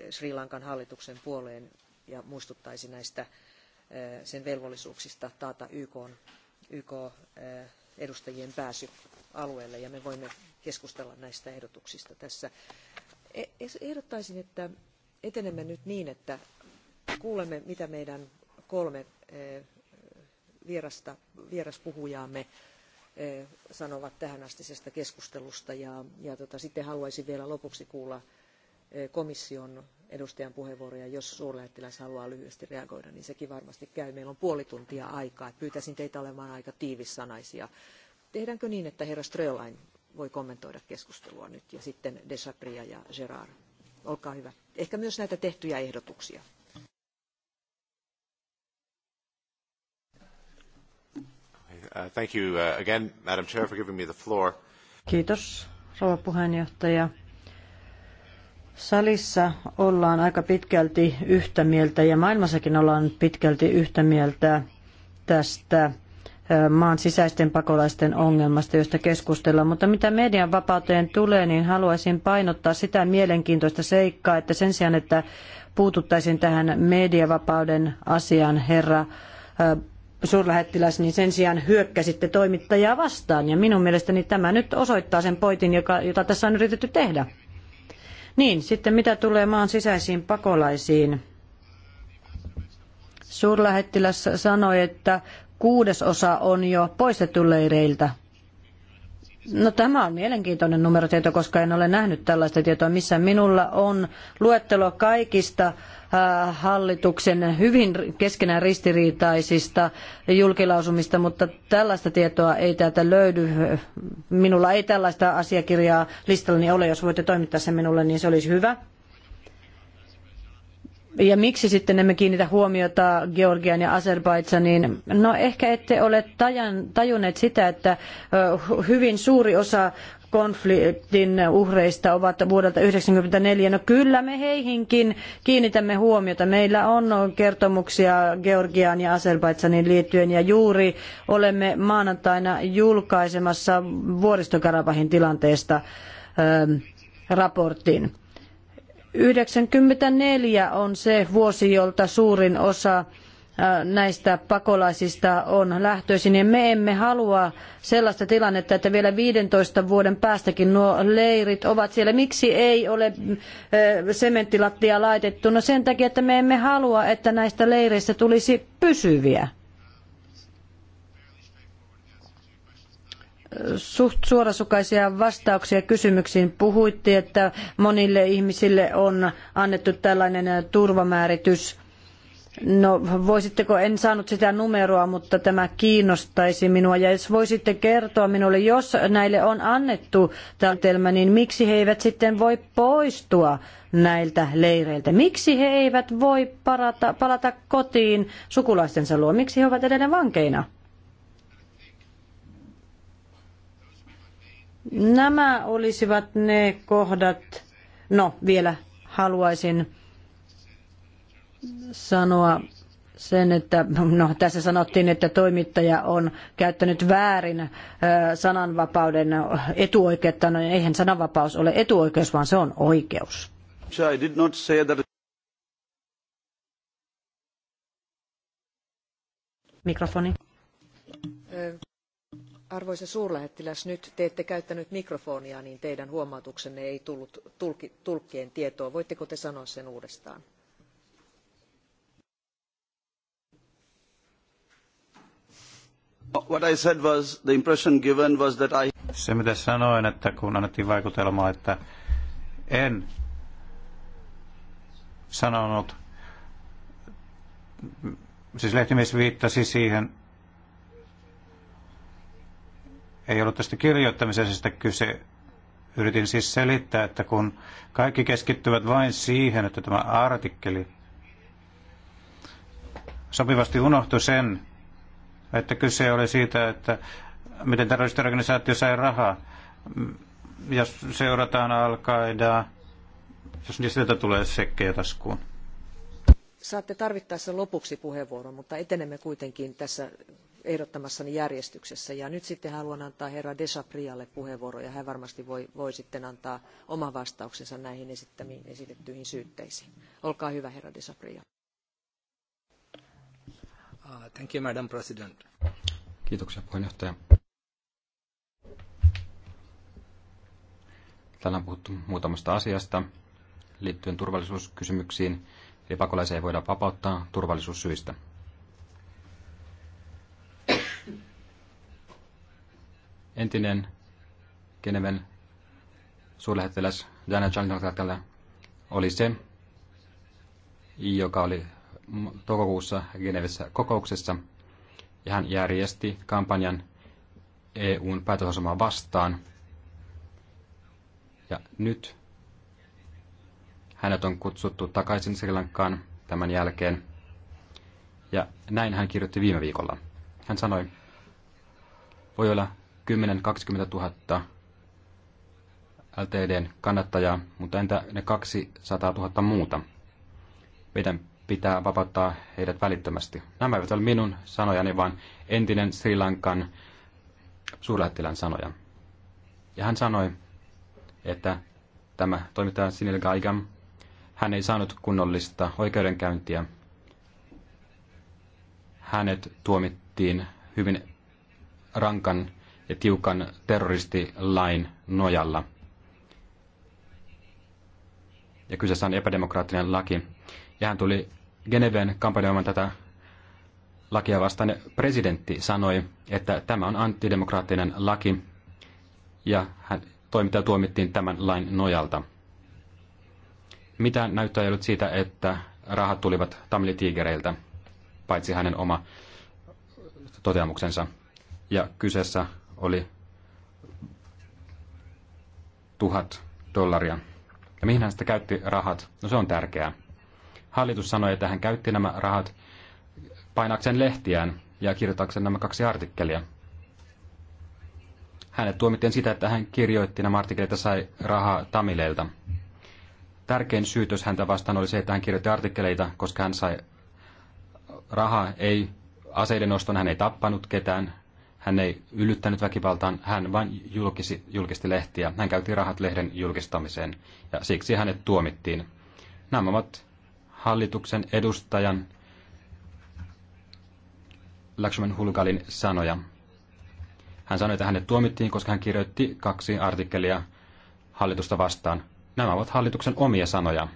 Sri Lankan hallituksen puoleen ja muistuttaisi näistä sen velvollisuuksista taata YK, YK edustajien pääsy alueelle ja me voimme keskustella näistä ehdotuksista tässä. E, ehdottaisin, että etenemme nyt niin, että kuulemme, mitä meidän kolme vieraspuhujaamme eh, sanovat tähänastisesta keskustelusta. Ja, tota, sitten haluaisin vielä lopuksi kuulla eh, komission edustajan puheenvuoroja. Jos suurlähettiläs haluaa lyhyesti reagoida, niin sekin varmasti käy. Meillä on puoli tuntia aikaa. Pyytäisin teitä olemaan aika tiivissanaisia. Tehdäänkö niin, että herra Strölein voi kommentoida keskustelua nyt ja sitten Desapria ja Gerard. Olkaa hyvä. Ehkä myös näitä tehtyjä ehdotuksia. Uh, thank you uh, again, Madam Chair, for giving me the floor. Kiitos, rouva puheenjohtaja. Salissa ollaan aika pitkälti yhtä mieltä ja maailmassakin ollaan pitkälti yhtä mieltä tästä uh, maan sisäisten pakolaisten ongelmasta, josta keskustellaan. Mutta mitä median vapauteen tulee, niin haluaisin painottaa sitä mielenkiintoista seikkaa, että sen sijaan, että puututtaisiin tähän mediavapauden asiaan, herra suurlähettiläs, niin sen sijaan hyökkäsitte toimittajaa vastaan. Ja minun mielestäni tämä nyt osoittaa sen poitin, joka, jota tässä on yritetty tehdä. Niin, sitten mitä tulee maan sisäisiin pakolaisiin? Suurlähettiläs sanoi, että kuudesosa on jo poistettu leireiltä. No tämä on mielenkiintoinen numerotieto, koska en ole nähnyt tällaista tietoa, missä minulla on luettelo kaikista Äh, hallituksen hyvin keskenään ristiriitaisista julkilausumista, mutta tällaista tietoa ei täältä löydy. Minulla ei tällaista asiakirjaa listallani ole, jos voitte toimittaa sen minulle, niin se olisi hyvä. Ja miksi sitten emme kiinnitä huomiota Georgian ja Azerbaidsanin? No ehkä ette ole tajunneet sitä, että hyvin suuri osa konfliktin uhreista ovat vuodelta 1994. No kyllä me heihinkin kiinnitämme huomiota. Meillä on kertomuksia Georgiaan ja Azerbaidsanin liittyen ja juuri olemme maanantaina julkaisemassa vuoristokarabahin tilanteesta raportin. 94 on se vuosi, jolta suurin osa äh, näistä pakolaisista on lähtöisin. Ja me emme halua sellaista tilannetta, että vielä 15 vuoden päästäkin nuo leirit ovat siellä. Miksi ei ole äh, sementtilattia laitettu? No sen takia, että me emme halua, että näistä leireistä tulisi pysyviä. suht suorasukaisia vastauksia kysymyksiin. Puhuitte, että monille ihmisille on annettu tällainen turvamääritys. No voisitteko, en saanut sitä numeroa, mutta tämä kiinnostaisi minua. Ja jos voisitte kertoa minulle, jos näille on annettu tältelmä, niin miksi he eivät sitten voi poistua näiltä leireiltä? Miksi he eivät voi parata, palata kotiin sukulaistensa luo? Miksi he ovat edelleen vankeina? Nämä olisivat ne kohdat, no vielä haluaisin sanoa sen, että no, tässä sanottiin, että toimittaja on käyttänyt väärin sananvapauden etuoikeutta. No eihän sananvapaus ole etuoikeus, vaan se on oikeus. Mikrofoni. Arvoisa suurlähettiläs, nyt te ette käyttänyt mikrofonia, niin teidän huomautuksenne ei tullut tulkkien tietoon. Voitteko te sanoa sen uudestaan? What I said was, the impression given was that I... Se mitä sanoin, että kun annettiin vaikutelma, että en sanonut, siis lehtimies viittasi siihen, Ei ollut tästä kirjoittamisesta kyse. Yritin siis selittää, että kun kaikki keskittyvät vain siihen, että tämä artikkeli sopivasti unohtui sen, että kyse oli siitä, että miten terroristiorganisaatio sai rahaa. Jos seurataan al jos niistä tulee sekkejä taskuun. Saatte tarvittaessa lopuksi puheenvuoron, mutta etenemme kuitenkin tässä ehdottamassani järjestyksessä. Ja nyt sitten haluan antaa herra Desaprialle puheenvuoron ja hän varmasti voi, voi sitten antaa oman vastauksensa näihin esittämiin esitettyihin syytteisiin. Olkaa hyvä herra Desapria. Uh, thank you, Madam President. Kiitoksia puheenjohtaja. Täällä on puhuttu muutamasta asiasta liittyen turvallisuuskysymyksiin, eli pakolaisia ei voida vapauttaa turvallisuussyistä. entinen Geneven suurlähettiläs Dana Chandra oli se, joka oli toukokuussa Genevessä kokouksessa, ja hän järjesti kampanjan EUn päätösasemaa vastaan. Ja nyt hänet on kutsuttu takaisin Sri Lankaan tämän jälkeen. Ja näin hän kirjoitti viime viikolla. Hän sanoi, voi olla 10-20 000 LTDn kannattajaa, mutta entä ne 200 000 muuta? Meidän pitää vapauttaa heidät välittömästi. Nämä eivät ole minun sanojani, vaan entinen Sri Lankan suurlähettilän sanoja. Ja hän sanoi, että tämä toimittaja Sinil Gaigam, hän ei saanut kunnollista oikeudenkäyntiä. Hänet tuomittiin hyvin rankan ja tiukan terroristilain nojalla. Ja kyseessä on epädemokraattinen laki. Ja hän tuli Geneven kampanjoimaan tätä lakia vastaan. Presidentti sanoi, että tämä on antidemokraattinen laki ja hän toimittaja tuomittiin tämän lain nojalta. Mitä näyttää ei ollut siitä, että rahat tulivat Tamilitiigereiltä, paitsi hänen oma toteamuksensa. Ja kyseessä oli tuhat dollaria. Ja mihin hän sitä käytti rahat? No se on tärkeää. Hallitus sanoi, että hän käytti nämä rahat painakseen lehtiään ja kirjoitakseen nämä kaksi artikkelia. Hänet tuomittiin sitä, että hän kirjoitti nämä artikkelit ja sai rahaa Tamileilta. Tärkein syytös häntä vastaan oli se, että hän kirjoitti artikkeleita, koska hän sai rahaa, ei aseiden oston, hän ei tappanut ketään, hän ei yllyttänyt väkivaltaan, hän vain julkisi, julkisti lehtiä. Hän käytti rahat lehden julkistamiseen ja siksi hänet tuomittiin. Nämä ovat hallituksen edustajan Lakshman Hulgalin sanoja. Hän sanoi, että hänet tuomittiin, koska hän kirjoitti kaksi artikkelia hallitusta vastaan. Nämä ovat hallituksen omia sanoja.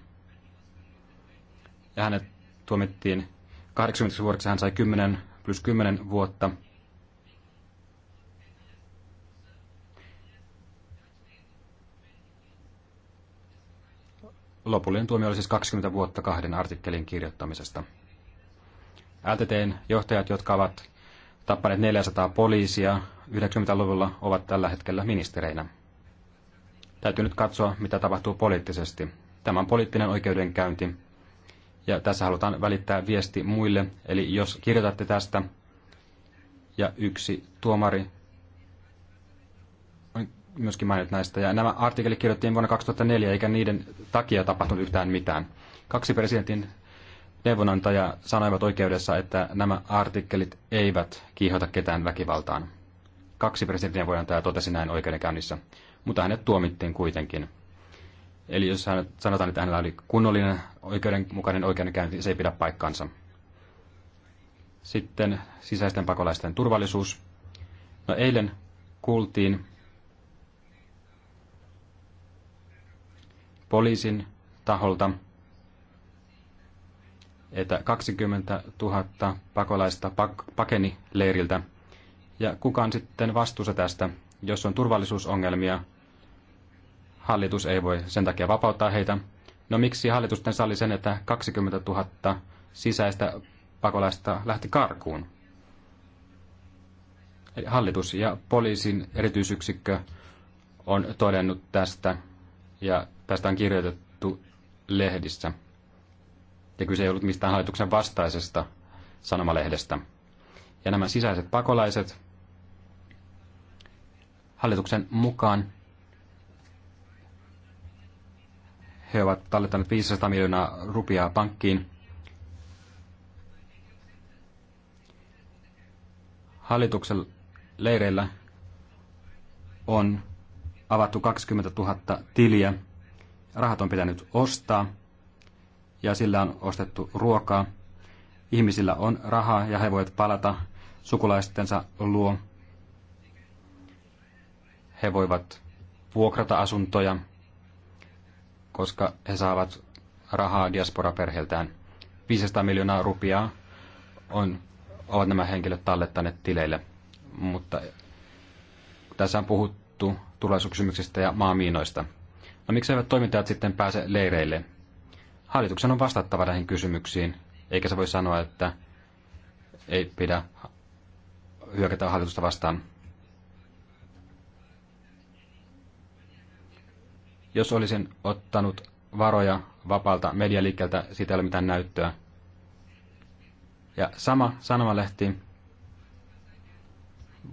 Ja hänet tuomittiin 80 vuodeksi, hän sai 10 plus 10 vuotta – Lopullinen tuomio oli siis 20 vuotta kahden artikkelin kirjoittamisesta. LTTn johtajat, jotka ovat tappaneet 400 poliisia 90-luvulla, ovat tällä hetkellä ministereinä. Täytyy nyt katsoa, mitä tapahtuu poliittisesti. Tämä on poliittinen oikeudenkäynti. Ja tässä halutaan välittää viesti muille. Eli jos kirjoitatte tästä ja yksi tuomari myöskin mainit näistä. Ja nämä artikkelit kirjoittiin vuonna 2004, eikä niiden takia tapahtunut yhtään mitään. Kaksi presidentin neuvonantajaa sanoivat oikeudessa, että nämä artikkelit eivät kiihota ketään väkivaltaan. Kaksi presidentin neuvonantajaa totesi näin oikeudenkäynnissä, mutta hänet tuomittiin kuitenkin. Eli jos hän, sanotaan, että hänellä oli kunnollinen oikeudenmukainen oikeudenkäynti, se ei pidä paikkaansa. Sitten sisäisten pakolaisten turvallisuus. No eilen kuultiin poliisin taholta, että 20 000 pakolaista pak- pakeni leiriltä. Ja kuka on sitten vastuussa tästä? Jos on turvallisuusongelmia, hallitus ei voi sen takia vapauttaa heitä. No miksi hallitusten salli sen, että 20 000 sisäistä pakolaista lähti karkuun? Eli hallitus ja poliisin erityisyksikkö on todennut tästä ja tästä on kirjoitettu lehdissä. Ja kyse ei ollut mistään hallituksen vastaisesta sanomalehdestä. Ja nämä sisäiset pakolaiset hallituksen mukaan he ovat tallettaneet 500 miljoonaa rupiaa pankkiin. Hallituksen leireillä on avattu 20 000 tiliä. Rahat on pitänyt ostaa ja sillä on ostettu ruokaa. Ihmisillä on rahaa ja he voivat palata sukulaistensa luo. He voivat vuokrata asuntoja, koska he saavat rahaa diasporaperheeltään. 500 miljoonaa rupiaa on, ovat nämä henkilöt tallettaneet tileille. Mutta tässä on puhuttu turvallisuuskysymyksistä ja maamiinoista. No miksi eivät toimittajat sitten pääse leireille? Hallituksen on vastattava näihin kysymyksiin, eikä se voi sanoa, että ei pidä hyökätä hallitusta vastaan. Jos olisin ottanut varoja vapaalta medialiikkeeltä, siitä ei ole mitään näyttöä. Ja sama sanomalehti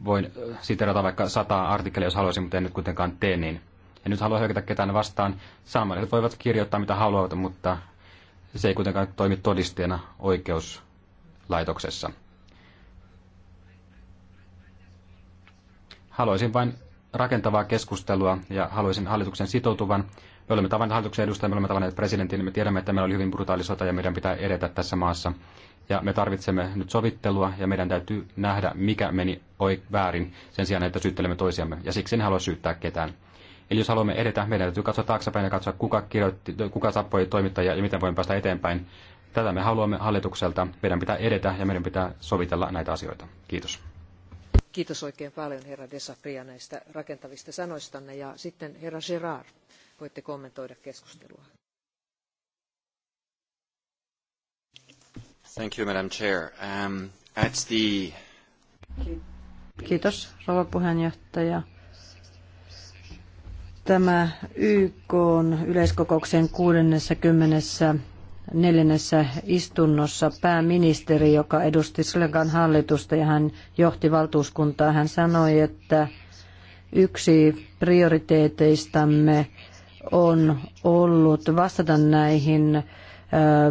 voin äh, siterata vaikka sataa artikkelia, jos haluaisin, mutta en nyt kuitenkaan tee niin. En nyt halua hyökätä ketään vastaan. Saamelaiset voivat kirjoittaa mitä haluavat, mutta se ei kuitenkaan toimi todisteena oikeuslaitoksessa. Haluaisin vain rakentavaa keskustelua ja haluaisin hallituksen sitoutuvan me olemme tavanneet hallituksen edustajia, me olemme tavanneet presidentin, me tiedämme, että meillä oli hyvin brutaali sota ja meidän pitää edetä tässä maassa. Ja me tarvitsemme nyt sovittelua ja meidän täytyy nähdä, mikä meni oik väärin sen sijaan, että syyttelemme toisiamme. Ja siksi en halua syyttää ketään. Eli jos haluamme edetä, meidän täytyy katsoa taaksepäin ja katsoa, kuka, kirjoitti, kuka tappoi toimittajia ja miten voimme päästä eteenpäin. Tätä me haluamme hallitukselta. Meidän pitää edetä ja meidän pitää sovitella näitä asioita. Kiitos. Kiitos oikein paljon herra Desapria näistä rakentavista sanoistanne. Ja sitten herra Gerard Voitte kommentoida keskustelua. Thank you, Madam Chair. Um, at the... Kiitos, rouva puheenjohtaja. Tämä YK on yleiskokouksen 64. istunnossa pääministeri, joka edusti Slegan hallitusta ja hän johti valtuuskuntaa, hän sanoi, että yksi prioriteeteistamme on ollut vastata näihin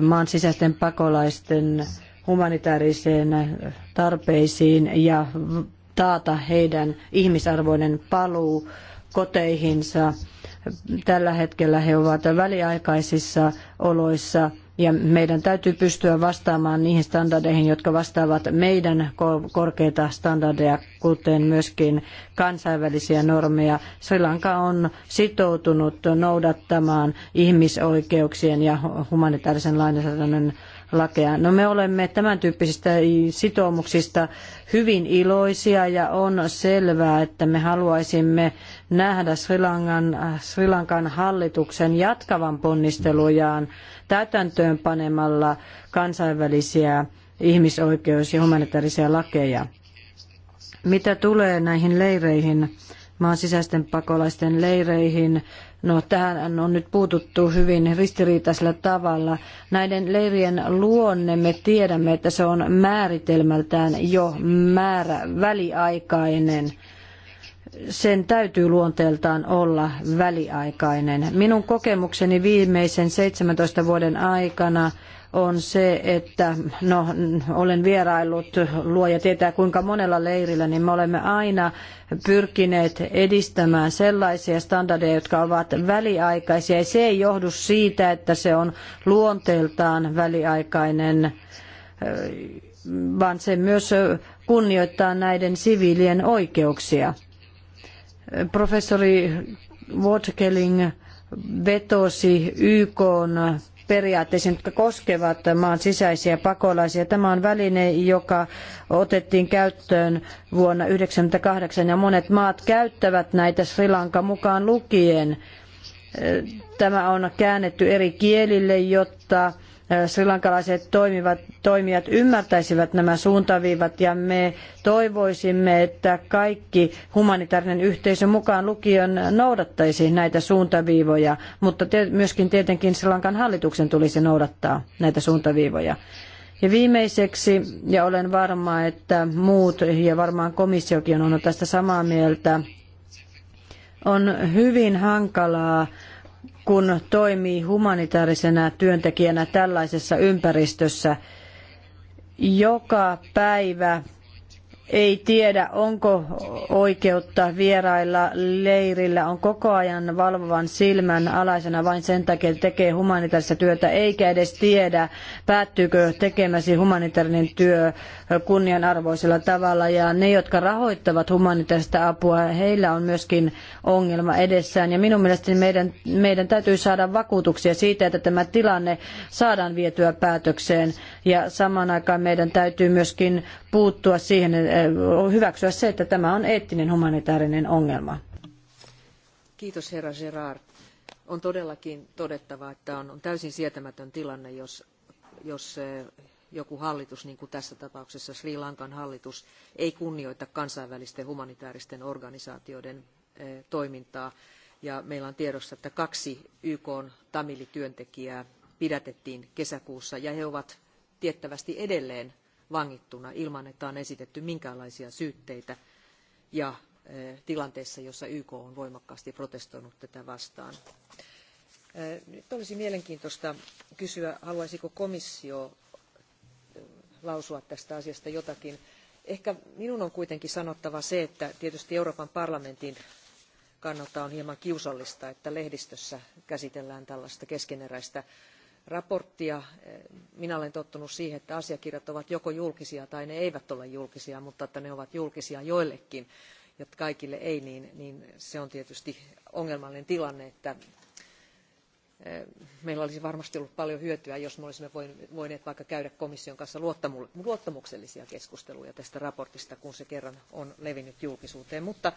maan sisäisten pakolaisten humanitaariseen tarpeisiin ja taata heidän ihmisarvoinen paluu koteihinsa. Tällä hetkellä he ovat väliaikaisissa oloissa ja meidän täytyy pystyä vastaamaan niihin standardeihin, jotka vastaavat meidän korkeita standardeja, kuten myöskin kansainvälisiä normeja. Sri Lanka on sitoutunut noudattamaan ihmisoikeuksien ja humanitaarisen lainsäädännön lakeja. No me olemme tämän tyyppisistä sitoumuksista hyvin iloisia ja on selvää, että me haluaisimme nähdä Sri Lankan, Sri Lankan hallituksen jatkavan ponnistelujaan täytäntöön panemalla kansainvälisiä ihmisoikeus- ja humanitaarisia lakeja. Mitä tulee näihin leireihin, maan sisäisten pakolaisten leireihin. No, tähän on nyt puututtu hyvin ristiriitaisella tavalla. Näiden leirien luonne me tiedämme, että se on määritelmältään jo määrä väliaikainen sen täytyy luonteeltaan olla väliaikainen. Minun kokemukseni viimeisen 17 vuoden aikana on se, että no, olen vieraillut, luoja tietää kuinka monella leirillä, niin me olemme aina pyrkineet edistämään sellaisia standardeja, jotka ovat väliaikaisia. Ja se ei johdu siitä, että se on luonteeltaan väliaikainen, vaan se myös kunnioittaa näiden siviilien oikeuksia. Professori Waterkelling vetosi YK periaatteisiin, jotka koskevat maan sisäisiä pakolaisia. Tämä on väline, joka otettiin käyttöön vuonna 1998 ja monet maat käyttävät näitä Sri Lanka mukaan lukien. Tämä on käännetty eri kielille, jotta srilankalaiset toimivat, toimijat ymmärtäisivät nämä suuntaviivat ja me toivoisimme, että kaikki humanitaarinen yhteisö mukaan lukion noudattaisi näitä suuntaviivoja, mutta myöskin tietenkin Srilankan hallituksen tulisi noudattaa näitä suuntaviivoja. Ja viimeiseksi, ja olen varma, että muut ja varmaan komissiokin on tästä samaa mieltä, on hyvin hankalaa kun toimii humanitaarisena työntekijänä tällaisessa ympäristössä. Joka päivä ei tiedä, onko oikeutta vierailla leirillä, on koko ajan valvovan silmän alaisena vain sen takia, että tekee humanitaarista työtä, eikä edes tiedä, päättyykö tekemäsi humanitaarinen työ kunnianarvoisella tavalla. Ja ne, jotka rahoittavat humanitaarista apua, heillä on myöskin ongelma edessään. Ja minun mielestäni meidän, meidän täytyy saada vakuutuksia siitä, että tämä tilanne saadaan vietyä päätökseen ja samaan aikaan meidän täytyy myöskin puuttua siihen, eh, hyväksyä se, että tämä on eettinen humanitaarinen ongelma. Kiitos herra Gerard. On todellakin todettava, että on, on täysin sietämätön tilanne, jos, jos eh, joku hallitus, niin kuin tässä tapauksessa Sri Lankan hallitus, ei kunnioita kansainvälisten humanitaaristen organisaatioiden eh, toimintaa. Ja meillä on tiedossa, että kaksi YK tamilityöntekijää pidätettiin kesäkuussa ja he ovat tiettävästi edelleen vangittuna ilman, että on esitetty minkäänlaisia syytteitä ja tilanteessa, jossa YK on voimakkaasti protestoinut tätä vastaan. Nyt olisi mielenkiintoista kysyä, haluaisiko komissio lausua tästä asiasta jotakin. Ehkä minun on kuitenkin sanottava se, että tietysti Euroopan parlamentin kannalta on hieman kiusallista, että lehdistössä käsitellään tällaista keskeneräistä raporttia. Eh, minä olen tottunut siihen, että asiakirjat ovat joko julkisia tai ne eivät ole julkisia, mutta että ne ovat julkisia joillekin ja kaikille ei, niin, niin se on tietysti ongelmallinen tilanne, että eh, meillä olisi varmasti ollut paljon hyötyä, jos me olisimme voineet vaikka käydä komission kanssa luottamuksellisia keskusteluja tästä raportista, kun se kerran on levinnyt julkisuuteen. Mutta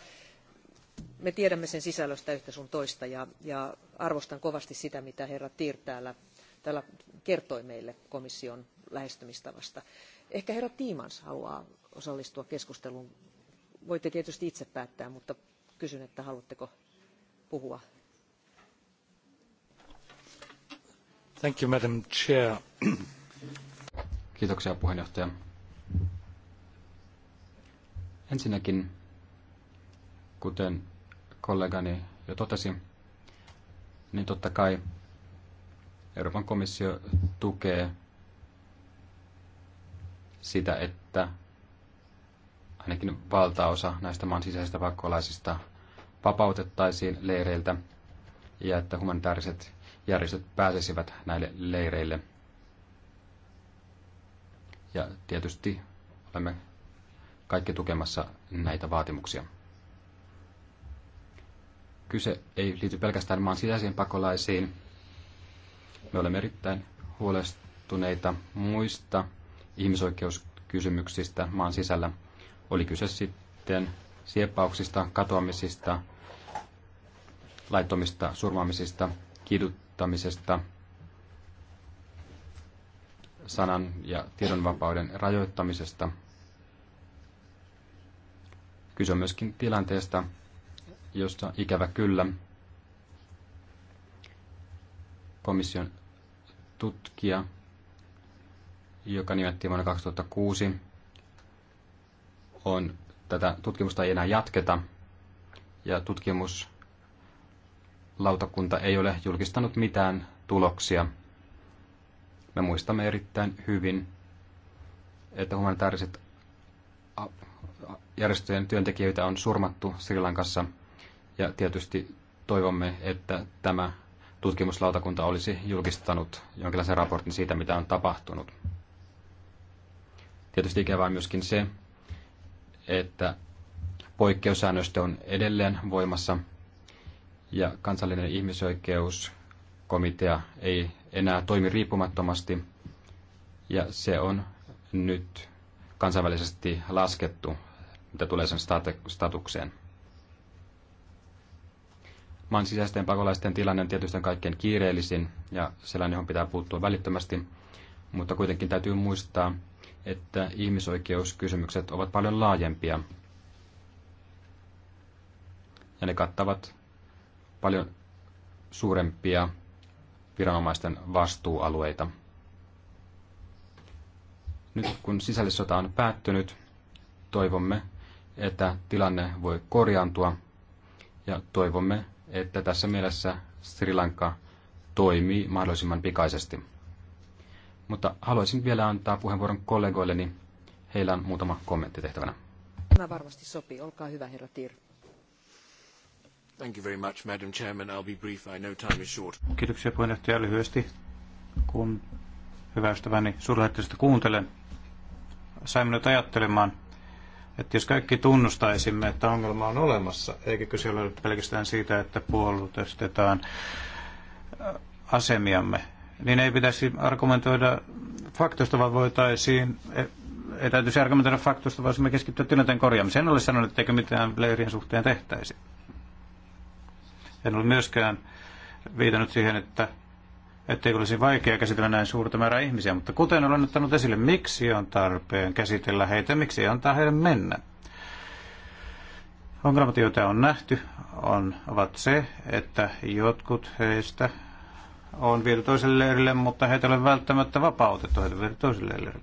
me tiedämme sen sisällöstä yhtä sun toista ja, ja arvostan kovasti sitä, mitä herra Tiir täällä täällä kertoi meille komission lähestymistavasta. Ehkä herra Tiimans haluaa osallistua keskusteluun. Voitte tietysti itse päättää, mutta kysyn, että haluatteko puhua. Thank you, Madam Chair. Kiitoksia puheenjohtaja. Ensinnäkin, kuten kollegani jo totesi, niin totta kai Euroopan komissio tukee sitä, että ainakin valtaosa näistä maan sisäisistä pakolaisista vapautettaisiin leireiltä ja että humanitaariset järjestöt pääsisivät näille leireille. Ja tietysti olemme kaikki tukemassa näitä vaatimuksia. Kyse ei liity pelkästään maan sisäisiin pakolaisiin, me olemme erittäin huolestuneita muista ihmisoikeuskysymyksistä maan sisällä. Oli kyse sitten sieppauksista, katoamisista, laittomista surmaamisista, kiduttamisesta, sanan ja tiedonvapauden rajoittamisesta. Kyse on myöskin tilanteesta, jossa ikävä kyllä komission tutkija, joka nimettiin vuonna 2006, on tätä tutkimusta ei enää jatketa ja tutkimuslautakunta ei ole julkistanut mitään tuloksia. Me muistamme erittäin hyvin, että humanitaariset järjestöjen työntekijöitä on surmattu Sri Lankassa ja tietysti toivomme, että tämä tutkimuslautakunta olisi julkistanut jonkinlaisen raportin siitä, mitä on tapahtunut. Tietysti ikävää on myöskin se, että poikkeussäännöstö on edelleen voimassa ja kansallinen ihmisoikeuskomitea ei enää toimi riippumattomasti ja se on nyt kansainvälisesti laskettu, mitä tulee sen statukseen. Maan sisäisten pakolaisten tilanne on tietysti kaikkein kiireellisin ja sellainen, johon pitää puuttua välittömästi, mutta kuitenkin täytyy muistaa, että ihmisoikeuskysymykset ovat paljon laajempia. Ja ne kattavat paljon suurempia viranomaisten vastuualueita. Nyt kun sisällissota on päättynyt, toivomme, että tilanne voi korjaantua ja toivomme, että tässä mielessä Sri Lanka toimii mahdollisimman pikaisesti. Mutta haluaisin vielä antaa puheenvuoron kollegoilleni. Heillä on muutama kommentti tehtävänä. Tämä varmasti sopii. Olkaa hyvä, herra Tir. Thank you very much, Madam Chairman. I'll be brief. I know time is short. Kiitoksia puheenjohtaja lyhyesti. Kun hyvä ystäväni suurlähettilästä kuuntelen, saimme minut ajattelemaan että jos kaikki tunnustaisimme, että ongelma on olemassa, eikä kyse ole pelkästään siitä, että puolustetaan äh, asemiamme, niin ei pitäisi argumentoida faktoista, vaan voitaisiin, e, ei täytyisi argumentoida faktoista, vaan me keskittyä tilanteen korjaamiseen. En ole sanonut, etteikö mitään leirien suhteen tehtäisi. En ole myöskään viitannut siihen, että ettei olisi vaikea käsitellä näin suurta määrää ihmisiä, mutta kuten olen ottanut esille, miksi on tarpeen käsitellä heitä, miksi antaa heidän mennä. Ongelmat, joita on nähty, on, ovat se, että jotkut heistä on viety toiselle leirille, mutta heitä ei ole välttämättä vapautettu, heitä viety toiselle leirille.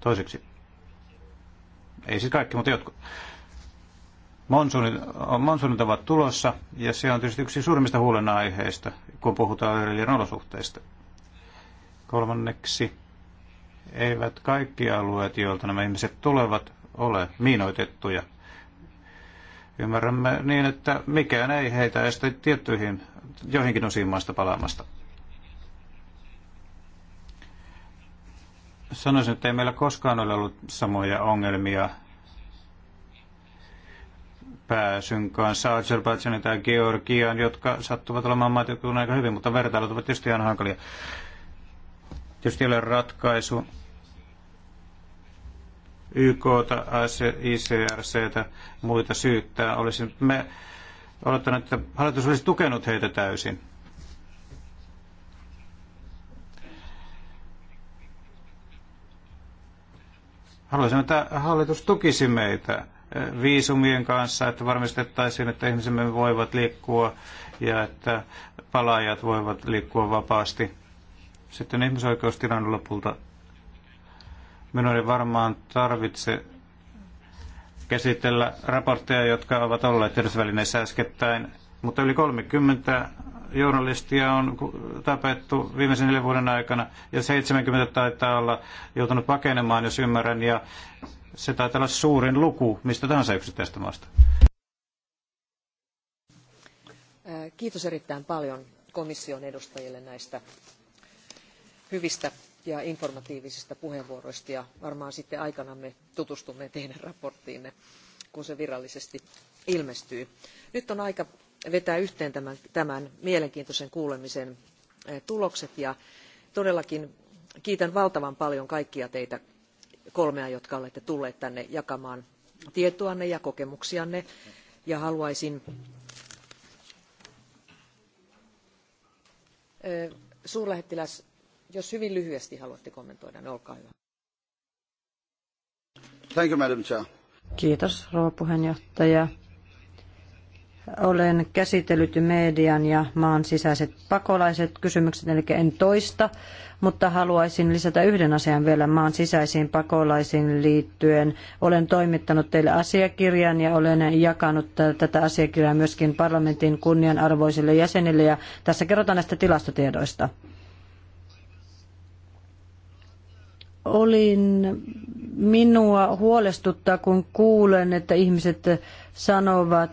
Toiseksi, ei siis kaikki, mutta jotkut. Monsunit, monsunit ovat tulossa ja se on tietysti yksi suurimmista huolenaiheista, kun puhutaan öljyn olosuhteista. Kolmanneksi, eivät kaikki alueet, joilta nämä ihmiset tulevat, ole miinoitettuja. Ymmärrämme niin, että mikään ei heitä estä tiettyihin joihinkin osiin maista palaamasta. Sanoisin, että ei meillä koskaan ole ollut samoja ongelmia pääsyn kanssa Azerbaidžanin tai Georgian, jotka sattuvat olemaan maat, jotka aika hyvin, mutta vertailut ovat tietysti ihan hankalia. Tietysti ei ole ratkaisu YK, ICRC, muita syyttää. Olisin me odottanut, että hallitus olisi tukenut heitä täysin. Haluaisin, että hallitus tukisi meitä viisumien kanssa, että varmistettaisiin, että ihmisemme voivat liikkua ja että palaajat voivat liikkua vapaasti. Sitten ihmisoikeustilanne lopulta. Minun ei varmaan tarvitse käsitellä raportteja, jotka ovat olleet tiedotusvälineissä äskettäin, mutta yli 30 journalistia on tapettu viimeisen neljän vuoden aikana ja 70 taitaa olla joutunut pakenemaan, jos ymmärrän, ja se taitaa olla suurin luku mistä tahansa yksittäistä maasta. Äh, kiitos erittäin paljon komission edustajille näistä hyvistä ja informatiivisista puheenvuoroista ja varmaan sitten aikanamme tutustumme teidän raporttiinne, kun se virallisesti ilmestyy. Nyt on aika vetää yhteen tämän, tämän mielenkiintoisen kuulemisen äh, tulokset ja todellakin kiitän valtavan paljon kaikkia teitä kolmea, jotka olette tulleet tänne jakamaan tietoanne ja kokemuksianne. Ja haluaisin suurlähettiläs, jos hyvin lyhyesti haluatte kommentoida, niin olkaa hyvä. Thank you, Madam Chair. Kiitos, rouva puheenjohtaja. Olen käsitellyt median ja maan sisäiset pakolaiset kysymykset, eli en toista, mutta haluaisin lisätä yhden asian vielä maan sisäisiin pakolaisiin liittyen. Olen toimittanut teille asiakirjan ja olen jakanut tätä asiakirjaa myöskin parlamentin kunnianarvoisille jäsenille ja tässä kerrotaan näistä tilastotiedoista. olin, minua huolestuttaa, kun kuulen, että ihmiset sanovat,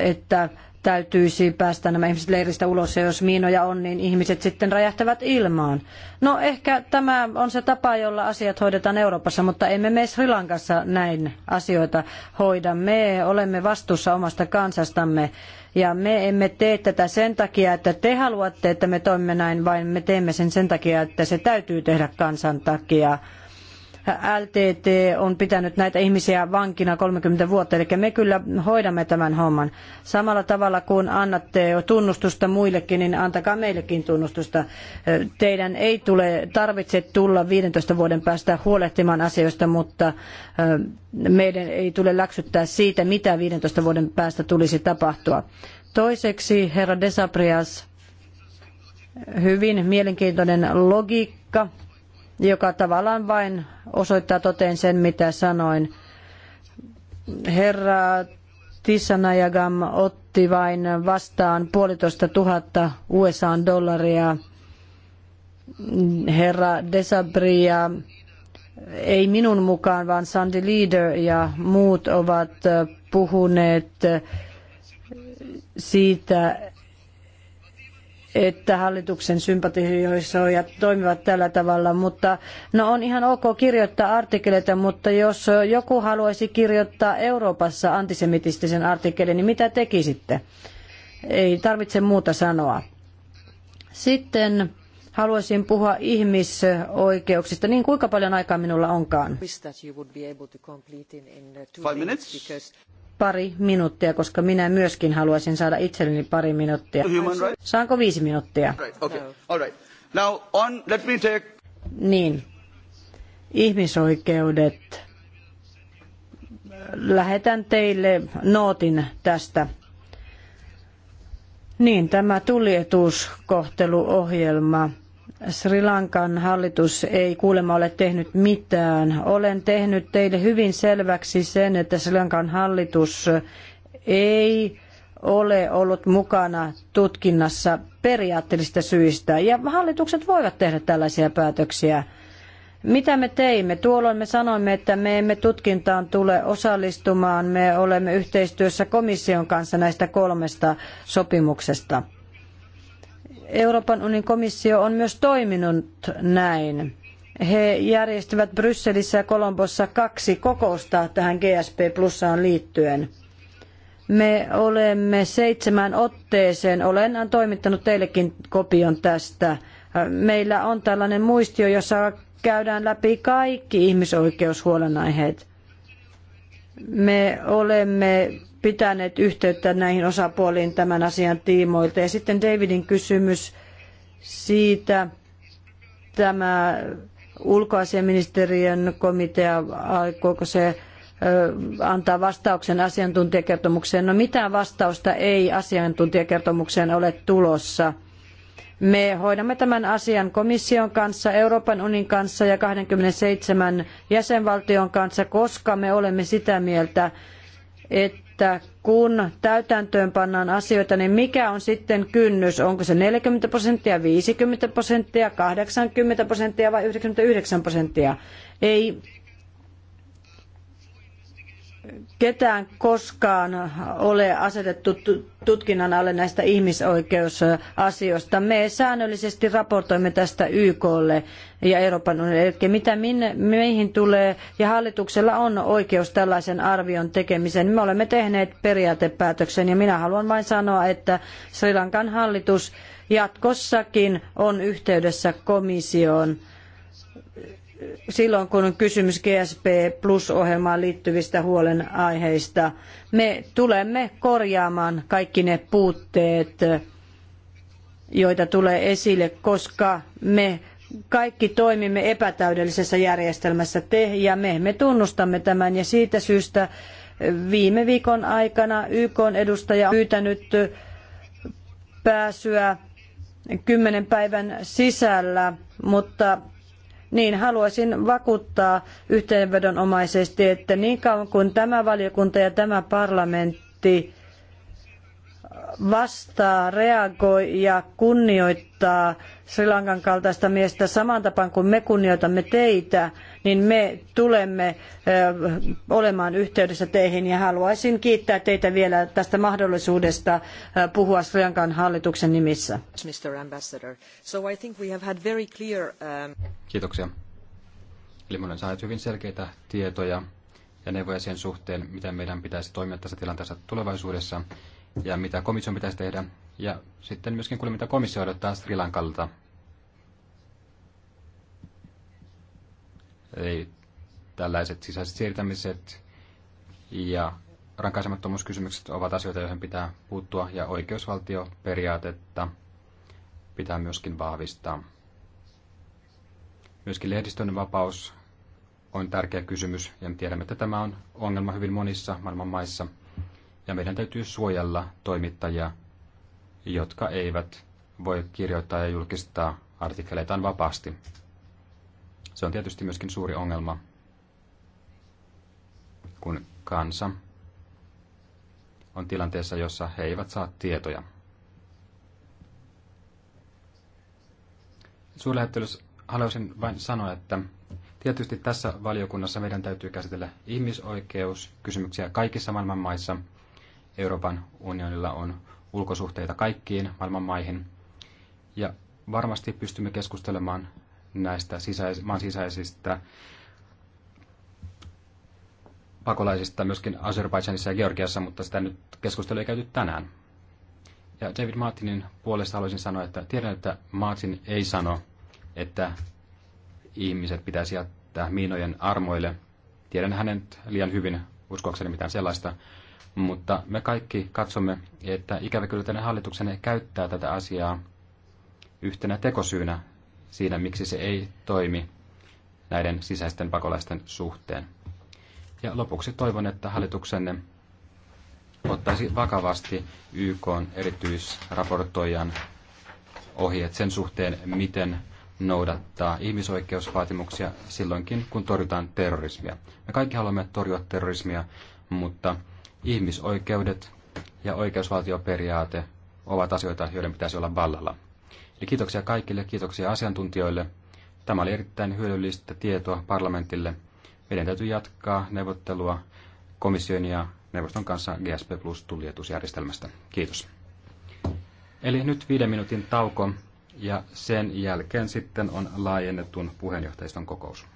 että täytyisi päästä nämä ihmiset leiristä ulos ja jos miinoja on, niin ihmiset sitten räjähtävät ilmaan. No ehkä tämä on se tapa, jolla asiat hoidetaan Euroopassa, mutta emme me Sri Lankassa näin asioita hoida. Me olemme vastuussa omasta kansastamme ja me emme tee tätä sen takia, että te haluatte, että me toimimme näin, vaan me teemme sen sen takia, että se täytyy tehdä kansan takia. LTT on pitänyt näitä ihmisiä vankina 30 vuotta, eli me kyllä hoidamme tämän homman. Samalla tavalla kuin annatte tunnustusta muillekin, niin antakaa meillekin tunnustusta. Teidän ei tule, tarvitse tulla 15 vuoden päästä huolehtimaan asioista, mutta meidän ei tule läksyttää siitä, mitä 15 vuoden päästä tulisi tapahtua. Toiseksi, herra Desaprias, hyvin mielenkiintoinen logiikka joka tavallaan vain osoittaa toteen sen, mitä sanoin. Herra Tissanajagam otti vain vastaan puolitoista tuhatta USA-dollaria. Herra Desabria ei minun mukaan, vaan Sandy Leader ja muut ovat puhuneet siitä, että hallituksen sympatioisojat toimivat tällä tavalla, mutta no on ihan ok kirjoittaa artikkeleita, mutta jos joku haluaisi kirjoittaa Euroopassa antisemitistisen artikkelin, niin mitä tekisitte? Ei tarvitse muuta sanoa. Sitten haluaisin puhua ihmisoikeuksista, niin kuinka paljon aikaa minulla onkaan? pari minuuttia, koska minä myöskin haluaisin saada itselleni pari minuuttia. Saanko viisi minuuttia? Niin. Ihmisoikeudet. Lähetän teille nootin tästä. Niin, tämä tulietuuskohteluohjelma Sri Lankan hallitus ei kuulemma ole tehnyt mitään. Olen tehnyt teille hyvin selväksi sen, että Sri Lankan hallitus ei ole ollut mukana tutkinnassa periaatteellisista syistä. Ja hallitukset voivat tehdä tällaisia päätöksiä. Mitä me teimme? Tuolloin me sanoimme, että me emme tutkintaan tule osallistumaan. Me olemme yhteistyössä komission kanssa näistä kolmesta sopimuksesta. Euroopan unionin komissio on myös toiminut näin. He järjestivät Brysselissä ja Kolombossa kaksi kokousta tähän GSP Plussaan liittyen. Me olemme seitsemän otteeseen, olen toimittanut teillekin kopion tästä. Meillä on tällainen muistio, jossa käydään läpi kaikki ihmisoikeushuolenaiheet. Me olemme pitäneet yhteyttä näihin osapuoliin tämän asian tiimoilta. Ja sitten Davidin kysymys siitä, tämä ulkoasiaministeriön komitea, aikooko se antaa vastauksen asiantuntijakertomukseen. No mitään vastausta ei asiantuntijakertomukseen ole tulossa. Me hoidamme tämän asian komission kanssa, Euroopan unionin kanssa ja 27 jäsenvaltion kanssa, koska me olemme sitä mieltä, että että kun täytäntöön pannaan asioita, niin mikä on sitten kynnys? Onko se 40 prosenttia, 50 prosenttia, 80 prosenttia vai 99 prosenttia? Ei ketään koskaan ole asetettu tutkinnan alle näistä ihmisoikeusasioista. Me säännöllisesti raportoimme tästä YKlle ja Euroopan unionille, eli mitä minne, meihin tulee, ja hallituksella on oikeus tällaisen arvion tekemiseen. Me olemme tehneet periaatepäätöksen, ja minä haluan vain sanoa, että Sri Lankan hallitus jatkossakin on yhteydessä komissioon silloin, kun on kysymys GSP Plus-ohjelmaan liittyvistä huolenaiheista. Me tulemme korjaamaan kaikki ne puutteet, joita tulee esille, koska me kaikki toimimme epätäydellisessä järjestelmässä te ja me. Me tunnustamme tämän ja siitä syystä viime viikon aikana YK edustaja on pyytänyt pääsyä kymmenen päivän sisällä, mutta niin haluaisin vakuuttaa yhteenvedonomaisesti, että niin kauan kuin tämä valiokunta ja tämä parlamentti vastaa, reagoi ja kunnioittaa Sri Lankan kaltaista miestä saman tapaan kuin me kunnioitamme teitä, niin me tulemme olemaan yhteydessä teihin ja haluaisin kiittää teitä vielä tästä mahdollisuudesta puhua Sri Lankan hallituksen nimissä. Um, Kiitoksia. Eli me olemme saaneet hyvin selkeitä tietoja ja neuvoja sen suhteen, miten meidän pitäisi toimia tässä tilanteessa tulevaisuudessa ja mitä komission pitäisi tehdä. Ja sitten myöskin kuulemme, mitä komissio odottaa Sri Lankalta Eli tällaiset sisäiset siirtämiset ja rankaisemattomuuskysymykset ovat asioita, joihin pitää puuttua, ja oikeusvaltioperiaatetta pitää myöskin vahvistaa. Myöskin lehdistön vapaus on tärkeä kysymys, ja me tiedämme, että tämä on ongelma hyvin monissa maailman maissa, ja meidän täytyy suojella toimittajia, jotka eivät voi kirjoittaa ja julkistaa artikkeleitaan vapaasti. Se on tietysti myöskin suuri ongelma, kun kansa on tilanteessa, jossa he eivät saa tietoja. Suurlähettilös haluaisin vain sanoa, että tietysti tässä valiokunnassa meidän täytyy käsitellä ihmisoikeuskysymyksiä kaikissa maailman maissa. Euroopan unionilla on ulkosuhteita kaikkiin maailman maihin. Ja varmasti pystymme keskustelemaan näistä sisäis- maan sisäisistä pakolaisista myöskin Azerbaidžanissa ja Georgiassa, mutta sitä nyt keskustelua ei käyty tänään. Ja David Martinin puolesta haluaisin sanoa, että tiedän, että Martin ei sano, että ihmiset pitäisi jättää miinojen armoille. Tiedän hänet liian hyvin, uskoakseni mitään sellaista. Mutta me kaikki katsomme, että ikävä kyllä tänne hallituksenne käyttää tätä asiaa yhtenä tekosyynä siinä, miksi se ei toimi näiden sisäisten pakolaisten suhteen. Ja lopuksi toivon, että hallituksenne ottaisi vakavasti YK erityisraportoijan ohjeet sen suhteen, miten noudattaa ihmisoikeusvaatimuksia silloinkin, kun torjutaan terrorismia. Me kaikki haluamme torjua terrorismia, mutta ihmisoikeudet ja oikeusvaltioperiaate ovat asioita, joiden pitäisi olla vallalla. Eli kiitoksia kaikille, kiitoksia asiantuntijoille. Tämä oli erittäin hyödyllistä tietoa parlamentille. Meidän täytyy jatkaa neuvottelua komission ja neuvoston kanssa GSP Plus tuljetusjärjestelmästä. Kiitos. Eli nyt viiden minuutin tauko ja sen jälkeen sitten on laajennetun puheenjohtajiston kokous.